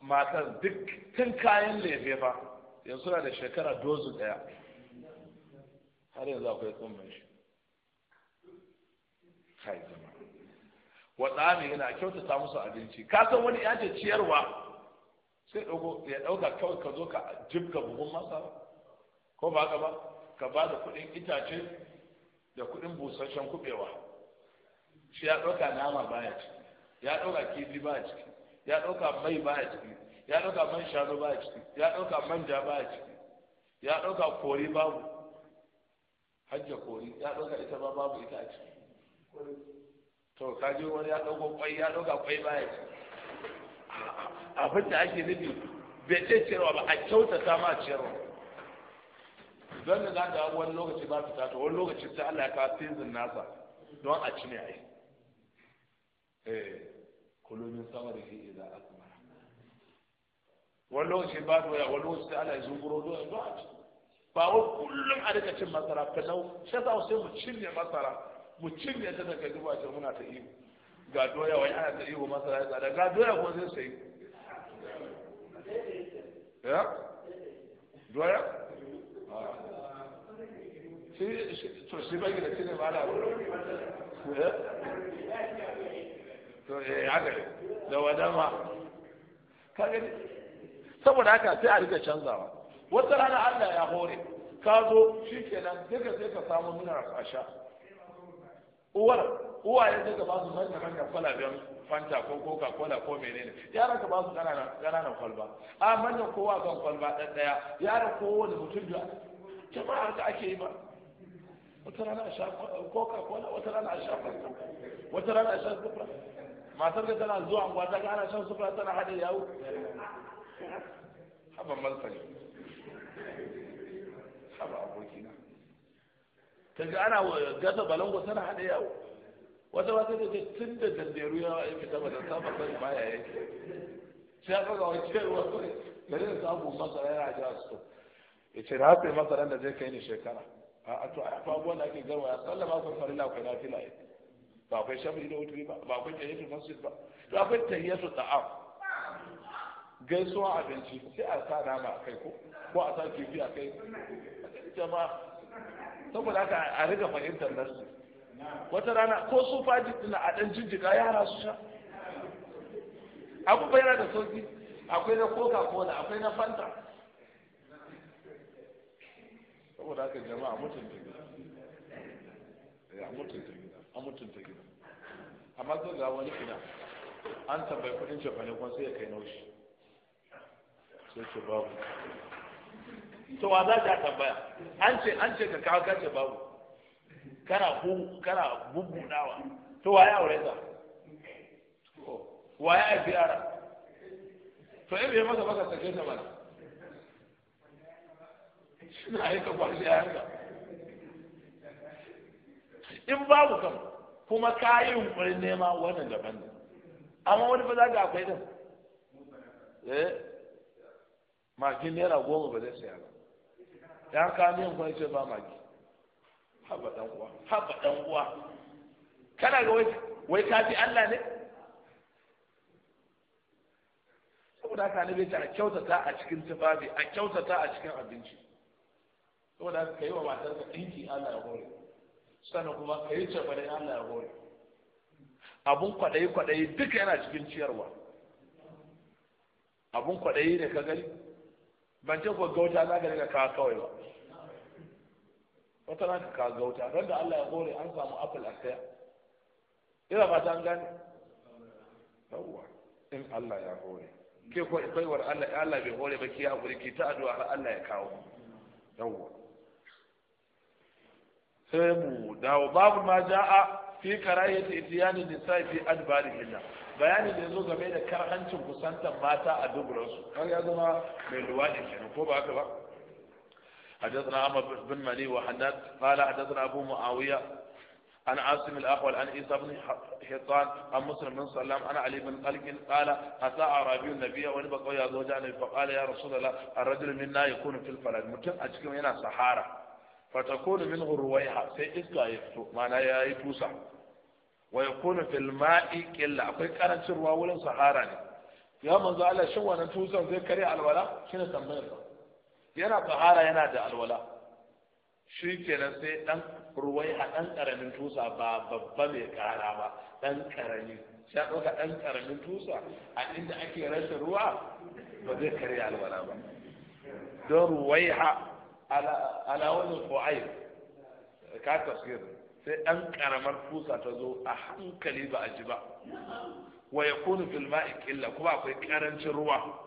matar duk tun kayan lefe fa yanzu na da shekara dozu daya har yanzu akwai tsumman shi wa tsami yana kyautata musu abinci ka san wani ya ce ciyarwa sai ɗauko ya ɗauka kawai ka zo ka jibga buhun masa ko ba haka ba ka ba da kuɗin itace da kuɗin busasshen kuɓewa shi ya ɗauka nama baya ciki ya ɗauka kifi baya ciki ya ɗauka mai baya ciki ya ɗauka man shanu baya ciki ya ɗauka manja baya ciki ya ɗauka kori babu hajja kori ya ɗauka ita ba babu ita a ciki to kaji wani ya dauko kwai ya dauka kwai baya ce abin da ake nufi bai ce ciyarwa ba a kyautata ma ciyarwa don da za ka wani lokaci ba fita to wani lokaci sai Allah ya kawo season nasa don a ci ne ai eh kulumin sama da ke idan asma wani lokaci ba doya wani lokaci sai Allah ya zunguro doya don a ci ba wai kullum a rika cin masara kalau shi yasa sai mu cinye masara mu cinye ta daga duba ce muna ta ihu ga doya wani ana ta ihu masa ya tsada ga doya ko zai sai ya doya to shi bai da cire ba da to eh haka da wadama kaga saboda haka sai a riga canzawa wata rana Allah ya hore ka zo shi kenan daga sai ka samu nuna a sha uwar uwaye suka ba su manya kwala kwalaben fanta ko coca cola ko menene yaran ka ba su ƙananan kwalba a manyan kowa kan kwalba ɗan ɗaya yaran kowane mutum da jama'a haka ake yi ba wata rana a sha coca cola wata rana a sha fanta wata rana a sha sufura matar da tana zuwa anguwa ta ana shan sufura tana hada yawo haban malfari haba aboki kaga ana gasa balango tana hada yawo wata ba sai ce tun da danderu ya yi fita ba da saba sai baya yake sai aka ga wace wasu gare da samu masara yana ja su ya ce na hafe masara da zai kai ni shekara a to a abubuwan da ake garwa ya tsalla ba ku farila ku na fila ba akwai shafi da wuturi ba ba akwai tahiyyatu masjid ba to akwai tahiyyatu ta'am gaisuwa abinci sai a sa nama a kai ko ko a sa kifi a kai jama'a saboda haka a riga fahimtar nasu wata rana ko su faji suna a ɗan jinjika yara su sha abubuwa yana da sauki akwai na coca cola akwai na fanta saboda haka jama'a mutunta gida ya eh, mutunta gida a mutunta gida amma zan ga wani ina an tambayi kudin cefane kuma sai ya kai naushi sai ce babu to wa za ta tambaya an ce an ce ka kawo kace babu kana ku kana bubbunawa to wa ya aure wa ya haifi to ebe masa baka sake ta mana yi ka kwashe yanka. in babu kan kuma ka yi yunkurin nema wannan daban ne amma wani ba za ka akwai din eh makin nera goma ba zai saya ba ya kawo miyan kuma ce ba magi haba dan uwa haba dan uwa kana ga wai wai kafi Allah ne saboda haka ne bai ta kyautata a cikin tufafi a kyautata a cikin abinci saboda haka kai wa matar ka dinki Allah ya hore sannan kuma kai ce bare Allah ya hore abun kwadayi kwadayi duka yana cikin ciyarwa abun kwadayi ne ka gani ban ce ko gauta za ka daga ka kawai ba wata na ka gauta ran da Allah ya kore an samu apple a saya ina ba ta an gani? yawwa in Allah ya kore. ke ko baiwar Allah ya Allah bai kore ba ke kuri ki ta addu'a har Allah ya kawo yawwa sai mu dawo babu ma ja'a fi karayati itiyani nisa fi adbarihinna bayani da zo game da karhancin kusantar mata a duburansu har ya zama mai luwaɗi kenan ko ba haka ba حدثنا عمر بن ملي وحناد قال حدثنا أبو معاوية عن عاصم الأخول عن عيسى بن حيطان عن مسلم بن سلام عن علي بن قلق قال أتى أعرابي النبي ونبقى يا زوج فقال يا رسول الله الرجل منا يكون في الفلج متم أتكلم هنا صحارى فتكون منه رويحة سيئسكا يفتو معنى يا يفوسا wa yakunu fil ma'i qilla akwai karancin ruwa wurin sahara ne ya manzo Allah shin wannan tusan zai kare alwala shine tambayar sa yana sahara yana da alwala shi kenan sai dan ruwai a dan karamin tusa ba babba mai kara ba dan karami sai ɗauka dan karamin tusa a inda ake rashin ruwa ba zai karya alwala ba don ruwaiha ala wani fu'ayr ka tafsir sai ɗan ƙaramar kusa ta zo a hankali ba a ji ba wa ya kunu fil ma'i kuma akwai ƙarancin ruwa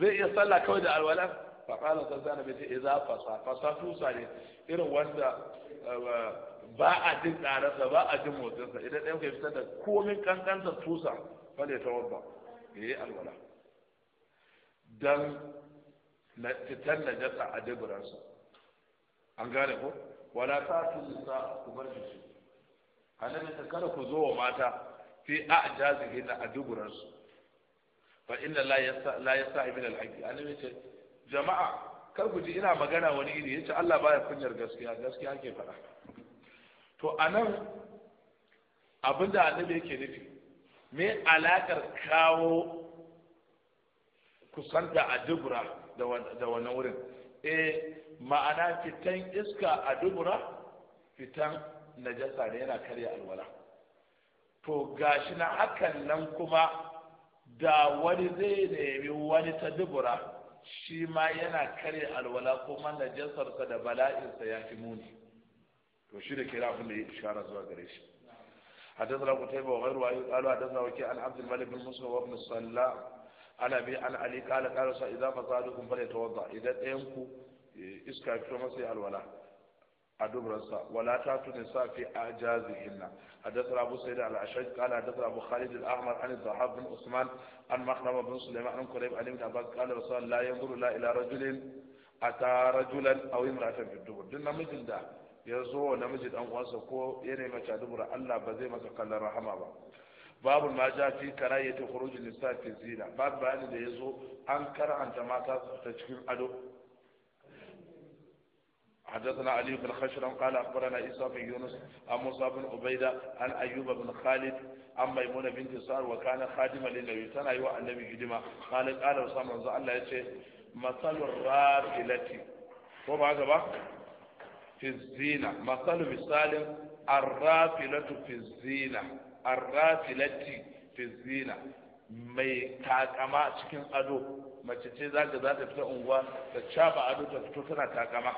zai iya sallah kawai da alwala fa qala sallallahu alaihi wasallam idza fasa fasa tusa ne irin wanda eh, ba a jin ɗararsa ba a jin motsinsa idan ɗan kai fitar da komin ƙanƙantar tusa fa ta wabba ya yi alwala dan fitar najasa a duburansa an gane ko wala ta su nisa ku bar shi annabi ta kada ku zo wa mata fi a na a duburan su fa inna la yastahi min al-haqq annabi ce jama'a kar ku ji ina magana wani iri yace Allah baya kunyar gaskiya gaskiya ke faɗa to anan abinda annabi yake nufi me alakar kawo kusanta a dubura da wannan wurin eh ma'ana fitan iska a dubura fitan najasa ne yana karya alwala to gashi na hakan nan kuma da wani zai nemi wani ta dubura shi ma yana karya alwala kuma najasarsa da bala'insa ya fi muni to shi da kira abin da ya ishara zuwa gare shi حدثنا قتيبة وغيره قالوا حدثنا وكيع عن عبد الملك بن مسلم وابن الصلاح ana bi an ali kala kala sa idza fasadukum fala tawadda idan ɗayan ku eh, iska fito masa ya alwala a dubrarsa wala ta tuni sa fi ajazihinna hadathana abu sa'id al-ashaj qala hadathana abu khalid al-ahmar an dhahab bin usman an mahrama bin sulaiman an qurayb an ibn abbas qala rasul la yanzuru la ila rajulin ata rajulan aw imra'atan fi dubur din namijin da ya zo namiji dan uwansa ko yana mace dubura Allah ba zai masa kallon rahama ba babu ma ja fi karayati khuruj nisa fi zina babu bayani da yazo an karanta mata ta cikin ado حدثنا علي بن خشرم قال اخبرنا عيسى بن يونس عن موسى بن عبيده عن ايوب بن خالد عن ميمونه بنت سار وكان خادما للنبي تنا يوا النبي خدمه قال قال وسام الله يتي مثل الرافلة وما عجبا في الزينة مثل مثال الرافلة في الزينة arrafilati fi zina mai takama cikin ado mace ce za ta za ta fita unguwa ta caba ado ta fito tana takama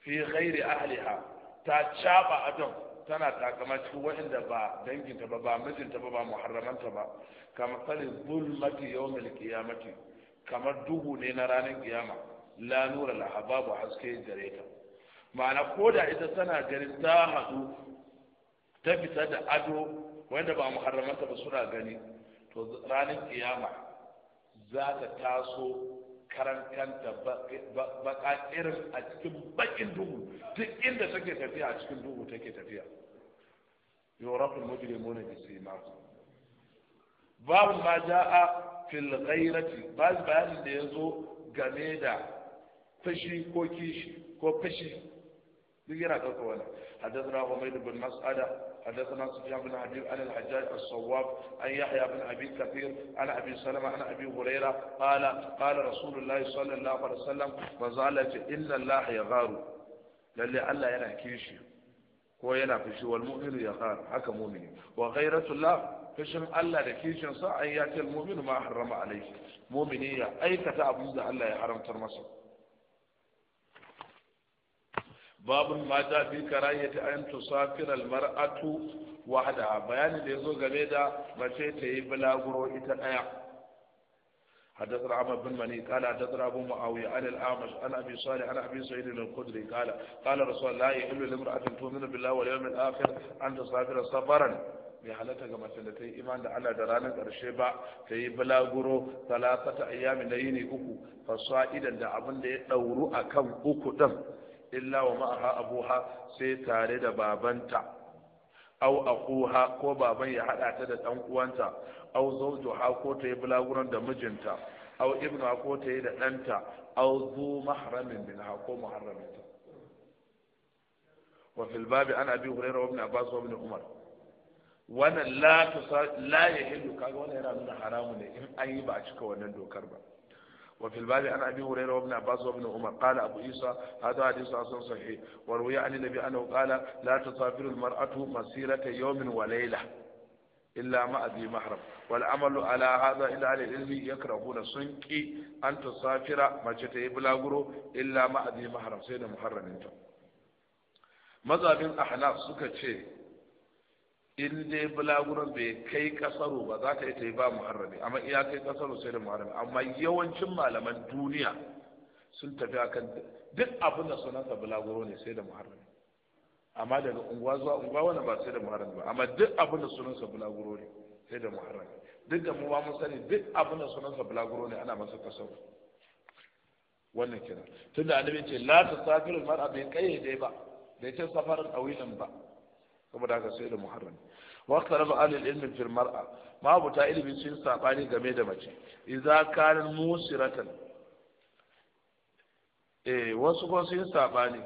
fi ghairi ahliha ta caba ado tana takama cikin waɗanda ba danginta ba ba mijinta ba ba muharramanta ba kamar tsarin zulmati yawmil qiyamati kamar duhu ne na ranar kiyama la nura la babu haske gare ta ma'ana ko da ita tana ganin ta hadu. ta fita da ado wanda ba muharramanta ba suna gani to ranar kiyama za ta taso karankanta baka irin a cikin bakin duhu duk inda take tafiya a cikin duhu take tafiya yorafin mujrimuna bi simatu babu ma ja'a fil ghairati babu bayanin da yazo game da fashi ko kishi ko fashi duk yana ɗauka wannan حدثنا عمير bin mas'ada حدثنا سفيان بن حبيب عن الحجاج الصواب عن يحيى بن ابي كثير عن ابي سلمه عن ابي هريره قال قال رسول الله صلى الله عليه وسلم فزالت ان الله يغار للي الله ينا كيشي ko yana fushi wal mu'minu yaghar haka mu'mini wa ghayratullah fushin Allah da kishin sa ayyatul mu'minu ma harrama alayhi mu'mini ya aikata abin da Allah ya haramtar masa babun ma ja fi karayati an tusafir al mar'atu wahdaha bayani da yazo game da mace ta yi bulaguro ita daya حدثنا عمرو بن مني قال حدثنا ابو معاويه عن الاعمش عن ابي صالح عن ابي سعيد الخدري قال قال رسول الله يحل لامراه تؤمن بالله واليوم الاخر ان تسافر سفرا bai halatta ga mace da ta yi iman da Allah da ranar ƙarshe ba ta yi balaguro ta ayyami na yini uku fasuwa idan da abin da ya ɗauru a kan uku ɗin illa wa ma'aha abuha sai tare da babanta aw akuha ko baban ya hada ta da dan uwanta aw zawjuha ko ta yi bulaguran da mijinta aw ibnu ko ta yi da danta aw zu mahramin min ha ko muharramin ta wa fil babi an abi hurairah ibn abbas wa ibn umar wannan la tusa la yahillu kaga wannan yana nuna haramu ne in an yi ba a cika wannan dokar ba وفي الباب عن ابي هريره وابن عباس وابن عمر قال ابو عيسى هذا حديث حسن صحيح وروي عن النبي انه قال لا تسافر المراه مسيره يوم وليله إلا ما أبي محرم والعمل على هذا إلا على العلم يكرهون سنكي أن تسافر ما جتي بلاغرو إلا ما أبي محرم سيد محرم انت مذهب أحناف سكتشي in dai bulaguran bai kai kasaro ba za ta yi ta yi ba muharrami amma iya kai kasaro sai da muharrami amma yawancin malaman duniya sun tafi akan duk abin da sunansa bulaguro ne sai da muharrami amma daga unguwa zuwa unguwa wani ba sai da muharrami ba amma duk abin da sunansa bulaguro ne sai da muharrami duk da mu ba sani duk abin da sunansa bulaguro ne ana masa kasaro wannan kira tunda annabi ce la tasafiru mar'a bai dai ba bai ce safarin awilan ba saboda haka sai da muharram wasta raba alil ilmin fil mar'a mabuta ilmi sun sabani game da mace idza kanin musiratan eh wasu ko sun sabani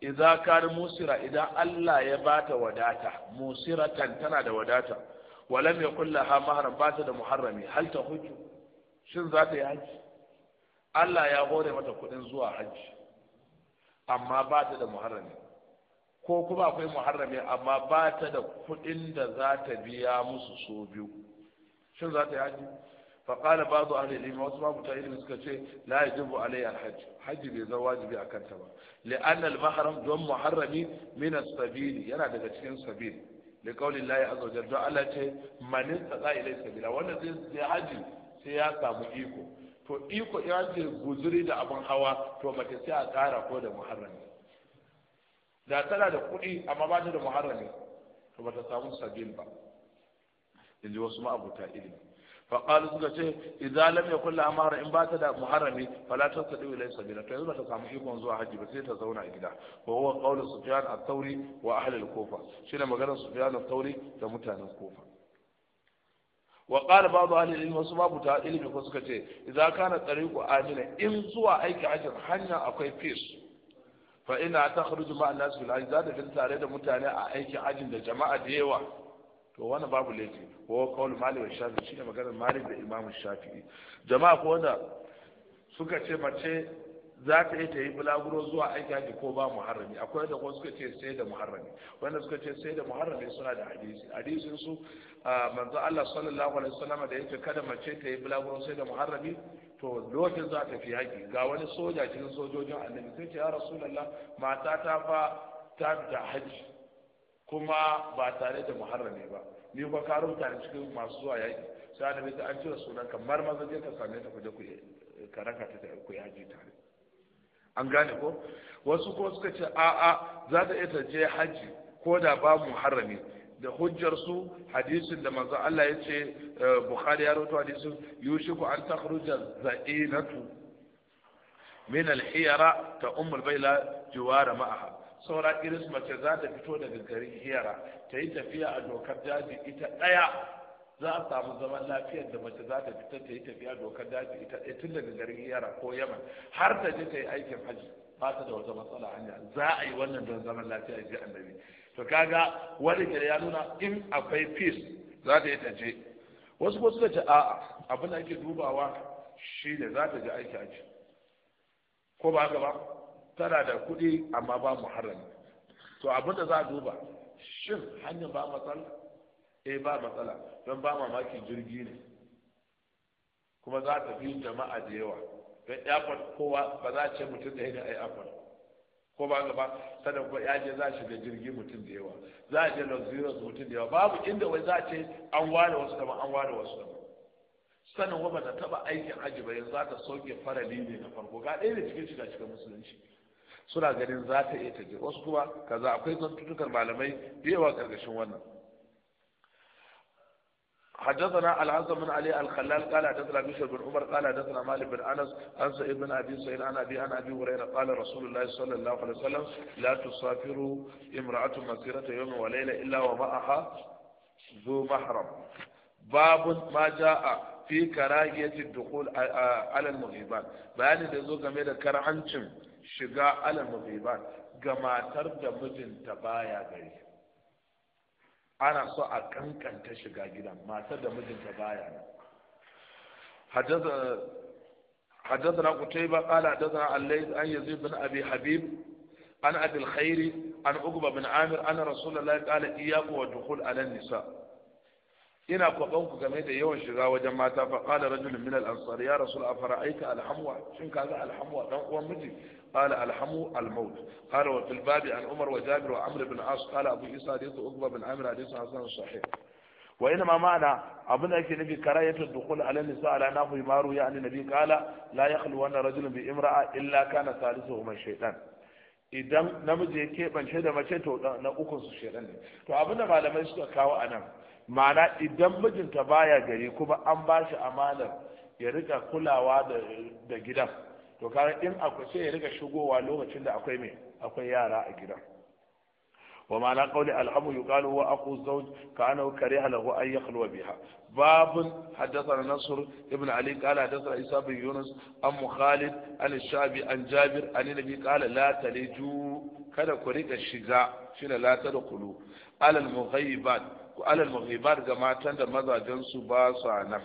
idza kanin musira idan Allah ya bata wadata musiratan tana da wadata walam yakul laha mahram bata da muharrami hal ta hujju shin za ta yi haji Allah ya hore mata kudin zuwa haji amma bata da muharrami ko kuma akwai muharrami amma ba ta da kuɗin da za ta biya musu so biyu shin za ta yi haji faƙala ba zuwa ahli ilimi wasu babu ta ilimi suka ce la yajibu alayhi alhaji haji bai zan wajibi a kanta ba li'anna maharam don muharrami mina sabili yana daga cikin sabili li qawli layi a zaujar don Allah ce ta za ilai sabila wanda zai haji sai ya samu iko to iko ya ce guzuri da abin hawa to mace sai a kara ko da muharrami da tana da kuɗi amma ba ta da muharrami to ba ta samu sabil ba in ji wasu ma'abuta ilimi qalu suka ce idza lam yakul la amara in ba ta da muharrami fala tasdi ila sabila to yanzu ba ta samu ikon zuwa haji ba sai ta zauna a gida wa huwa qawlu sufyan al-thawri wa ahli al-kufa shine maganar sufyan al-thawri da mutanen kufa wa qala ba'du ahli al-ilm wasu babu ta ilimi ko suka ce idza kana tsariku amina in zuwa aiki hajjin hanya akwai peace fa ina takhruju ma'an nas fil za ta fil tare da mutane a aikin ajin da jama'a da yawa to wani babu laifi ko qaul malik shafi shi ne maganar malik da imam Shafi. jama'a ko wanda suka ce mace za ta yi ta yi bulaguro zuwa aiki haji ko ba muharrami akwai da kuma suka ce sai da muharrami wanda suka ce sai da muharrami suna da hadisi hadisin su ah, manzo Allah sallallahu alaihi wasallam da yake kada mace ta yi bulaguro sai da muharrami to lokacin za a fi haƙi ga wani soja cikin sojojin annabi sai ce ya rasulullah mata ta fa ta fita hajji kuma ba tare da muharrami ba ni ba ka rubuta ni cikin masu zuwa yaƙi sai annabi ta an cire sunan kamar maza je ka same ta kuje ku karaka ta ku yaƙi tare an gane ko wasu ko suka ce a'a za ta iya ta je hajji ko da ba muharrami da hujjarsu hadisin da manzo Allah ya ce eh, Bukhari ya rawaito hadisin yushiku an takhruja za'inatu min al-hiyara ta umm al-baila jiwara ma'aha saura iris mace za ta fito daga garin hiyara ta yi tafiya a dokar daji ita daya za a samu zaman lafiyar da mace za ta fita ta yi tafiya a dokar daji ita ɗaya tun daga garin hiyara ko yaman har ta je ta yi aikin hajji ba ta da wata matsala hanya za a yi wannan don zaman lafiya ji annabi to kaga wani ke ya nuna in akwai peace za ta yi ta je wasu ko suka ce a'a abin da ake dubawa shi ne za ta je aiki aiki ko ba haka ba tana da kuɗi amma ba harami to abin da za a duba shin hanyar ba matsala eh ba matsala don ba mamaki jirgi ne kuma za ta fi jama'a da yawa don airport kowa ba za a ce mutum da ya ne a airport ko ba gaba sadan ko ya je za a shiga jirgi mutum da yawa za a je luxurious mutum da yawa babu inda wai za a ce an ware wasu dama, an ware wasu dama. sanin wa bata taba aikin hajji ba za ta soke farali ne na farko ga ɗaya da cikin shiga cikin musulunci suna ganin za ta iya ta je wasu kuma kaza akwai zantutukar malamai da yawa karkashin wannan حدثنا الحسن بن علي الخلال قال حدثنا بشر بن عمر قال حدثنا مالك بن انس عن سعيد بن ابي سعيد عن ابي عن ابي هريره قال رسول الله صلى الله عليه وسلم لا تسافر امراه مسيره يوم وليله الا ومعها ذو محرم باب ما جاء في كراهيه الدخول على المغيبات بيان da zo game da karancin shiga على المغيبات ga matar da mijinta baya gari ana so a kankanta shiga gidan matar da mijinta baya nan حدثنا قتيبة قال حدثنا الليث عن يزيد بن أبي حبيب عن أبي الخير عن عقبة بن عامر أن رسول الله قال إياكم والدخول على النساء ina kwaban ku game da yawan shiga wajen mata fa qala rajulun min al-ansar ya rasul afara'aita al-hamwa shin kaga al-hamwa dan uwan miji qala al-hamu al-maut qala wa fil babi an umar wa jabir wa amr ibn as qala abu isa hadithu uqba bin amir hadithu hasan sahih wa ina ma ma'ana abin da yake nufi karayatul dukhul ala nisa ala nahu maru ya annabi qala la yakhlu wa rajulun bi imra'a illa kana salisuhu man shaytan idan namiji ya keɓance da mace to na ukun su shaidan ne to abinda malamai suka kawo a nan ma'ana idan mijinta baya gari kuma an ba shi amanar ya rika kulawa da gidan to kare in akwai sai ya rika shigowa lokacin da akwai mai akwai yara a gidan wa ma'ana qawli al-abu yuqalu wa aqu zawj kana kariha lahu an yakhlu biha باب حدثنا نصر ابن علي قال حدثنا عيسى بن يونس Khalid, خالد عن الشعبي عن جابر عن النبي قال لا تلجوا kada ku rika shiga shine la tadkhulu alal alal muhibat ga matan da mazajen su ba su nan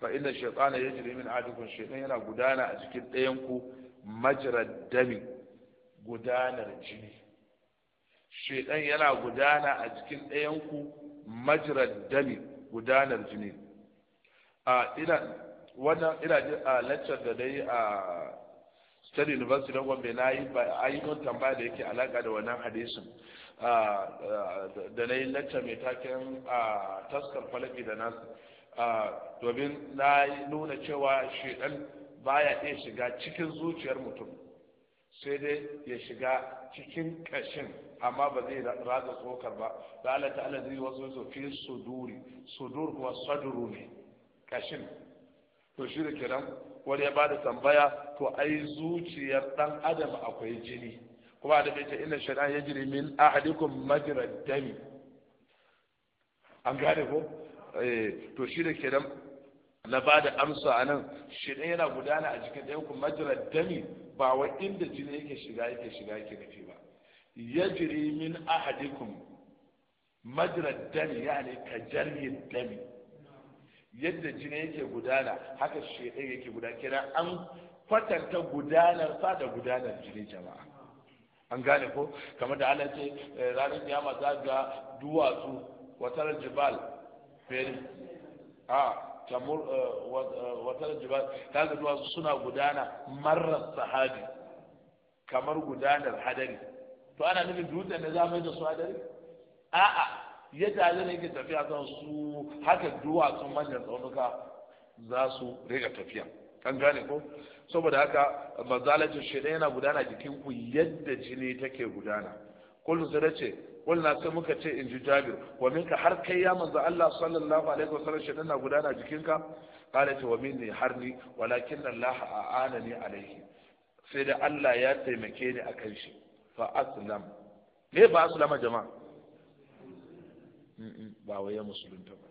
fa inna shaytana yajri min ahadikum shaytan yana gudana a cikin ɗayan ku majrad dami gudanar jini shaytan yana gudana a cikin ɗayan ku majrad dami gudanar jini a ina wannan ina a lecture da dai a ba su don gwambe na yi ayyukan tambaya da yake alaka da wannan hadisin da na yi lacca mai taken taskar falaki da nasu domin na nuna cewa ba baya iya shiga cikin zuciyar mutum sai dai ya shiga cikin kashin amma ba zai ratsa tsokar ba da Allah ta'ala zai wasu su fi suduri sudur kuwa saduru ne kashin to shi da kiran wani ya bada tambaya to ai zuciyar dan adam akwai jini kuma da ce inna ya yajri min ahadikum majra dami an gane ko eh to shi da kenan na bada amsa anan shi yana gudana a cikin ɗayan ku majra dami ba wa inda jini yake shiga yake shiga yake nufi ba yajri min ahadikum majra dami yani ka jarri dami yadda jini yake gudana haka shekai yake gudana kira an kwatanta gudanar sa da gudanar jini jama'a an gane ko kamar da Allah ce eh, ranar kiyama za ga duwatsu watar jibal feri a tamur eh, eh, watar jibal ta ga duwatsu suna gudana marar sahabi kamar gudanar hadari to ana nufin dutsen da za mai da su hadari a'a yadda alin yake tafiya kan su haka duwatsun manyan tsaunuka za su riga tafiya an gane ko saboda haka mazalacin shaidan yana gudana jikin ku yadda jini take gudana kullum sai ce kullu sai muka ce in ji jabir wa minka har kai ya manzo Allah sallallahu alaihi wasallam shaidan na gudana jikinka kala ce wa minni har ni walakin Allah a'anani alaihi sai da Allah ya taimake ni akan shi fa aslam me ba aslama jama'a ba wai ya musulunta ba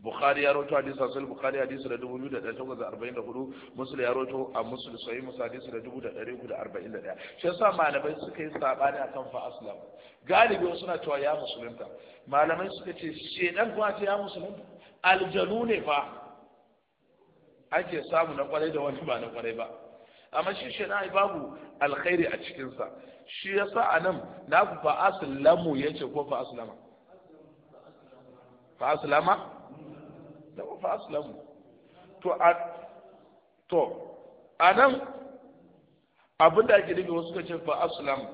bukhari ya roto hadisi sahih bukhari hadisi da 2844 muslim ya roto a muslim sahih musa hadisi da 1341 shi yasa malamai suka yi sabani akan fa aslam galibi wasu na cewa ya musulunta malamai suka ce dan kuma ce ya musulunta aljanu ne fa ake samu na kwarai da wani ba na kwarai ba amma shi shedan babu alkhairi a cikinsa shi yasa anan na ku fa aslamu yace ko fa aslama fa aslama lawa fa aslamu to a to anan abin da ake nufi wasu kace fa aslamu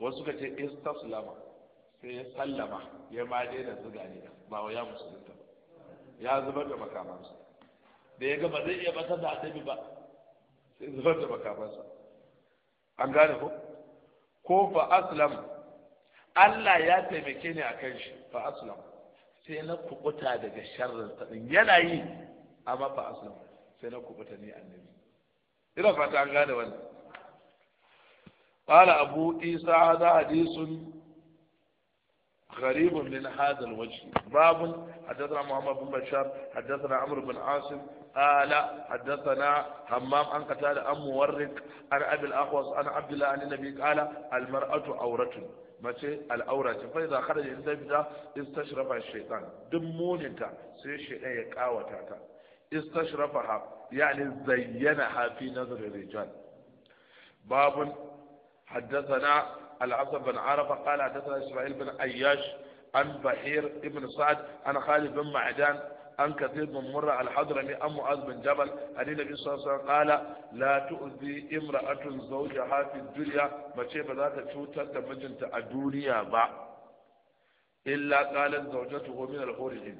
wasu kace istaslama sai ya sallama ya ma daina zuga ne ba wa ya musulunta ya zubar da makamansa da ya gaba zai iya batar da annabi ba sai zubar da makamansa an gane ko ko fa Allah ya taimake ni kan shi fa sai na kubuta daga sharrin ta din yana yi amma fa aslam sai na kubuta ni annabi ina fata an gane wannan qala abu isa hada hadisun غريب من هذا الوجه باب حدثنا محمد بن بشار حدثنا عمرو بن عاصم قال حدثنا همام عن قتال عن مورق عن ابي الاخوص عن عبد الله عن النبي قال المراه عوره mace al'aura ce fai za kharaja in ta fita istashrafa shaytan duk muninta sai shaytan ya kawata ta istashrafa istashrafaha yani zayyana ha fi nazar rijal babun حدثنا العصر بن عرفة قال حدثنا isra'il بن ayyash an bahir ibn سعد an khalid بن معدان an katsir bin murra alhadra ne an mu'az bin jabal a ne da bi sassan kala la tu'zi imra'atun zawja hafi ba za ta cutar da mijinta a duniya ba illa qalan zawjatuhu min al-khurujin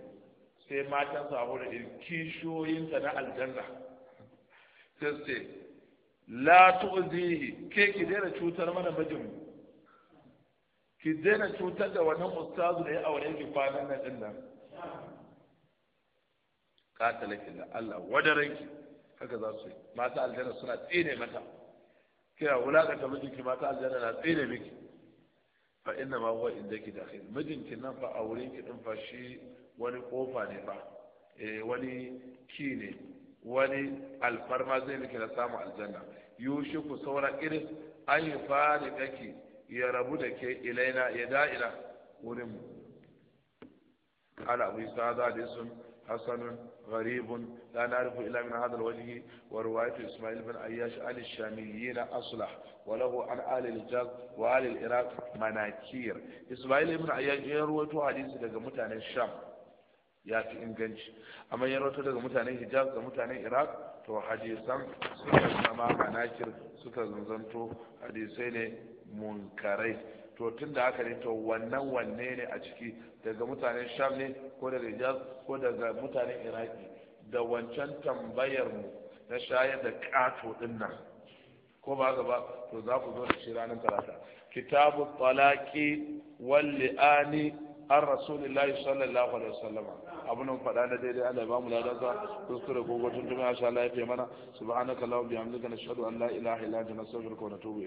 sai matan sa hore na aljanna sai sai la ke ki daina cutar mana mijin ki daina cutar da wannan ustazu da ya aure ki kwanan nan din nan qatalaki da Allah wadaranki haka za su yi mata aljanna suna tsine mata kira wulakanta mijinki mata aljanna na tsine miki fa inna ma huwa indaki dakhil mijinki nan fa auren ki din fa shi wani kofa ne fa eh wani ki ne wani alfarma zai miki na samu aljanna yushiku saura irin an yi fari kake ya rabu da ke ilaina ya da'ila wurin mu ala abu isa da sun hasanun غريب لا نعرف إلا من هذا الوجه ورواية إسماعيل بن عياش عن الشاميين أصلح وله عن آل الجاز وآل العراق مناكير إسماعيل بن عياش يروي حديث daga mutanen Sham ya fi inganci amma ya rawaito daga mutanen Hijaz da mutanen Iraq to hadisan suka zama manakir suka zanzanto hadisai ne munkarai to tun da haka ne to wannan wanne ne a ciki daga mutanen sham ne ko daga Rijal ko daga mutanen iraki da wancan tambayar mu na shayar da kato din nan ko ba haka ba to za ku zo da shi ranar talata kitabu talaki walli ani an rasulillahi sallallahu alaihi wasallam abun nan faɗa na daidai Allah ba mu ladansa kuskure ko gotun jama'a sha Allah ya fi mana subhanaka allahumma bihamdika nashhadu an la ilaha illa anta nastaghfiruka wa natubu